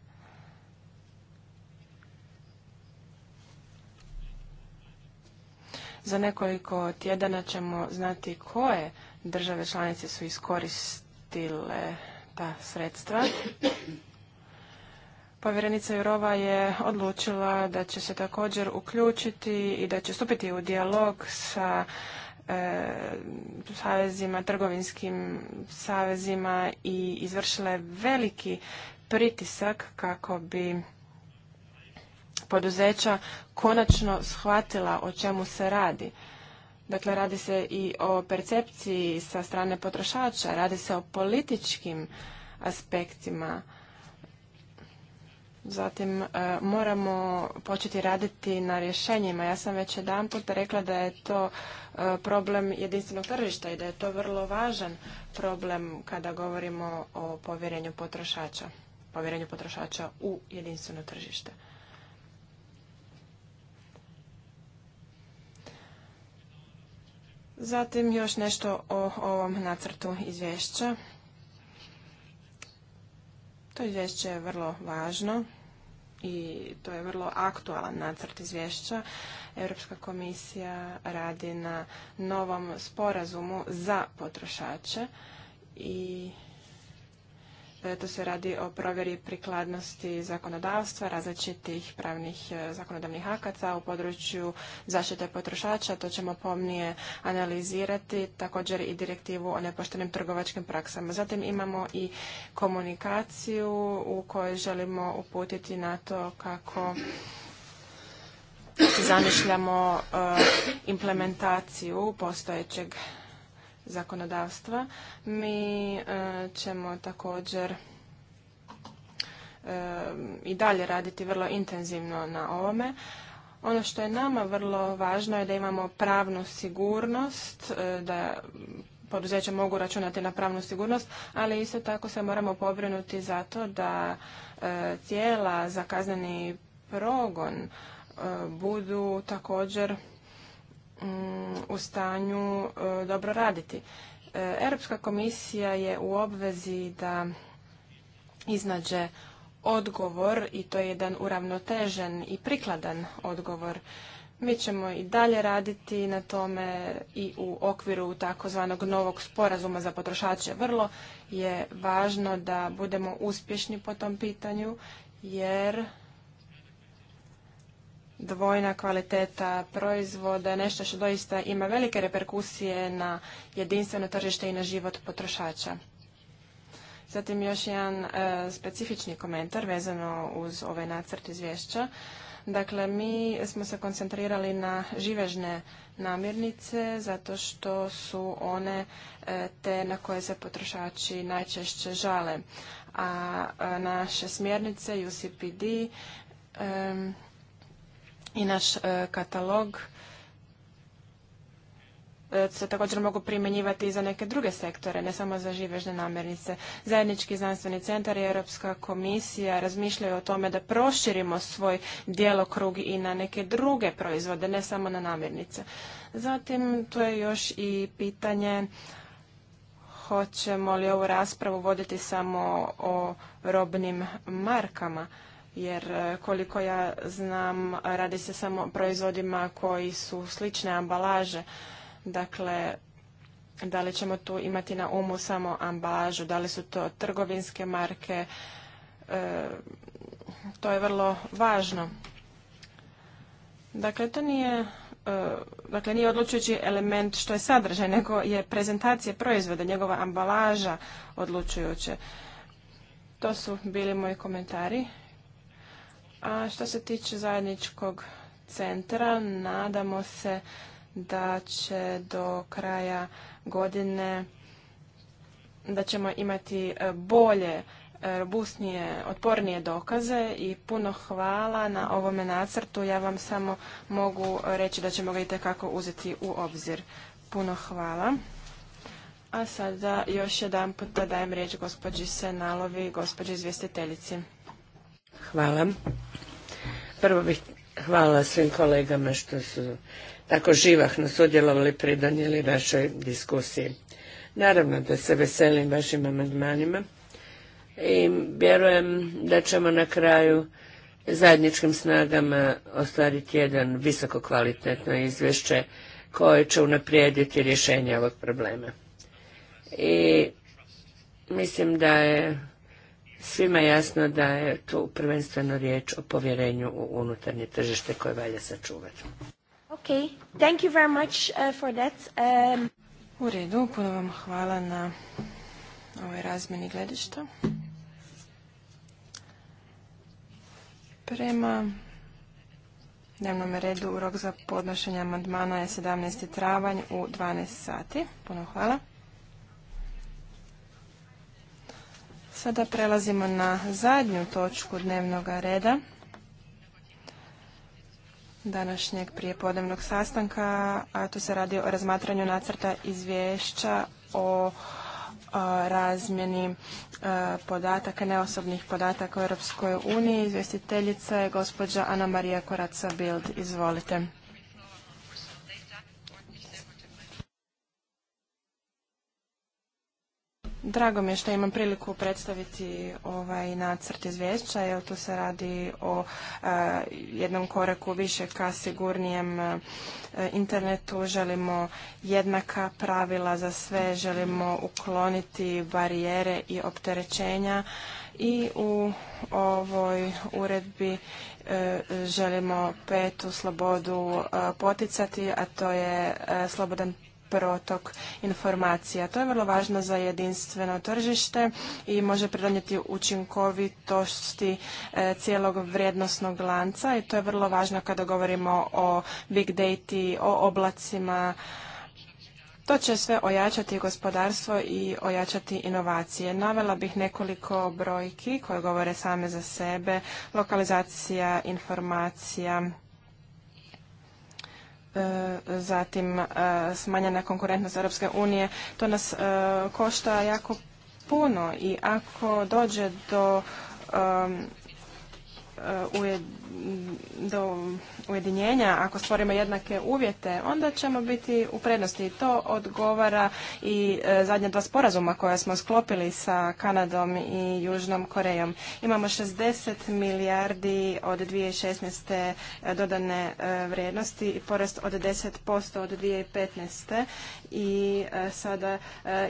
Za nekoliko tjedana ćemo znati koje države članice su iskoristile ta sredstva. Povjerenica Jurova je odlučila da će se također uključiti i da će stupiti u dijalog sa E, savezima, trgovinskim savezima i izvršila je veliki pritisak kako bi poduzeća konačno shvatila o čemu se radi. Dakle, radi se i o percepciji sa strane potrošača, radi se o političkim aspektima Zatim e, moramo početi raditi na rješenjima. Ja sam već jedan put rekla da je to e, problem jedinstvenog tržišta i da je to vrlo važan problem kada govorimo o povjerenju potrošača, povjerenju potrošača u jedinstveno tržište. Zatim još nešto o ovom nacrtu izvješća. To izvješće je vrlo važno i to je vrlo aktualan nacrt izvješća. Europska komisija radi na novom sporazumu za potrošače i E, to se radi o provjeri prikladnosti zakonodavstva, različitih pravnih e, zakonodavnih akata u području zaštite potrošača. To ćemo pomnije analizirati, također i direktivu o nepoštenim trgovačkim praksama. Zatim imamo i komunikaciju u kojoj želimo uputiti na to kako zamišljamo e, implementaciju postojećeg zakonodavstva. Mi e, ćemo također e, i dalje raditi vrlo intenzivno na ovome. Ono što je nama vrlo važno je da imamo pravnu sigurnost, e, da poduzeće mogu računati na pravnu sigurnost, ali isto tako se moramo pobrinuti za to da tijela za kazneni progon budu također Mm, u stanju e, dobro raditi. E, Europska komisija je u obvezi da iznađe odgovor i to je jedan uravnotežen i prikladan odgovor. Mi ćemo i dalje raditi na tome i u okviru takozvanog novog sporazuma za potrošače. Vrlo je važno da budemo uspješni po tom pitanju jer dvojna kvaliteta proizvoda nešto što doista ima velike reperkusije na jedinstveno tržište i na život potrošača. Zatim još jedan e, specifični komentar vezano uz ovaj nacrt izvješća. Dakle, mi smo se koncentrirali na živežne namirnice zato što su one e, te na koje se potrošači najčešće žale. A, e, naše smjernice UCPD i naš e, katalog e, se također mogu primjenjivati i za neke druge sektore, ne samo za živežne namirnice. Zajednički znanstveni centar i Europska komisija razmišljaju o tome da proširimo svoj djelokrug i na neke druge proizvode, ne samo na namirnice. Zatim tu je još i pitanje hoćemo li ovu raspravu voditi samo o robnim markama jer e, koliko ja znam radi se samo o proizvodima koji su slične ambalaže. Dakle, da li ćemo tu imati na umu samo ambalažu, da li su to trgovinske marke, e, to je vrlo važno. Dakle, to nije e, dakle nije odlučujući element što je sadržaj, nego je prezentacija proizvoda, njegova ambalaža odlučujuće. To su bili moji komentari. A što se tiče zajedničkog centra, nadamo se da će do kraja godine da ćemo imati e, bolje, e, robustnije, otpornije dokaze i puno hvala na ovome nacrtu. Ja vam samo mogu reći da ćemo ga itekako uzeti u obzir. Puno hvala. A sada još jedan puta dajem riječ gospođi Senalovi, gospođi izvjestiteljici. Hvala. Prvo bih hvala svim kolegama što su tako živahno sudjelovali, pridonijeli vašoj diskusiji. Naravno da se veselim vašim amandmanima i vjerujem da ćemo na kraju zajedničkim snagama ostvariti jedan visoko kvalitetno izvješće koje će unaprijediti rješenje ovog problema. I mislim da je Svima jasno da je tu prvenstveno riječ o povjerenju u unutarnje tržište koje valja sačuvati. Ok, Thank you very much uh, for that. Um, u redu, puno vam hvala na ovoj razmjeni gledišta. Prema dnevnom redu rok za podnošenje amandmana je 17. travanj u 12 sati. Puno hvala. Sada prelazimo na zadnju točku dnevnog reda današnjeg prijepodnevnog sastanka, a tu se radi o razmatranju nacrta izvješća o, razmjeni podataka, neosobnih podataka u Europskoj uniji. Izvjestiteljica je gospođa Ana Marija Koraca Bild. Izvolite. Drago mi je što imam priliku predstaviti ovaj nacrt izvješća, jer tu se radi o e, jednom koraku više ka sigurnijem e, internetu. Želimo jednaka pravila za sve, želimo ukloniti barijere i opterećenja i u ovoj uredbi e, želimo petu slobodu poticati, a to je slobodan protok informacija. To je vrlo važno za jedinstveno tržište i može pridonijeti učinkovitosti e, cijelog vrijednosnog lanca i to je vrlo važno kada govorimo o big data, o oblacima. To će sve ojačati gospodarstvo i ojačati inovacije. Navela bih nekoliko brojki koje govore same za sebe, lokalizacija informacija, E, zatim e, smanjena konkurentnost Europske unije, to nas e, košta jako puno i ako dođe do do ujedinjenja, ako stvorimo jednake uvjete, onda ćemo biti u prednosti. I to odgovara i e, zadnja dva sporazuma koja smo sklopili sa Kanadom i Južnom Korejom. Imamo 60 milijardi od 2016. dodane e, vrijednosti i porast od 10% od 2015. I e, sada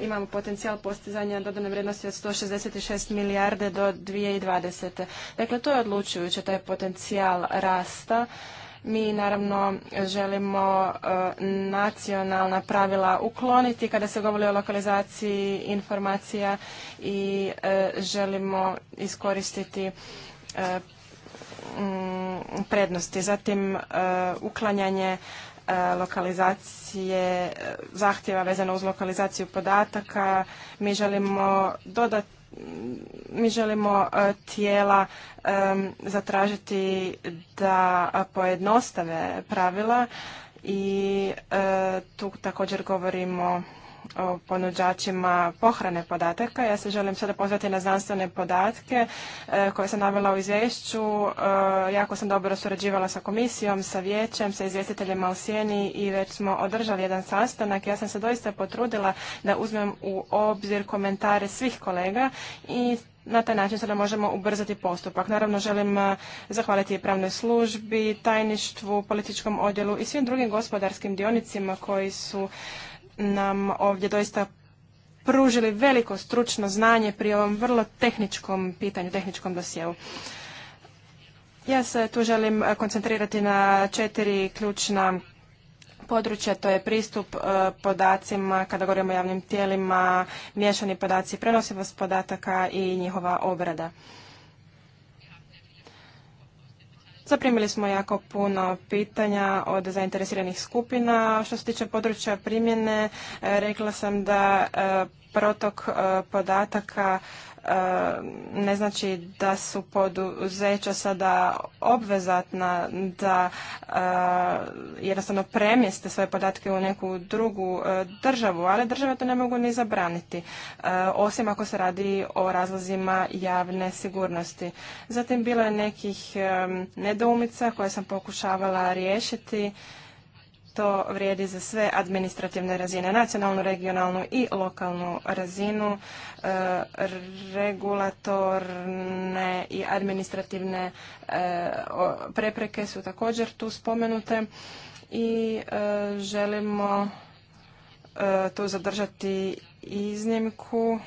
imamo potencijal postizanja dodane vrijednosti od 166 milijarde do 2020. Dakle, to je odlučujuće, taj potencijal potencijal rasta. Mi naravno želimo e, nacionalna pravila ukloniti kada se govori o lokalizaciji informacija i e, želimo iskoristiti e, mm, prednosti. Zatim uklanjanje lokalizacije, zahtjeva vezano uz lokalizaciju podataka. Mi želimo dodati mi želimo e, tijela e, zatražiti da pojednostave pravila i e, tu također govorimo o ponuđačima pohrane podataka. Ja se želim sada pozvati na znanstvene podatke e, koje sam navela u izvješću. E, jako sam dobro surađivala sa komisijom, sa vijećem, sa izvjestiteljima u Sjeni i već smo održali jedan sastanak. Ja sam se doista potrudila da uzmem u obzir komentare svih kolega i na taj način sada možemo ubrzati postupak. Naravno želim e, zahvaliti i pravnoj službi, tajništvu, političkom odjelu i svim drugim gospodarskim dionicima koji su nam ovdje doista pružili veliko stručno znanje pri ovom vrlo tehničkom pitanju, tehničkom dosjeu. Ja se tu želim koncentrirati na četiri ključna područja, to je pristup e, podacima, kada govorimo o javnim tijelima, miješani podaci, prenosivost podataka i njihova obrada. Zaprimili smo jako puno pitanja od zainteresiranih skupina. Što se tiče područja primjene, e, rekla sam da e, protok e, podataka E, ne znači da su poduzeća sada obvezatna da e, jednostavno premjeste svoje podatke u neku drugu e, državu, ali države to ne mogu ni zabraniti, osim ako se radi o razlozima javne sigurnosti. Zatim bilo je nekih nedoumica koje sam pokušavala riješiti to vrijedi za sve administrativne razine, nacionalnu, regionalnu i lokalnu razinu, e, regulatorne i administrativne e, prepreke su također tu spomenute i e, želimo tu zadržati iznimku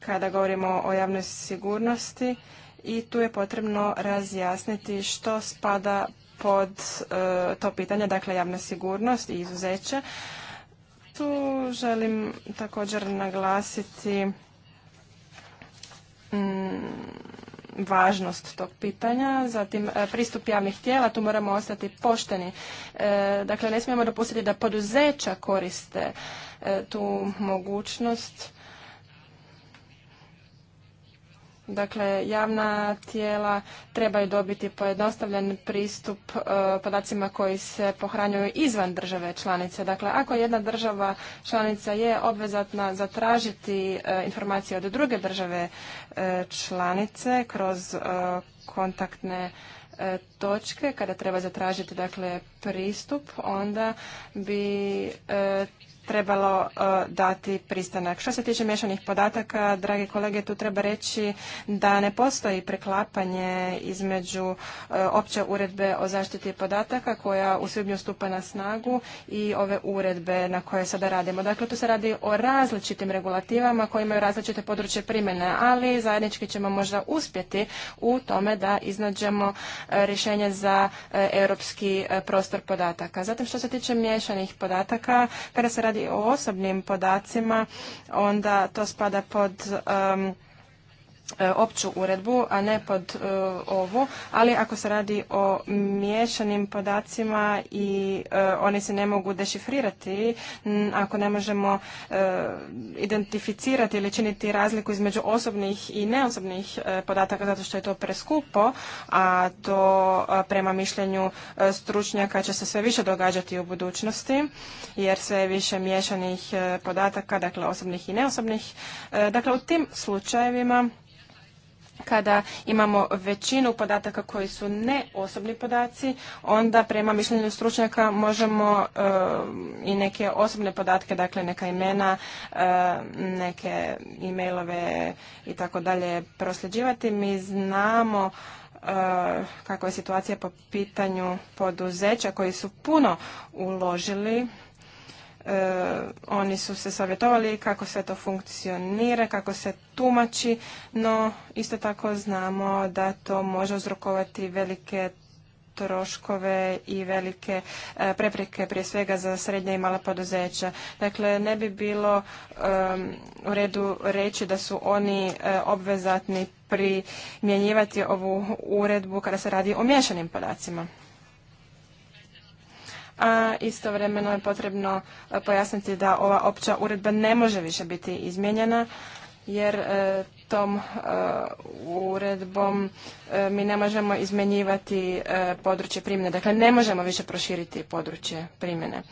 kada govorimo o javnoj sigurnosti i tu je potrebno razjasniti što spada pod e, to pitanje, dakle javna sigurnost i izuzeće. Tu želim također naglasiti mm, važnost tog pitanja, zatim e, pristup javnih tijela, tu moramo ostati pošteni. E, dakle, ne smijemo dopustiti da poduzeća koriste tu mogućnost Dakle, javna tijela trebaju dobiti pojednostavljen pristup e, podacima koji se pohranjuju izvan države članice. Dakle, ako jedna država članica je obvezatna zatražiti e, informacije od druge države e, članice kroz kontaktne točke kada treba zatražiti dakle pristup onda bi trebalo e, dati pristanak. Što se tiče miješanih podataka, drage kolege, tu treba reći da ne postoji preklapanje između e, opće uredbe o zaštiti podataka koja u svibnju stupa na snagu i ove uredbe na koje sada radimo. Dakle, tu se radi o različitim regulativama koje imaju različite područje primjene, ali zajednički ćemo možda uspjeti u tome da iznađemo e, rješenje za europski prostor podataka. Zatim, što se tiče mješanih podataka, kada se radi radi o osobnim podacima, onda to spada pod um, E, opću uredbu, a ne pod e, ovu, ali ako se radi o miješanim podacima i e, oni se ne mogu dešifrirati, ako ne možemo identificirati ili činiti razliku između osobnih i neosobnih podataka zato što je to preskupo, a to prema mišljenju stručnjaka će se sve više događati u budućnosti, jer sve više miješanih podataka, dakle osobnih i neosobnih. Dakle, u tim slučajevima kada imamo većinu podataka koji su ne osobni podaci, onda prema mišljenju stručnjaka možemo eh, i neke osobne podatke, dakle neka imena, eh, neke e-mailove i tako dalje prosljeđivati. Mi znamo eh, kakva je situacija po pitanju poduzeća koji su puno uložili E, oni su se savjetovali kako sve to funkcionira, kako se tumači, no isto tako znamo da to može uzrokovati velike troškove i velike e, prepreke prije svega za srednje i mala poduzeća. Dakle, ne bi bilo u redu reći da su oni e, obvezatni primjenjivati ovu uredbu kada se radi o miješanim podacima a istovremeno je potrebno e, pojasniti da ova opća uredba ne može više biti izmijenjena jer e, tom e, uredbom mi ne možemo izmjenjivati područje primjene. Dakle, ne možemo više proširiti područje primjene.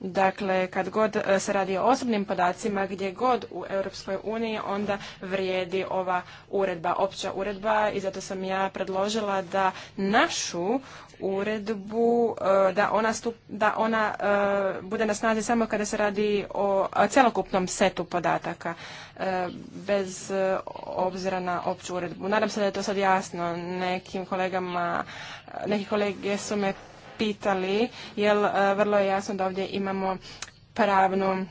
Dakle, kad god e, se radi o osobnim podacima, gdje god u Europskoj uniji, onda vrijedi ova uredba, opća uredba i zato sam ja predložila da našu uredbu, e, da ona, stup, da ona e, bude na snazi samo kada se radi o celokupnom setu podataka, bez obzira na opću uredbu. Nadam se da je to sad jasno nekim kolegama, neki kolege su me pitali, jer e, vrlo je jasno da ovdje imamo pravnu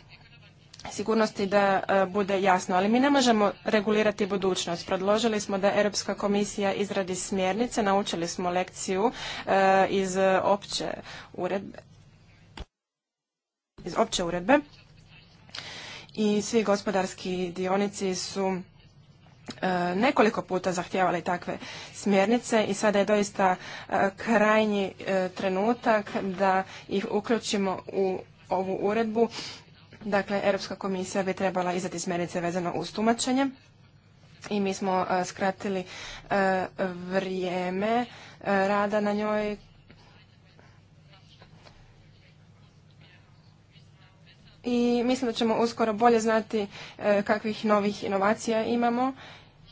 sigurnosti da e, bude jasno, ali mi ne možemo regulirati budućnost. Predložili smo da Europska komisija izradi smjernice, naučili smo lekciju e, iz opće uredbe. Iz opće uredbe i svi gospodarski dionici su E, nekoliko puta zahtijevali takve smjernice i sada je doista e, krajnji e, trenutak da ih uključimo u ovu uredbu. Dakle, Europska komisija bi trebala izdati smjernice vezano uz tumačenje i mi smo skratili vrijeme rada na njoj i mislim da ćemo uskoro bolje znati e, kakvih novih inovacija imamo.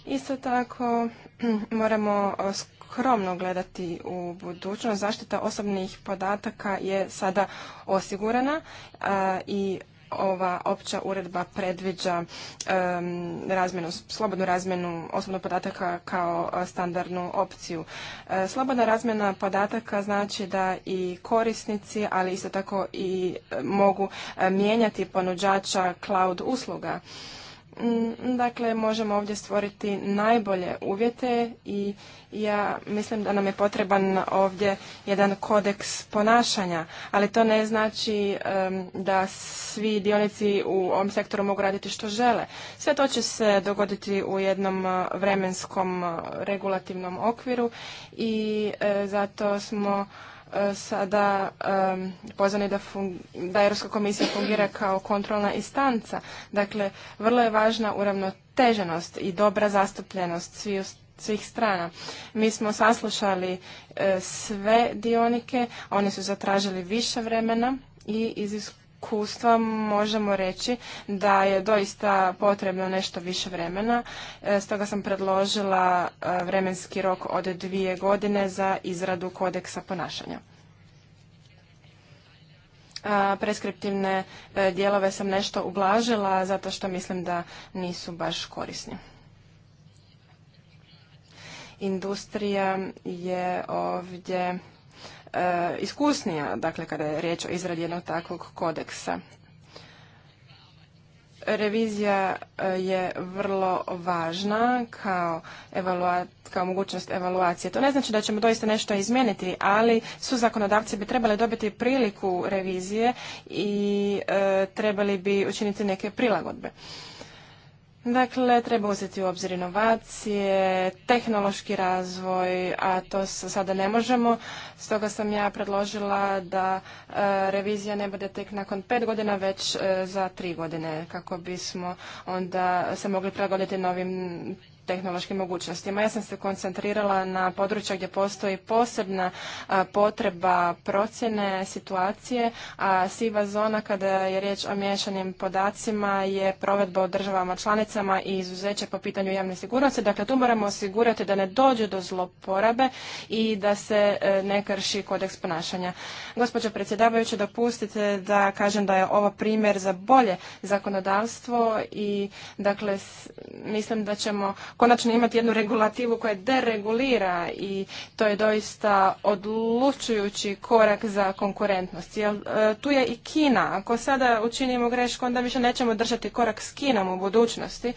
Isto tako moramo e, skromno gledati u budućnost. Zaštita osobnih podataka je sada osigurana i ova opća uredba predviđa slobodnu razmjenu osobnog podataka kao e, standardnu opciju. E, slobodna razmjena podataka znači da i korisnici, ali isto tako i e, mogu mijenjati ponuđača cloud usluga. Mm, dakle, možemo ovdje stvoriti najbolje uvjete i ja mislim da nam je potreban ovdje jedan kodeks ponašanja, ali to ne znači da svi dionici u ovom sektoru mogu raditi što žele. Sve to će se dogoditi u jednom e, vremenskom e, regulativnom okviru i e, zato smo E, sada pozvani da, da Europska komisija fungira kao kontrolna istanca. Dakle, vrlo je važna uravnoteženost i dobra zastupljenost svih strana. Mi smo saslušali e, sve dionike, oni su zatražili više vremena i iz iskustva možemo reći da je doista potrebno nešto više vremena. E, stoga sam predložila e, vremenski rok od dvije godine za izradu kodeksa ponašanja. E, preskriptivne dijelove sam nešto ublažila zato što mislim da nisu baš korisni industrija je ovdje E, iskusnija, dakle kada je riječ o izradi jednog takvog kodeksa. Revizija e, je vrlo važna kao, kao mogućnost evaluacije. To ne znači da ćemo doista nešto izmijeniti, ali su zakonodavci bi trebali dobiti priliku revizije i e, trebali bi učiniti neke prilagodbe. Dakle, treba uzeti u obzir inovacije, tehnološki razvoj, a to sada ne možemo. Stoga sam ja predložila da e, revizija ne bude tek nakon pet godina, već e, za tri godine, kako bismo onda se mogli prilagoditi novim tehnološkim mogućnostima. Ja sam se koncentrirala na područja gdje postoji posebna potreba procjene situacije, a siva zona kada je riječ o miješanim podacima je provedba u državama članicama i izuzeće po pitanju javne sigurnosti. Dakle, tu moramo osigurati da ne dođe do zloporabe i da se e, ne krši kodeks ponašanja. Gospođo predsjedavajući, dopustite da kažem da je ovo primjer za bolje zakonodavstvo i dakle mislim da ćemo konačno imati jednu regulativu koja deregulira i to je doista odlučujući korak za konkurentnost. Jer e, tu je i Kina. Ako sada učinimo grešku, onda više nećemo držati korak s Kinom u budućnosti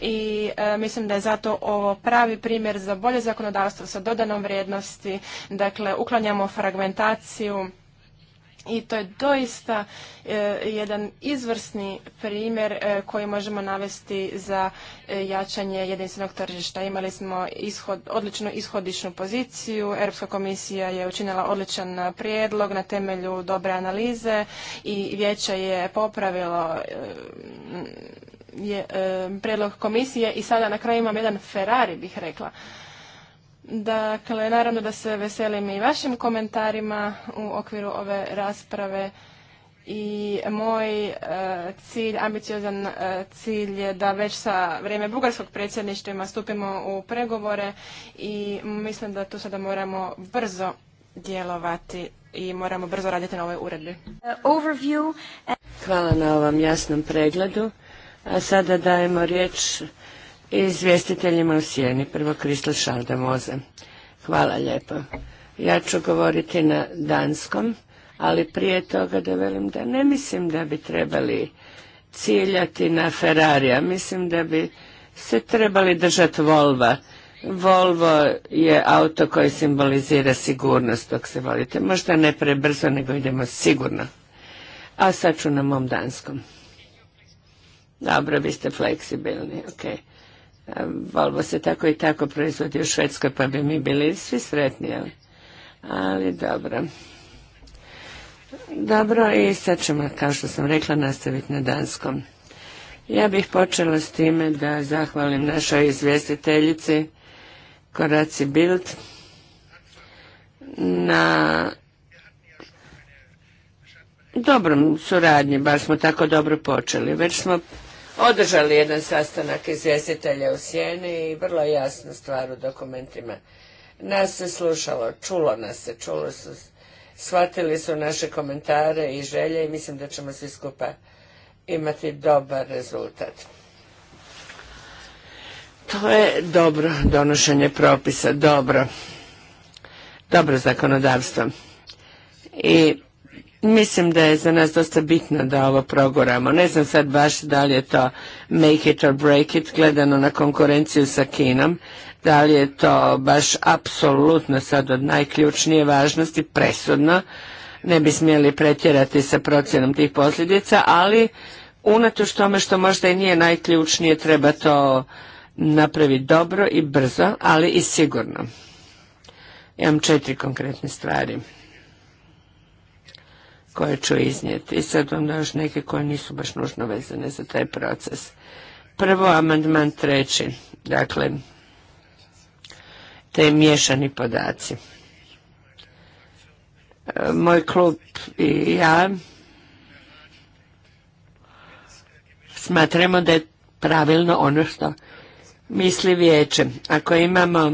i e, mislim da je zato ovo pravi primjer za bolje zakonodavstvo sa dodanom vrijednosti. Dakle, uklanjamo fragmentaciju i to je doista e, jedan izvrsni primjer e, koji možemo navesti za e, jačanje jedinstvenog tržišta. Imali smo odličnu ishodišnu poziciju, Europska komisija je učinila odličan prijedlog na temelju dobre analize i vijeće je popravilo je, prijedlog komisije i sada na kraju imam jedan Ferrari bih rekla. Dakle, naravno da se veselim i vašim komentarima u okviru ove rasprave i moj e, cilj, ambiciozan e, cilj je da već sa vrijeme bugarskog predsjedništva stupimo u pregovore i mislim da tu sada moramo brzo djelovati i moramo brzo raditi na ovoj uredbi. Hvala na ovom jasnom pregledu. A sada dajemo riječ izvjestiteljima u sjeni. Prvo Kristel Šaldamoze. Hvala lijepo. Ja ću govoriti na danskom, ali prije toga da velim da ne mislim da bi trebali ciljati na Ferrarija. Mislim da bi se trebali držati Volva. Volvo je auto koji simbolizira sigurnost dok se volite. Možda ne prebrzo, nego idemo sigurno. A sad ću na mom danskom. Dobro, vi ste fleksibilni, ok. Volvo se tako i tako proizvodi u Švedskoj, pa bi mi bili svi sretni, ali, ali dobro. Dobro, i sad ćemo, kao što sam rekla, nastaviti na danskom. Ja bih počela s time da zahvalim našoj izvjestiteljici Koraci Bild na dobrom suradnji, Baš smo tako dobro počeli. Već smo održali jedan sastanak izvjestitelja u Sjeni i vrlo jasna stvar u dokumentima. Nas se slušalo, čulo nas se, čulo su, shvatili su naše komentare i želje i mislim da ćemo svi skupa imati dobar rezultat. To je dobro donošenje propisa, dobro, dobro zakonodavstvo. I Mislim da je za nas dosta bitno da ovo proguramo. Ne znam sad baš da li je to make it or break it gledano na konkurenciju sa Kinom, da li je to baš apsolutno sad od najključnije važnosti, presudno. Ne bi smjeli pretjerati sa procjenom tih posljedica, ali unatoč tome što možda i nije najključnije, treba to napraviti dobro i brzo, ali i sigurno. Imam četiri konkretne stvari koje ću iznijeti. I sad onda još neke koje nisu baš nužno vezane za taj proces. Prvo, amandman treći, dakle, te miješani podaci. E, moj klub i ja smatramo da je pravilno ono što misli vijeće. Ako imamo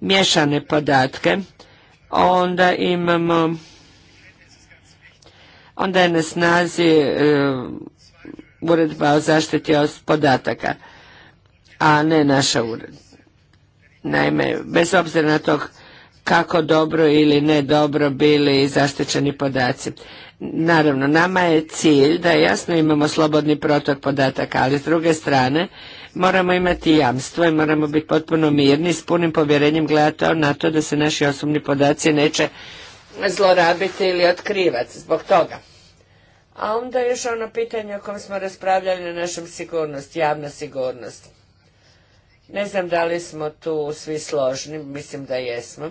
miješane podatke, onda imamo onda je na snazi e, uredba o zaštiti podataka, a ne naša uredba. Naime, bez obzira na to kako dobro ili ne dobro bili zaštićeni podaci. Naravno, nama je cilj da jasno imamo slobodni protok podataka, ali s druge strane moramo imati jamstvo i moramo biti potpuno mirni s punim povjerenjem gledati na to da se naši osobni podaci neće zlorabiti ili otkrivati zbog toga. A onda još ono pitanje o kojem smo raspravljali na našem sigurnost, javna sigurnost. Ne znam da li smo tu svi složni, mislim da jesmo.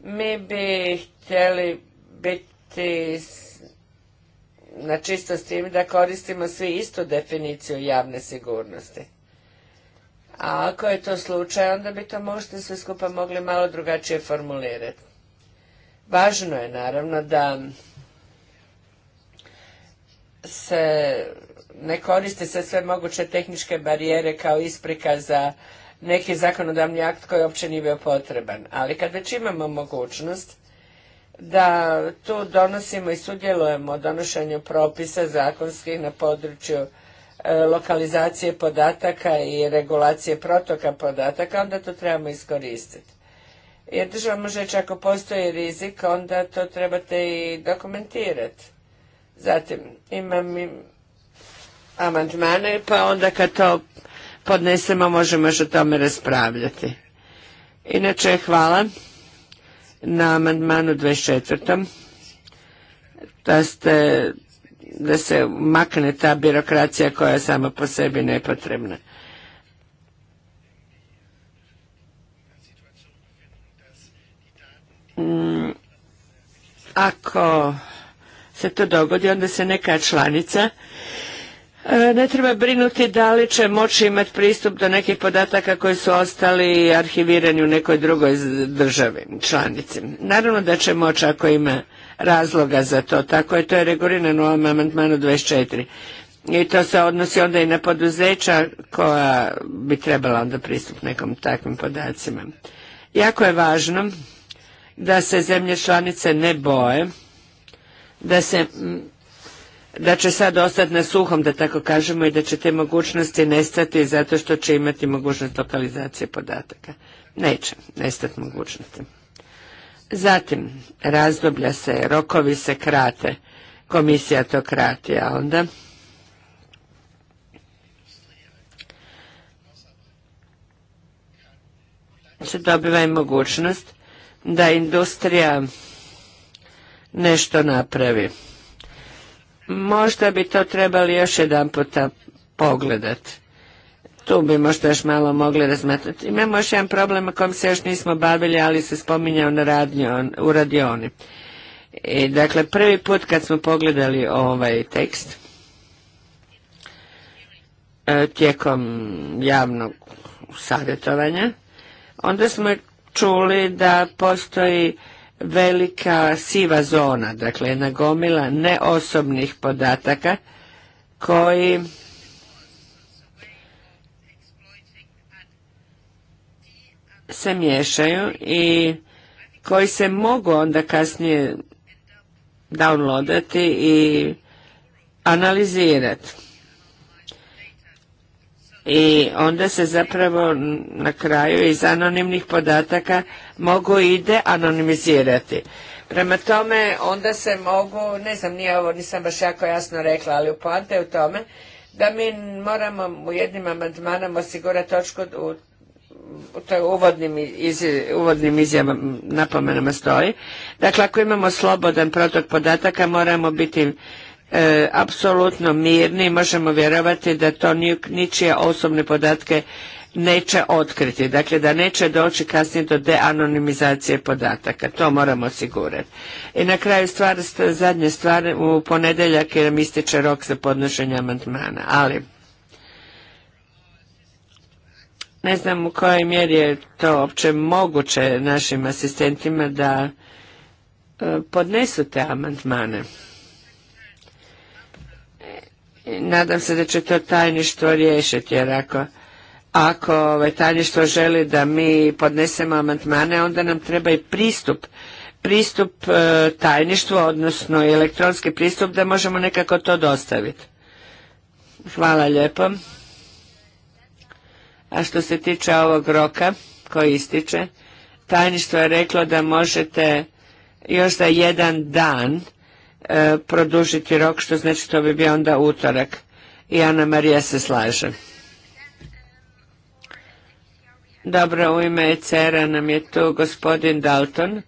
Mi bi htjeli biti na čisto s tim da koristimo svi istu definiciju javne sigurnosti. A ako je to slučaj, onda bi to možda sve skupa mogli malo drugačije formulirati. Važno je naravno da se ne koriste se sve moguće tehničke barijere kao isprika za neki zakonodavni akt koji uopće nije bio potreban. Ali kad već imamo mogućnost da tu donosimo i sudjelujemo u donošenju propisa zakonskih na području e, lokalizacije podataka i regulacije protoka podataka, onda to trebamo iskoristiti jer država može reći ako postoji rizik, onda to trebate i dokumentirati. Zatim, imam i amandmane, pa onda kad to podnesemo možemo još o tome raspravljati. Inače, hvala na amandmanu 24. Da, ste, da se makne ta birokracija koja je sama po sebi nepotrebna. Mm, ako se to dogodi, onda se neka članica e, ne treba brinuti da li će moći imati pristup do nekih podataka koji su ostali arhivirani u nekoj drugoj državi, članici. Naravno da će moći ako ima razloga za to, tako je to je regulirano u ovom amantmanu 24. I to se odnosi onda i na poduzeća koja bi trebala onda pristup nekom takvim podacima. Jako je važno da se zemlje članice ne boje da se da će sad ostati na suhom, da tako kažemo, i da će te mogućnosti nestati zato što će imati mogućnost lokalizacije podataka. Neće nestati mogućnosti. Zatim, razdoblja se, rokovi se krate, komisija to krati, a onda... se dobiva i mogućnost da industrija nešto napravi. Možda bi to trebali još jedan puta pogledat. Tu bi možda još malo mogli razmatrati. Imamo još jedan problem o kojem se još nismo bavili, ali se spominjao na u radioni. I, dakle, prvi put kad smo pogledali ovaj tekst, e, tijekom javnog savjetovanja, onda smo čuli da postoji velika siva zona, dakle jedna gomila neosobnih podataka koji se miješaju i koji se mogu onda kasnije downloadati i analizirati i onda se zapravo na kraju iz anonimnih podataka mogu ide anonimizirati. Prema tome, onda se mogu, ne znam, nije ovo, nisam baš jako jasno rekla, ali u poante u tome da mi moramo u jednim amandmanom osigurati točku u, toj uvodnim, iz, uvodnim izjavama, napomenama stoji. Dakle, ako imamo slobodan protok podataka, moramo biti E, apsolutno mirni i možemo vjerovati da to ničije osobne podatke neće otkriti. Dakle, da neće doći kasnije do deanonimizacije podataka. To moramo osigurati. I na kraju stvar, zadnje stvari, u ponedjeljak je ističe rok za podnošenje amandmana. Ali, ne znam u kojoj mjeri je to uopće moguće našim asistentima da e, podnesu te amandmane nadam se da će to tajništvo riješiti, jer ako, ako ovaj, tajništvo želi da mi podnesemo amandmane, onda nam treba i pristup pristup e, tajništvu, odnosno elektronski pristup, da možemo nekako to dostaviti. Hvala lijepo. A što se tiče ovog roka koji ističe, tajništvo je reklo da možete još za jedan dan E, produžiti rok, što znači to bi bio onda utorak. I Ana Marija se slaže. Dobro, u ime ecr nam je tu gospodin Dalton,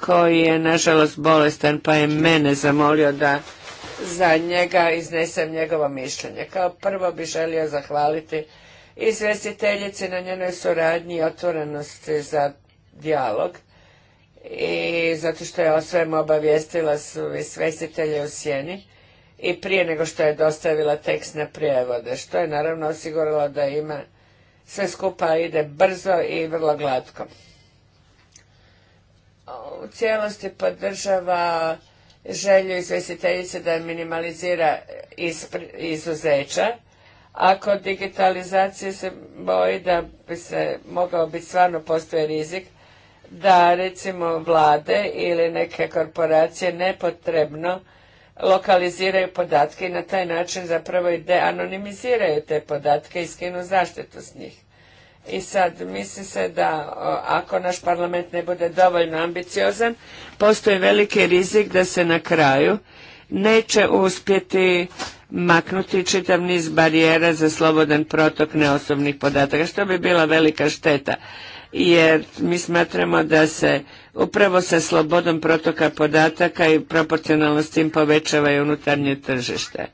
koji je nažalost bolestan, pa je mene zamolio da za njega iznesem njegovo mišljenje. Kao prvo bi želio zahvaliti izvestiteljici na njenoj suradnji i otvorenosti za dijalog i zato što je o svemu obavijestila su svestitelje u sjeni i prije nego što je dostavila tekst na prijevode, što je naravno osiguralo da ima sve skupa ide brzo i vrlo glatko. U cijelosti podržava želju izvjestiteljice da minimalizira izuzeća, ako kod digitalizacije se boji da bi se mogao biti stvarno postoje rizik da recimo vlade ili neke korporacije nepotrebno lokaliziraju podatke i na taj način zapravo i deanonimiziraju te podatke i skinu zaštitu s njih. I sad misli se da ako naš parlament ne bude dovoljno ambiciozan, postoji veliki rizik da se na kraju neće uspjeti maknuti čitav niz barijera za slobodan protok neosobnih podataka, što bi bila velika šteta jer mi smatramo da se upravo sa slobodom protoka podataka i proporcionalno s tim povećava unutarnje tržište.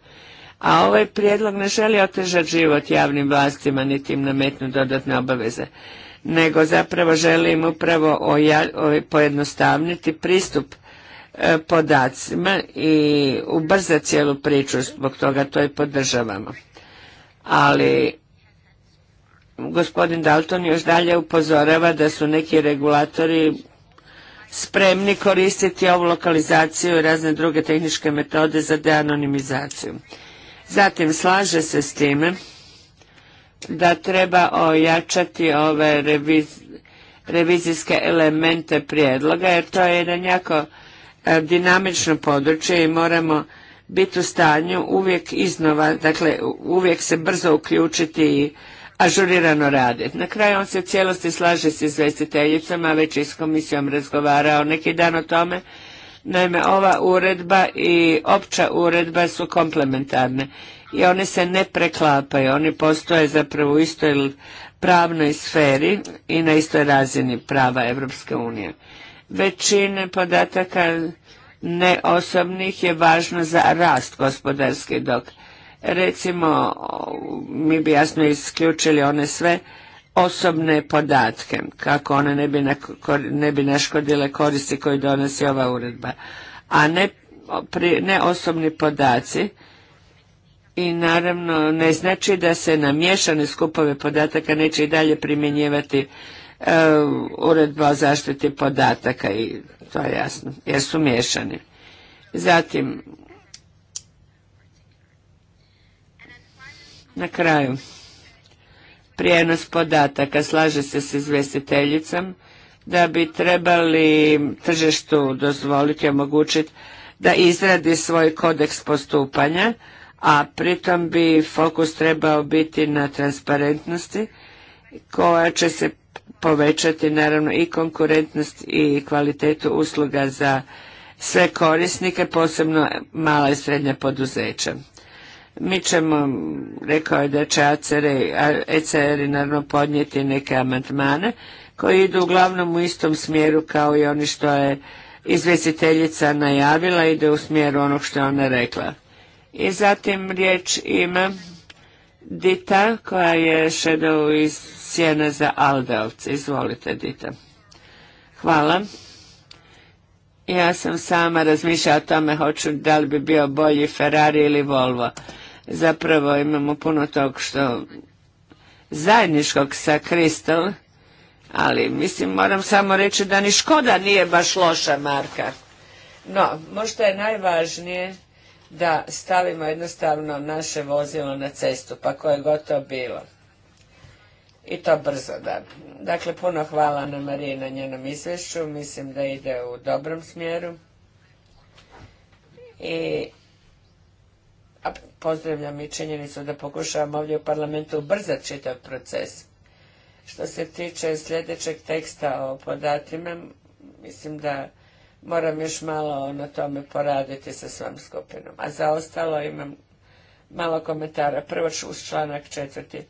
A ovaj prijedlog ne želi otežati život javnim vlastima niti im nametnu dodatne obaveze, nego zapravo želi upravo ovaj, pojednostavniti pristup e, podacima i ubrzati cijelu priču, zbog toga to i podržavamo. Ali gospodin Dalton još dalje upozorava da su neki regulatori spremni koristiti ovu lokalizaciju i razne druge tehničke metode za deanonimizaciju. Zatim slaže se s time da treba ojačati ove revizijske elemente prijedloga jer to je jedan jako e, dinamično područje i moramo biti u stanju uvijek iznova, dakle uvijek se brzo uključiti i ažurirano rade Na kraju on se cijelosti slaže s izvestiteljicama, već i s komisijom razgovarao neki dan o tome. Naime, ova uredba i opća uredba su komplementarne i one se ne preklapaju. Oni postoje zapravo u istoj pravnoj sferi i na istoj razini prava Evropske unije. Većina podataka neosobnih je važna za rast gospodarske dok Recimo, mi bi jasno isključili one sve osobne podatke, kako one ne bi, ne bi naškodile koristi koji donosi ova uredba. A ne, ne osobni podaci, i naravno ne znači da se na miješane skupove podataka neće i dalje primjenjivati e, uredba o zaštiti podataka i to je jasno, jer su miješani. Zatim, Na kraju, prijenos podataka slaže se s izvjestiteljicom da bi trebali tržištu dozvoliti, omogućiti da izradi svoj kodeks postupanja, a pritom bi fokus trebao biti na transparentnosti koja će se povećati naravno i konkurentnost i kvalitetu usluga za sve korisnike, posebno mala i srednja poduzeća. Mi ćemo, rekao je da će ECR e naravno podnijeti neke amandmane koji idu uglavnom u istom smjeru kao i oni što je izvjestiteljica najavila, ide u smjeru onog što je ona rekla. I zatim riječ ima Dita koja je šedao iz sjene za Aldavce. Izvolite Dita. Hvala. Ja sam sama razmišljala o tome hoću da li bi bio bolji Ferrari ili Volvo zapravo imamo puno tog što zajedničkog sa Kristal, ali mislim moram samo reći da ni Škoda nije baš loša marka. No, možda je najvažnije da stavimo jednostavno naše vozilo na cestu, pa koje god to bilo. I to brzo, da. Dakle, puno hvala na Marije na njenom izvješću. Mislim da ide u dobrom smjeru. I pozdravljam i činjenicu da pokušavam ovdje u parlamentu ubrzati čitav proces. Što se tiče sljedećeg teksta o podatima mislim da moram još malo na tome poraditi sa svom skupinom. A za ostalo imam malo komentara. Prvo uz članak četvrti.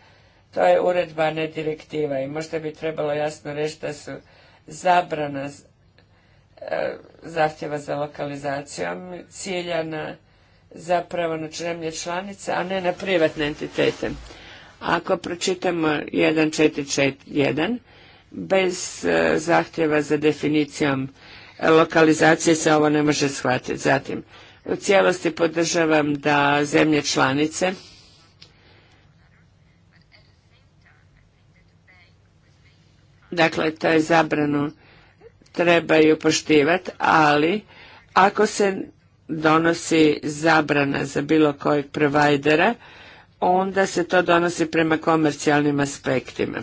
To je uredba, ne direktiva i možda bi trebalo jasno reći da su zabrana e, zahtjeva za lokalizacijom ciljana zapravo na zemlje članice, a ne na privatne entitete. Ako pročitamo 1.4.4.1, bez e, zahtjeva za definicijom lokalizacije se ovo ne može shvatiti. Zatim, u cijelosti podržavam da zemlje članice dakle taj zabranu trebaju poštivati, ali ako se donosi zabrana za bilo kojeg provajdera, onda se to donosi prema komercijalnim aspektima.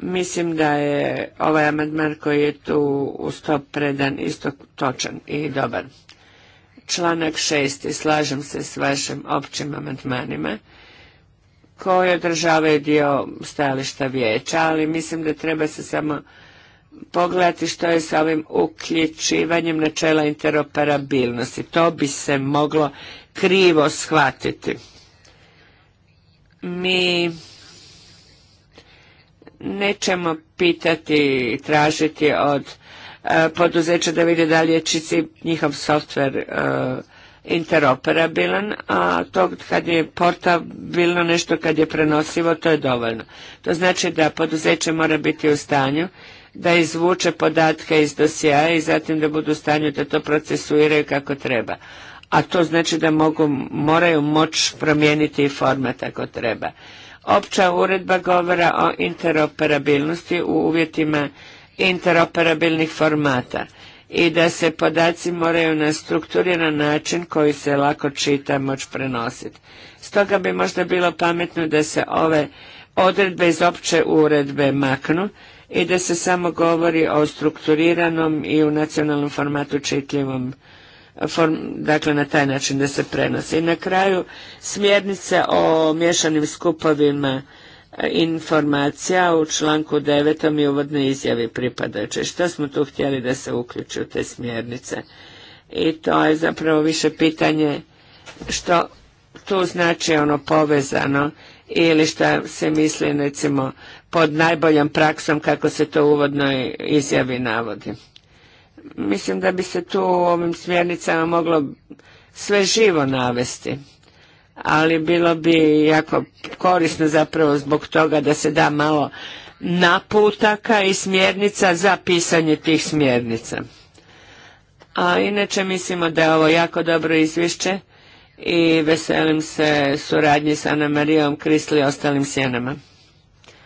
Mislim da je ovaj amandman koji je tu u stop predan isto točan i dobar. Članak šesti, slažem se s vašim općim amandmanima koji održavaju dio stajališta vijeća, ali mislim da treba se samo pogledati što je sa ovim uključivanjem načela interoperabilnosti. To bi se moglo krivo shvatiti. Mi nećemo pitati i tražiti od e, poduzeća da vide da li je čici njihov softver e, interoperabilan, a to kad je portabilno nešto kad je prenosivo, to je dovoljno. To znači da poduzeće mora biti u stanju da izvuče podatke iz dosija i zatim da budu u stanju da to procesuiraju kako treba. A to znači da mogu, moraju moć promijeniti i format ako treba. Opća uredba govora o interoperabilnosti u uvjetima interoperabilnih formata i da se podaci moraju na strukturiran način koji se lako čita moć prenositi. Stoga bi možda bilo pametno da se ove odredbe iz opće uredbe maknu i da se samo govori o strukturiranom i u nacionalnom formatu čitljivom dakle na taj način da se prenosi. I na kraju smjernice o miješanim skupovima e, informacija u članku 9. i uvodne izjavi pripadajuće. Što smo tu htjeli da se uključi u te smjernice? I to je zapravo više pitanje što tu znači ono povezano ili što se misli recimo pod najboljom praksom kako se to u uvodnoj izjavi navodi. Mislim da bi se tu u ovim smjernicama moglo sve živo navesti, ali bilo bi jako korisno zapravo zbog toga da se da malo naputaka i smjernica za pisanje tih smjernica. A inače mislimo da je ovo jako dobro izvješće i veselim se suradnji sa Ana Marijom Krisli i ostalim sjenama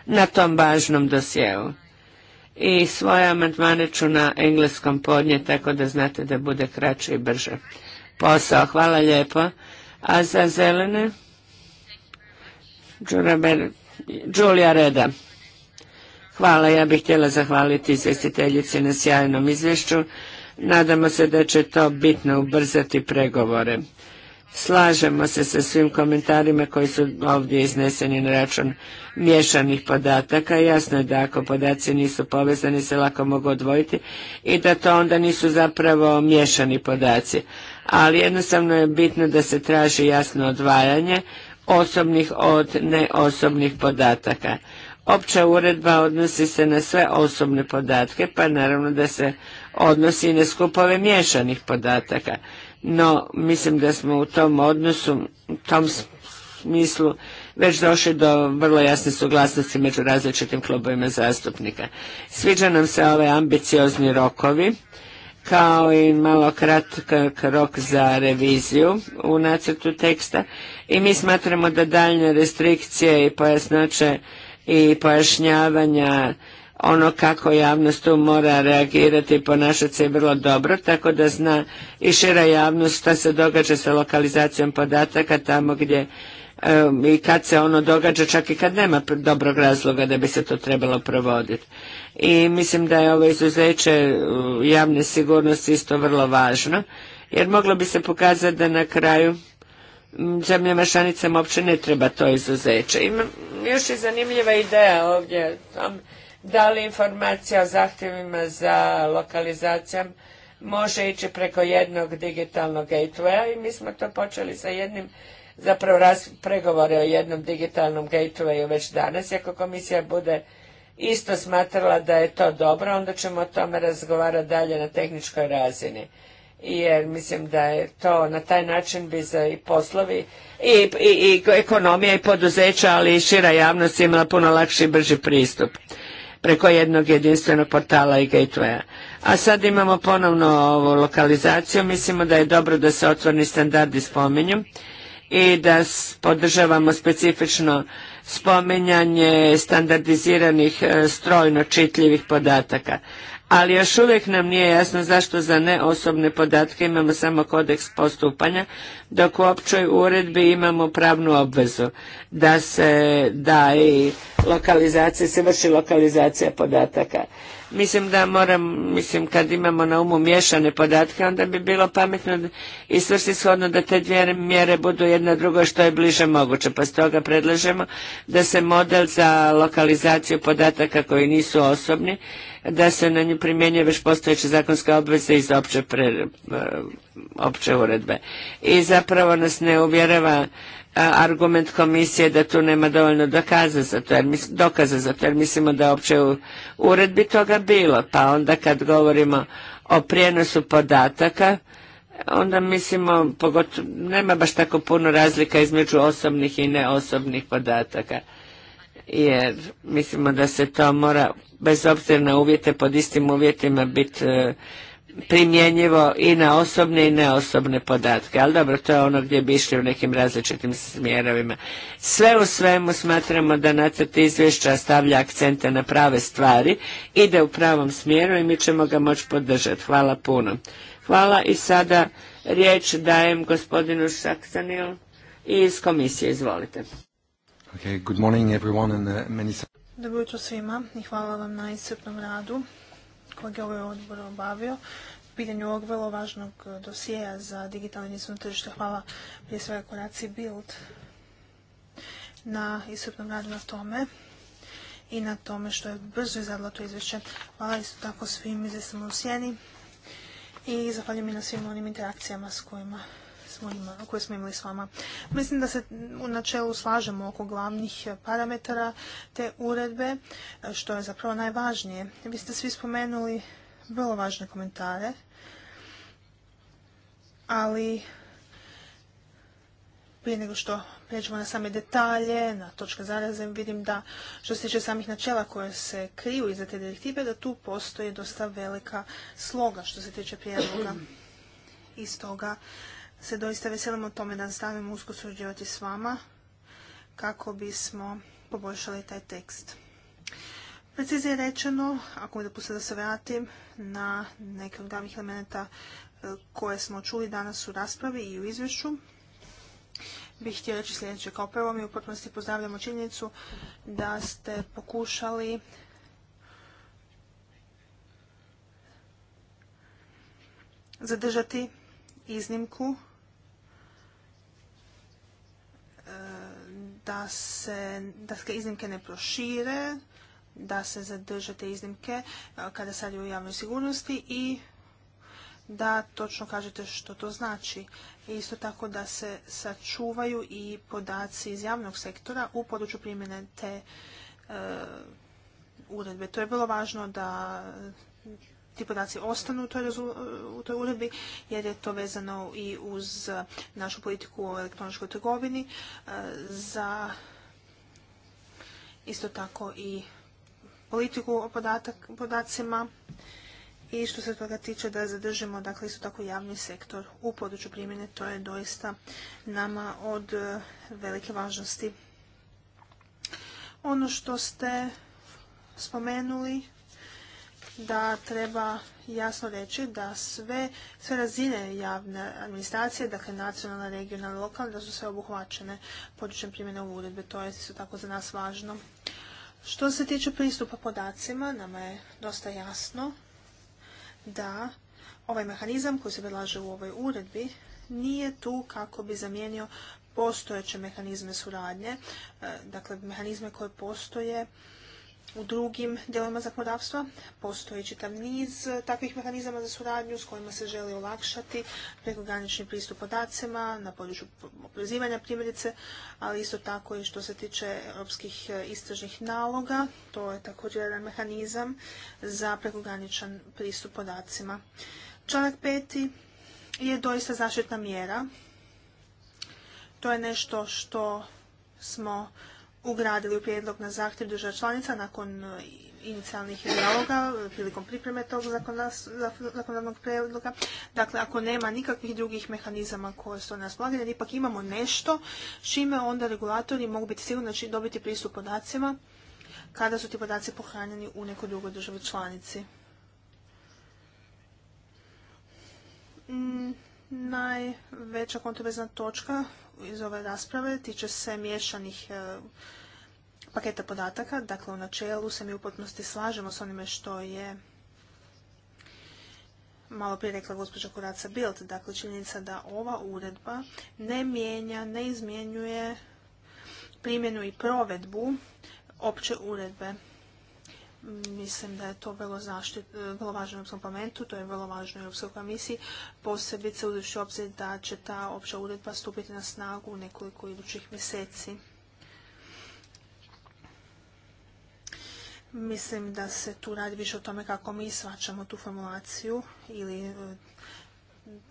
na tom važnom dosjeu. I svoje amandmane ću na engleskom podnje tako da znate da bude kraće i brže. Posao, hvala lijepo. A za zelene? Julia Reda. Hvala, ja bih htjela zahvaliti izvjestiteljici na sjajnom izvješću. Nadamo se da će to bitno ubrzati pregovore Slažemo se sa svim komentarima koji su ovdje izneseni na račun miješanih podataka. Jasno je da ako podaci nisu povezani se lako mogu odvojiti i da to onda nisu zapravo miješani podaci. Ali jednostavno je bitno da se traži jasno odvajanje osobnih od neosobnih podataka. Opća uredba odnosi se na sve osobne podatke, pa naravno da se odnosi i na skupove miješanih podataka no mislim da smo u tom odnosu, u tom smislu već došli do vrlo jasne suglasnosti među različitim klubovima zastupnika. Sviđa nam se ove ambiciozni rokovi, kao i malo kratak rok za reviziju u nacrtu teksta i mi smatramo da daljnje restrikcije i pojasnoće i pojašnjavanja ono kako javnost tu mora reagirati i ponašati se vrlo dobro, tako da zna i šira javnost šta se događa sa lokalizacijom podataka tamo gdje i kad se ono događa, čak i kad nema dobrog razloga da bi se to trebalo provoditi. I mislim da je ovo izuzeće javne sigurnosti isto vrlo važno, jer moglo bi se pokazati da na kraju zemljama članicama uopće ne treba to izuzeće. Ima još i zanimljiva ideja ovdje, da li informacija o zahtjevima za lokalizacijom može ići preko jednog digitalnog gatewaya i mi smo to počeli sa jednim zapravo pregovore o jednom digitalnom gatewayu već danas. ako komisija bude isto smatrala da je to dobro, onda ćemo o tome razgovarati dalje na tehničkoj razini. Jer mislim da je to na taj način bi za i poslovi i, i, i ekonomija i poduzeća, ali i šira javnost imala puno lakši i brži pristup preko jednog jedinstvenog portala i gatewaya. A sad imamo ponovno ovu lokalizaciju. Mislimo da je dobro da se otvorni standardi spominju i da podržavamo specifično spominjanje standardiziranih e, strojno čitljivih podataka ali još uvijek nam nije jasno zašto za neosobne podatke imamo samo kodeks postupanja, dok u općoj uredbi imamo pravnu obvezu da se da i lokalizacija, se vrši lokalizacija podataka. Mislim da moram, mislim kad imamo na umu miješane podatke, onda bi bilo pametno i svrsishodno da te dvije mjere budu jedna druga što je bliže moguće. Pa stoga predlažemo da se model za lokalizaciju podataka koji nisu osobni da se na nju primjenjuje već postojeće zakonske obveze iz opće, e, opće uredbe. I zapravo nas ne uvjerava e, argument komisije da tu nema dovoljno dokaza za to, jer, dokaza za to, jer mislimo da je opće u uredbi toga bilo. Pa onda kad govorimo o prijenosu podataka, onda mislimo, pogotovo, nema baš tako puno razlika između osobnih i neosobnih podataka jer mislimo da se to mora bez obzira na uvjete pod istim uvjetima biti e, primjenjivo i na osobne i neosobne podatke. Ali dobro, to je ono gdje bi išli u nekim različitim smjerovima. Sve u svemu smatramo da nacrt izvješća stavlja akcente na prave stvari, ide u pravom smjeru i mi ćemo ga moći podržati. Hvala puno. Hvala i sada riječ dajem gospodinu Šaksanilu iz komisije. Izvolite. Okay, good morning everyone uh, Dobro jutro svima i hvala vam na iscrpnom radu kojeg je ovaj odbor obavio. Pitanju ovog vrlo važnog uh, dosijeja za digitalno jedinstveno tržište. Hvala prije svega koraciji Build na iscrpnom radu na tome i na tome što je brzo izradila to izvješće. Hvala isto tako svim izvjestima u sjeni i zahvaljujem i na svim onim interakcijama s kojima smo ima, koje smo imali s vama. Mislim da se u načelu slažemo oko glavnih parametara te uredbe, što je zapravo najvažnije. Vi ste svi spomenuli vrlo važne komentare, ali prije nego što pređemo na same detalje, na točke zaraze, vidim da što se tiče samih načela koje se kriju iza te direktive, da tu postoji dosta velika sloga što se tiče prijedloga. I toga se doista veselimo tome da nastavimo usko surađivati s vama kako bismo poboljšali taj tekst. Precizije rečeno, ako mi dopustite da se vratim na neke od glavnih elemenata e, koje smo čuli danas u raspravi i u izvješću, bih htio reći sljedeće. Kao prvo mi u potpunosti pozdravljamo činjenicu da ste pokušali zadržati iznimku da se da iznimke ne prošire, da se zadrže te iznimke e, kada sad je u javnoj sigurnosti i da točno kažete što to znači. Isto tako da se sačuvaju i podaci iz javnog sektora u području primjene te e, uredbe. To je vrlo važno da ti podaci ostanu u toj, uredbi jer je to vezano i uz e, našu politiku o elektroničkoj trgovini e, za isto tako i politiku o podacima i što se toga tiče da zadržimo dakle isto tako javni sektor u području primjene, to je doista nama od e, velike važnosti. Ono što ste spomenuli da treba jasno reći da sve, sve razine javne administracije, dakle nacionalna, regionalna, lokalna, da su sve obuhvaćene područjem primjene uredbe. To je isto tako za nas važno. Što se tiče pristupa podacima, nama je dosta jasno da ovaj mehanizam koji se predlaže u ovoj uredbi nije tu kako bi zamijenio postojeće mehanizme suradnje, e, dakle mehanizme koje postoje u drugim dijelovima zakonodavstva. Postoji čitav niz e, takvih mehanizama za suradnju s kojima se želi olakšati prekogranični pristup podacima na području oprezivanja primjerice, ali isto tako i što se tiče europskih e, istražnih naloga. To je također jedan mehanizam za prekograničan pristup podacima. Članak peti je doista zaštitna mjera. To je nešto što smo ugradili u prijedlog na zahtjev država članica nakon e, inicijalnih dijaloga prilikom pripreme tog zakonodavnog prijedloga. Dakle, ako nema nikakvih drugih mehanizama koje su nas ipak imamo nešto čime onda regulatori mogu biti sigurni da dobiti pristup podacima kada su ti podaci pohranjeni u nekoj drugoj državi članici. Mm, najveća kontroverzna točka iz ove rasprave tiče se miješanih e, paketa podataka. Dakle, u načelu se mi u potpunosti slažemo s onime što je malo prije rekla gospođa Kuraca Bild, dakle činjenica da ova uredba ne mijenja, ne izmjenjuje primjenu i provedbu opće uredbe. Mislim da je to vrlo, vrlo važno u Europskom parlamentu, to je vrlo važno u Europskoj komisiji, posebice uzevši obzir da će ta opća uredba stupiti na snagu u nekoliko idućih mjeseci. Mislim da se tu radi više o tome kako mi svačamo tu formulaciju ili e,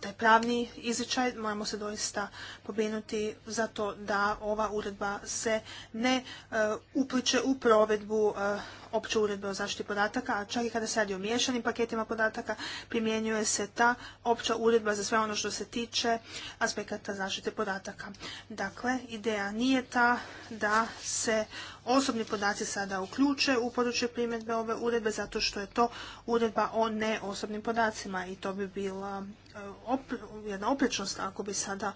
taj pravni izričaj. Moramo se doista pobrinuti za to da ova uredba se ne e, upliče u provedbu e, opće uredbe o zaštiti podataka, a čak i kada se radi o miješanim paketima podataka, primjenjuje se ta opća uredba za sve ono što se tiče aspekata zaštite podataka. Dakle, ideja nije ta da se osobni podaci sada uključe u područje primjedbe ove uredbe, zato što je to uredba o neosobnim podacima i to bi bila eh, jedna oprečnost ako bi sada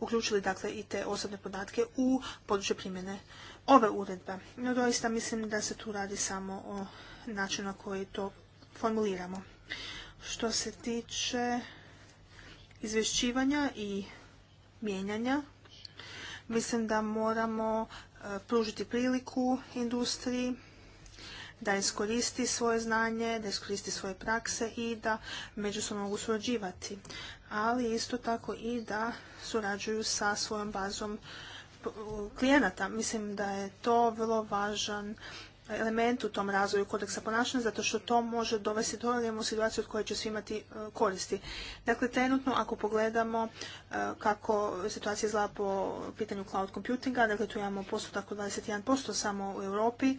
uključili dakle i te osobne podatke u područje primjene ove uredbe. No doista mislim da se tu radi samo o načinu na koji to formuliramo. Što se tiče izvješćivanja i mijenjanja, mislim da moramo e, pružiti priliku industriji da iskoristi svoje znanje, da iskoristi svoje prakse i da međusobno mogu surađivati. Ali isto tako i da surađuju sa svojom bazom klijenata. Mislim da je to vrlo važan element u tom razvoju kodeksa ponašanja, zato što to može dovesti do imamo situaciju od koje će svi imati e, koristi. Dakle, trenutno ako pogledamo e, kako situacija zla po pitanju cloud computinga, dakle tu imamo postotak od 21% samo u Europi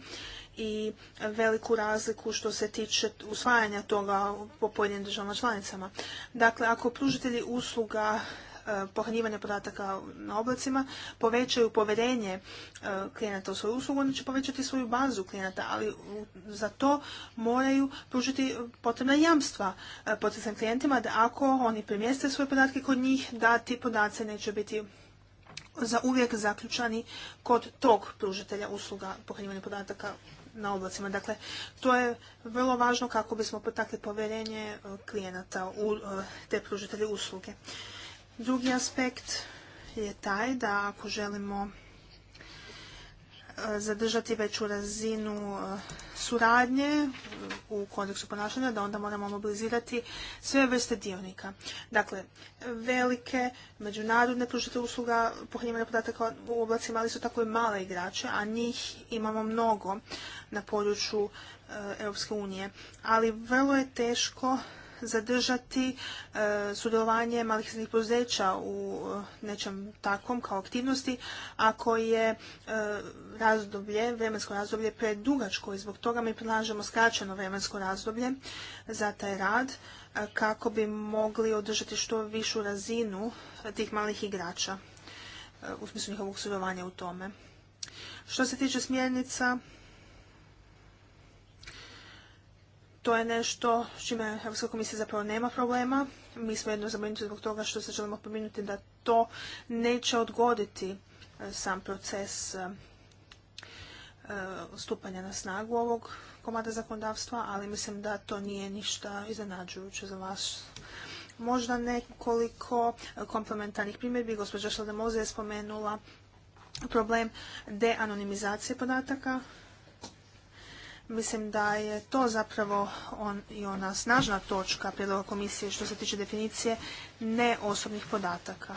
i veliku razliku što se tiče usvajanja toga po pojedinim državama članicama. Dakle, ako pružitelji usluga E, pohranjivanja podataka na oblacima povećaju povjerenje e, klijenata u svoju uslugu, oni će povećati svoju bazu klijenata, ali za to moraju pružiti potrebna jamstva e, potencijalnim klijentima da ako oni primjeste svoje podatke kod njih, da ti podaci neće biti za uvijek zaključani kod tog pružatelja usluga pohranjivanja podataka na oblacima. Dakle, to je vrlo važno kako bismo potakli povjerenje klijenata u te pružitelje usluge. Drugi aspekt je taj da ako želimo e, zadržati veću razinu e, suradnje u kontekstu ponašanja, da onda moramo mobilizirati sve vrste dionika. Dakle, velike međunarodne pružite usluga pohranjivanja podataka u oblacima, ali su tako i male igrače, a njih imamo mnogo na području e, Europske unije. Ali vrlo je teško zadržati sudovanje sudjelovanje malih srednjih poduzeća u e, nečem takvom kao aktivnosti ako je e, razdoblje, vremensko razdoblje predugačko i zbog toga mi predlažemo skraćeno vremensko razdoblje za taj rad e, kako bi mogli održati što višu razinu tih malih igrača u smislu njihovog sudjelovanja u tome. Što se tiče smjernica, To je nešto s čime Europska komisija zapravo nema problema. Mi smo jedno zabrinuti zbog toga što se želimo pominuti da to neće odgoditi e, sam proces e, e, stupanja na snagu ovog komada zakonodavstva, ali mislim da to nije ništa iznenađujuće za vas. Možda nekoliko komplementarnih primjedbi. Gospođa Šaldemoza je spomenula problem deanonimizacije podataka Mislim da je to zapravo on, i ona snažna točka prijedloga komisije što se tiče definicije neosobnih podataka.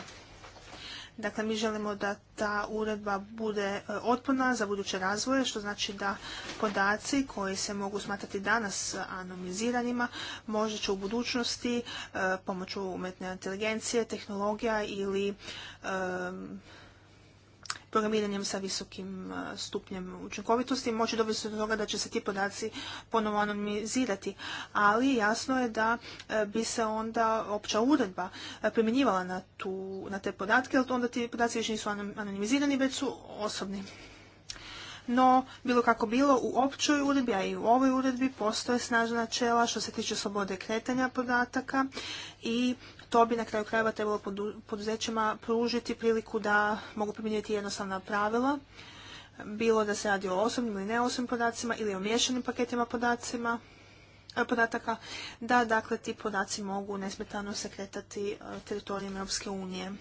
Dakle, mi želimo da ta uredba bude e, otpuna za buduće razvoje, što znači da podaci koji se mogu smatrati danas anonimiziranima možda će u budućnosti e, pomoću umjetne inteligencije, tehnologija ili e, programiranjem sa visokim stupnjem učinkovitosti moći dovesti do toga da će se ti podaci ponovo anonimizirati. Ali jasno je da e, bi se onda opća uredba e, primjenjivala na, tu, na te podatke, jer onda ti podaci više nisu anonimizirani, već su osobni. No, bilo kako bilo, u općoj uredbi, a i u ovoj uredbi postoje snažna načela što se tiče slobode kretanja podataka i to bi na kraju krajeva trebalo poduzećima pružiti priliku da mogu primijeniti jednostavna pravila, bilo da se radi o osobnim ili neosobnim podacima ili o miješanim paketima podacima, e, podataka, da dakle ti podaci mogu nesmetano se kretati e, teritorijem Europske unije.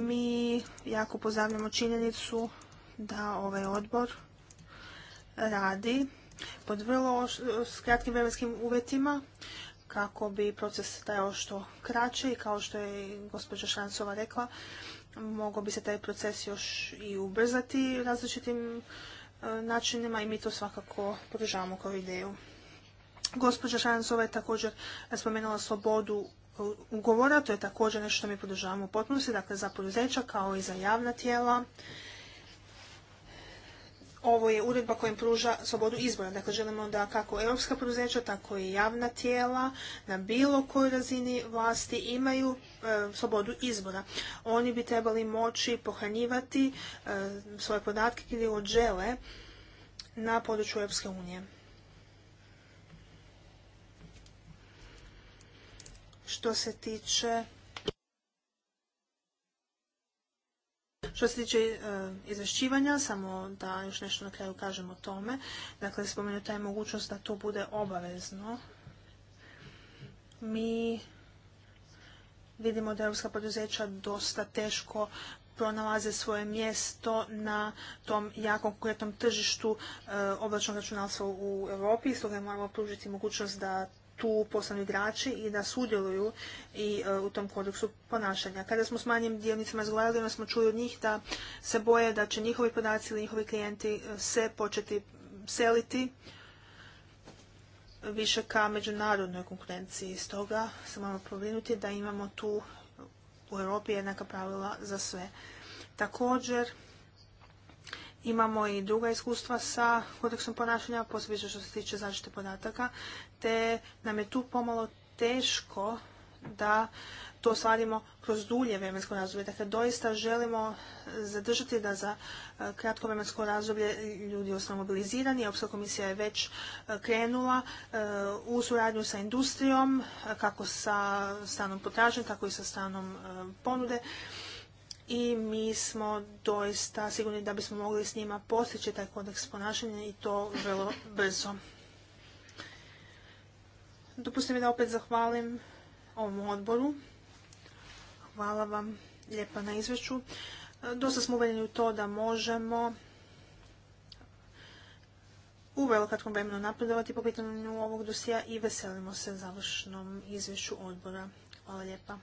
Mi jako pozdravljamo činjenicu da ovaj odbor radi pod vrlo s kratkim vremenskim uvjetima kako bi proces trajao što kraće i kao što je gospođa Šrancova rekla, mogao bi se taj proces još i ubrzati različitim e, načinima i mi to svakako podržavamo kao ideju. Gospođa Šrancova je također spomenula slobodu e, ugovora, to je također nešto što mi podržavamo u potpunosti, dakle za poduzeća kao i za javna tijela ovo je uredba kojim pruža slobodu izbora. Dakle, želimo da kako europska poduzeća, tako i javna tijela na bilo kojoj razini vlasti imaju e, slobodu izbora. Oni bi trebali moći pohranjivati e, svoje podatke ili odžele na području Europske unije. Što se tiče Što se tiče e, izvješćivanja, samo da još nešto na kraju kažem o tome. Dakle, spomenuta je mogućnost da to bude obavezno. Mi vidimo da europska poduzeća dosta teško pronalaze svoje mjesto na tom jako konkretnom tržištu e, oblačnog računalstva u Europi. Stoga moramo pružiti mogućnost da tu poslovni igrači i da sudjeluju i e, u tom kodeksu ponašanja. Kada smo s manjim dionicima razgovarali, onda smo čuli od njih da se boje da će njihovi podaci ili njihovi klijenti e, se početi seliti više ka međunarodnoj konkurenciji. Stoga se moramo pobrinuti da imamo tu u Europi jednaka pravila za sve. Također, Imamo i druga iskustva sa kodeksom ponašanja, posebice što se tiče zaštite podataka te nam je tu pomalo teško da to ostvarimo kroz dulje vremensko razdoblje. Dakle, doista želimo zadržati da za e, kratko vremensko razdoblje ljudi ostanu mobilizirani. Europska komisija je već e, krenula e, u suradnju sa industrijom, kako sa stanom potražnje, tako i sa stanom ponude. I mi smo doista sigurni da bismo mogli s njima postići taj kodeks ponašanja i to vrlo brzo. Dopustite mi da opet zahvalim ovom odboru. Hvala vam lijepa na izveću. Dosta smo uvjereni u to da možemo u velokratkom vremenu napredovati po pitanju ovog dosija i veselimo se završnom izvješću odbora. Hvala lijepa.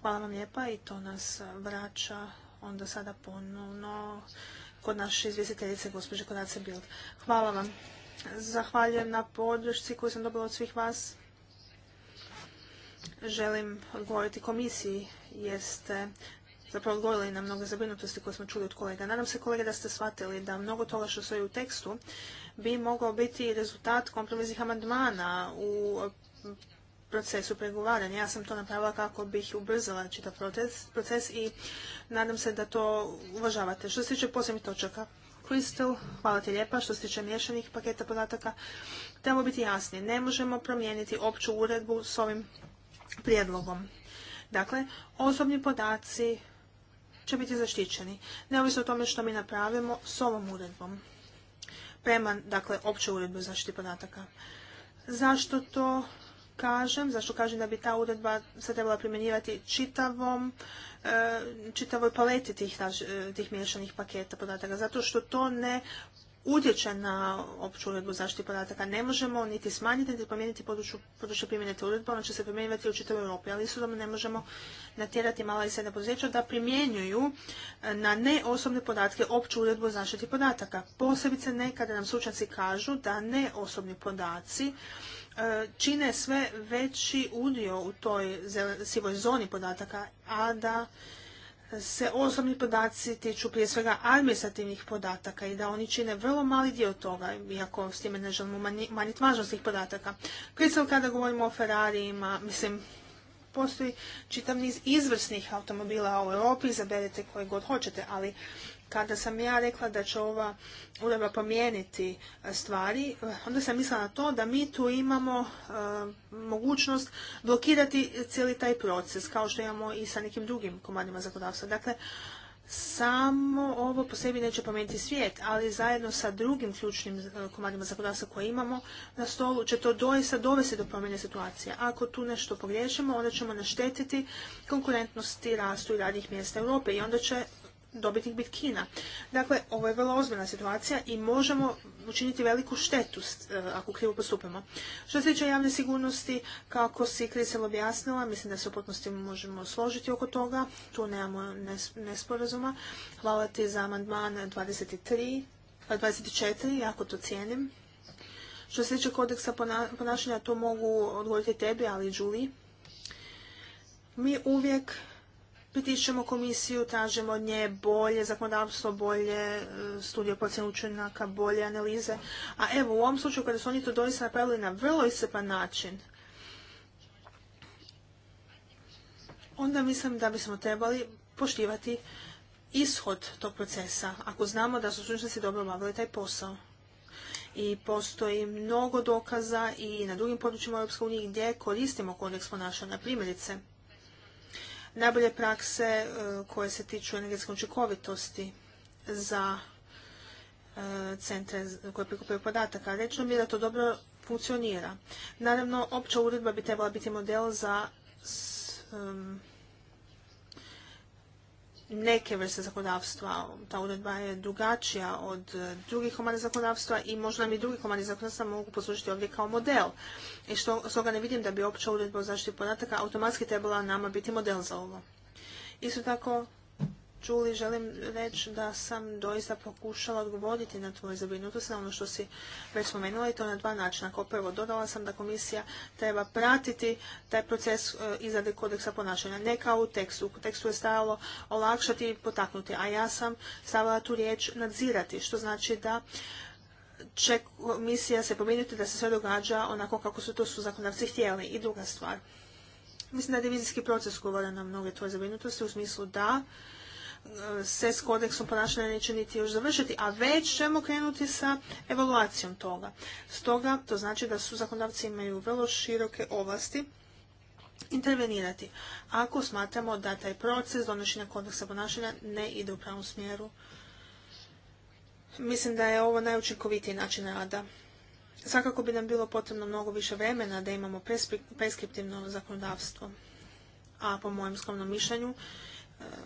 Hvala vam lijepa i to nas vraća onda sada ponovno kod naše izvjestiteljice gospođe Kodace Bild. Hvala vam. Zahvaljujem na podršci koju sam dobila od svih vas. Želim odgovoriti komisiji Jeste ste zapravo odgovorili na mnoge zabrinutosti koje smo čuli od kolega. Nadam se kolege da ste shvatili da mnogo toga što stoji u tekstu bi mogao biti rezultat kompromisnih amandmana u procesu pregovaranja. Ja sam to napravila kako bih ubrzala čitav proces, proces i nadam se da to uvažavate. Što se tiče posebnih točaka, Kristel, hvala ti lijepa što se tiče miješanih paketa podataka. Trebamo biti jasni, ne možemo promijeniti opću uredbu s ovim prijedlogom. Dakle, osobni podaci će biti zaštićeni, neovisno o tome što mi napravimo s ovom uredbom. Prema, dakle, opće uredbu o zaštiti podataka. Zašto to kažem, zašto kažem da bi ta uredba se trebala primjenjivati čitavom, e, čitavoj paleti tih, e, tih miješanih paketa podataka, zato što to ne utječe na opću uredbu zaštiti podataka. Ne možemo niti smanjiti niti promijeniti područje primjene te uredbe, ona će se primjenjivati u čitavoj Europi, ali isto ne možemo natjerati mala i srednja poduzeća da primjenjuju e, na neosobne podatke opću uredbu o zaštiti podataka. Posebice ne kada nam slučajci kažu da ne osobni podaci E, čine sve veći udio u toj sivoj zoni podataka, a da se osobni podaci tiču prije svega administrativnih podataka i da oni čine vrlo mali dio toga, iako s time ne želimo manjiti važnost tih podataka. kada govorimo o Ferrarijima, mislim, postoji čitav niz izvrsnih automobila u Europi, izaberete koje god hoćete, ali kada sam ja rekla da će ova uredba promijeniti e, stvari, e, onda sam mislila na to da mi tu imamo e, mogućnost blokirati cijeli taj proces, kao što imamo i sa nekim drugim komadima zakonodavstva. Dakle, samo ovo po sebi neće promijeniti svijet, ali zajedno sa drugim ključnim komadima zakonodavstva koje imamo na stolu će to doista dovesti do promjene situacije. Ako tu nešto pogriješimo, onda ćemo naštetiti konkurentnosti rastu i radnih mjesta Europe i onda će dobitnik bitkina. Kina. Dakle, ovo je vrlo ozbiljna situacija i možemo učiniti veliku štetu e, ako krivo postupimo. Što se tiče javne sigurnosti, kako si Krisel objasnila, mislim da se u potpunosti možemo složiti oko toga, tu nemamo nesporazuma. Hvala ti za amandman 23, 24, jako to cijenim. Što se tiče kodeksa ponašanja, to mogu odgovoriti tebi, ali i Julie. Mi uvijek pritišemo komisiju, tražimo od nje bolje zakonodavstvo, bolje e, studije procjene učinaka, bolje analize. A evo, u ovom slučaju kada su oni to doista napravili na vrlo iscrpan način, onda mislim da bismo trebali poštivati ishod tog procesa, ako znamo da su stručnjaci dobro obavili taj posao. I postoji mnogo dokaza i na drugim područjima EU gdje koristimo kodeks ponašanja primjerice najbolje prakse e, koje se tiču energetske učinkovitosti za e, centre koje prikupaju podataka. Rečno mi je da to dobro funkcionira. Naravno, opća uredba bi trebala biti model za neke vrste zakonodavstva. Ta uredba je drugačija od e, drugih komada zakonodavstva i možda mi drugi komadi zakonodavstva mogu poslužiti ovdje kao model. I e, što, stoga ne vidim da bi opća uredba o zaštiti podataka automatski trebala nama biti model za ovo. Isto tako čuli, želim reći da sam doista pokušala odgovoriti na tvoje zabrinutost, na ono što si već spomenula i to na dva načina. Kao prvo, dodala sam da komisija treba pratiti taj proces e, izrade kodeksa ponašanja, ne kao u tekstu. U tekstu je stajalo olakšati i potaknuti, a ja sam stavila tu riječ nadzirati, što znači da će komisija se pobrinuti da se sve događa onako kako su to su htjeli. I druga stvar, mislim da je divizijski proces govore na mnoge tvoje zabrinutosti u smislu da se s kodeksom ponašanja neće niti još završiti, a već ćemo krenuti sa evaluacijom toga. Stoga to znači da su zakonodavci imaju vrlo široke ovlasti intervenirati ako smatramo da taj proces donošenja kodeksa ponašanja ne ide u pravom smjeru. Mislim da je ovo najučinkovitiji način rada. Svakako bi nam bilo potrebno mnogo više vremena da imamo preskriptivno zakonodavstvo. A po mojem skromnom mišljenju,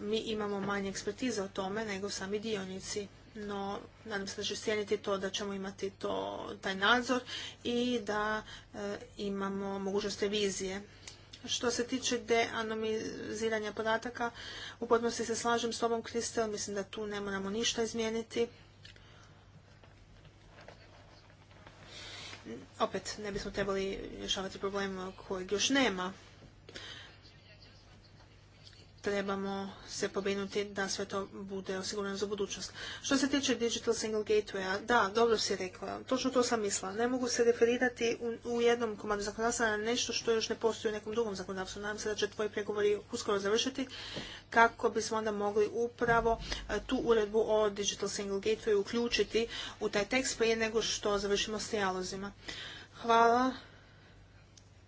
mi imamo manje ekspertize o tome nego sami dionici. No, nadam se da će sjeniti to da ćemo imati to, taj nadzor i da e, imamo mogućnost revizije. Što se tiče deanomiziranja podataka, u potpunosti se slažem s tobom, Kristel, mislim da tu ne moramo ništa izmijeniti. Opet, ne bismo trebali rješavati problem kojeg još nema trebamo se pobinuti da sve to bude osigurano za budućnost. Što se tiče Digital Single Gateway, da, dobro si rekla, točno to sam mislila. Ne mogu se referirati u, jednom komadu zakonodavstva na nešto što još ne postoji u nekom drugom zakonodavstvu. Nadam se da će tvoji pregovori uskoro završiti kako bismo onda mogli upravo e, tu uredbu o Digital Single Gateway uključiti u taj tekst prije nego što završimo s dijalozima. Hvala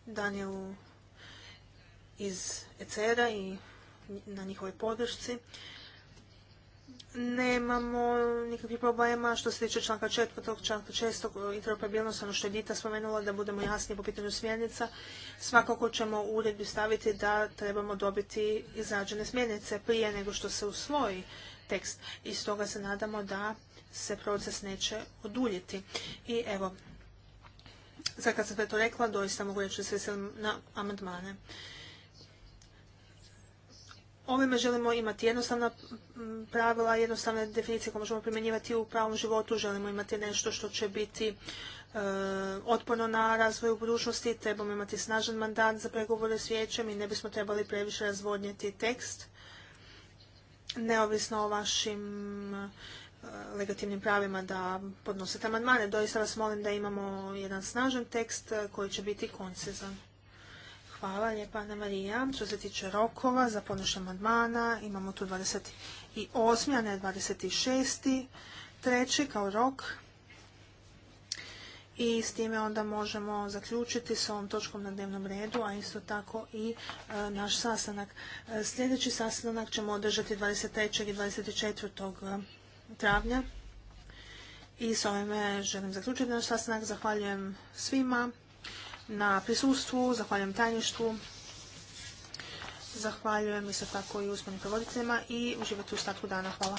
Danielu iz ECR-a i na njihovoj podršci. Nemamo nikakvih problema što se tiče članka četvrtog, članka čestog, interoperabilnost, ono što je Dita spomenula, da budemo jasni po pitanju smjernica. Svakako ćemo u uredbi staviti da trebamo dobiti izrađene smjernice prije nego što se usvoji tekst. I stoga se nadamo da se proces neće oduljiti. I evo, sad kad sam to rekla, doista mogu reći sve na amandmane. Ovime želimo imati jednostavna pravila, jednostavne definicije koje možemo primjenjivati u pravom životu. Želimo imati nešto što će biti e, otporno na razvoj u budućnosti. Trebamo imati snažan mandat za pregovore s vijećem i ne bismo trebali previše razvodnjeti tekst. Neovisno o vašim e, pravima da podnosite amandmane. Doista vas molim da imamo jedan snažan tekst e, koji će biti koncizan. Hvala lijepa Ana Marija. Što se tiče rokova za podnošenje amandmana, imamo tu 28. a ne 26. treći kao rok. I s time onda možemo zaključiti s ovom točkom na dnevnom redu, a isto tako i e, naš sastanak. E, sljedeći sastanak ćemo održati 23. i 24. E, travnja. I s ovime želim zaključiti naš sastanak. Zahvaljujem svima na prisustvu, zahvaljujem tajništvu, zahvaljujem isto tako i usmenim provoditeljima i uživati u statku dana. Hvala.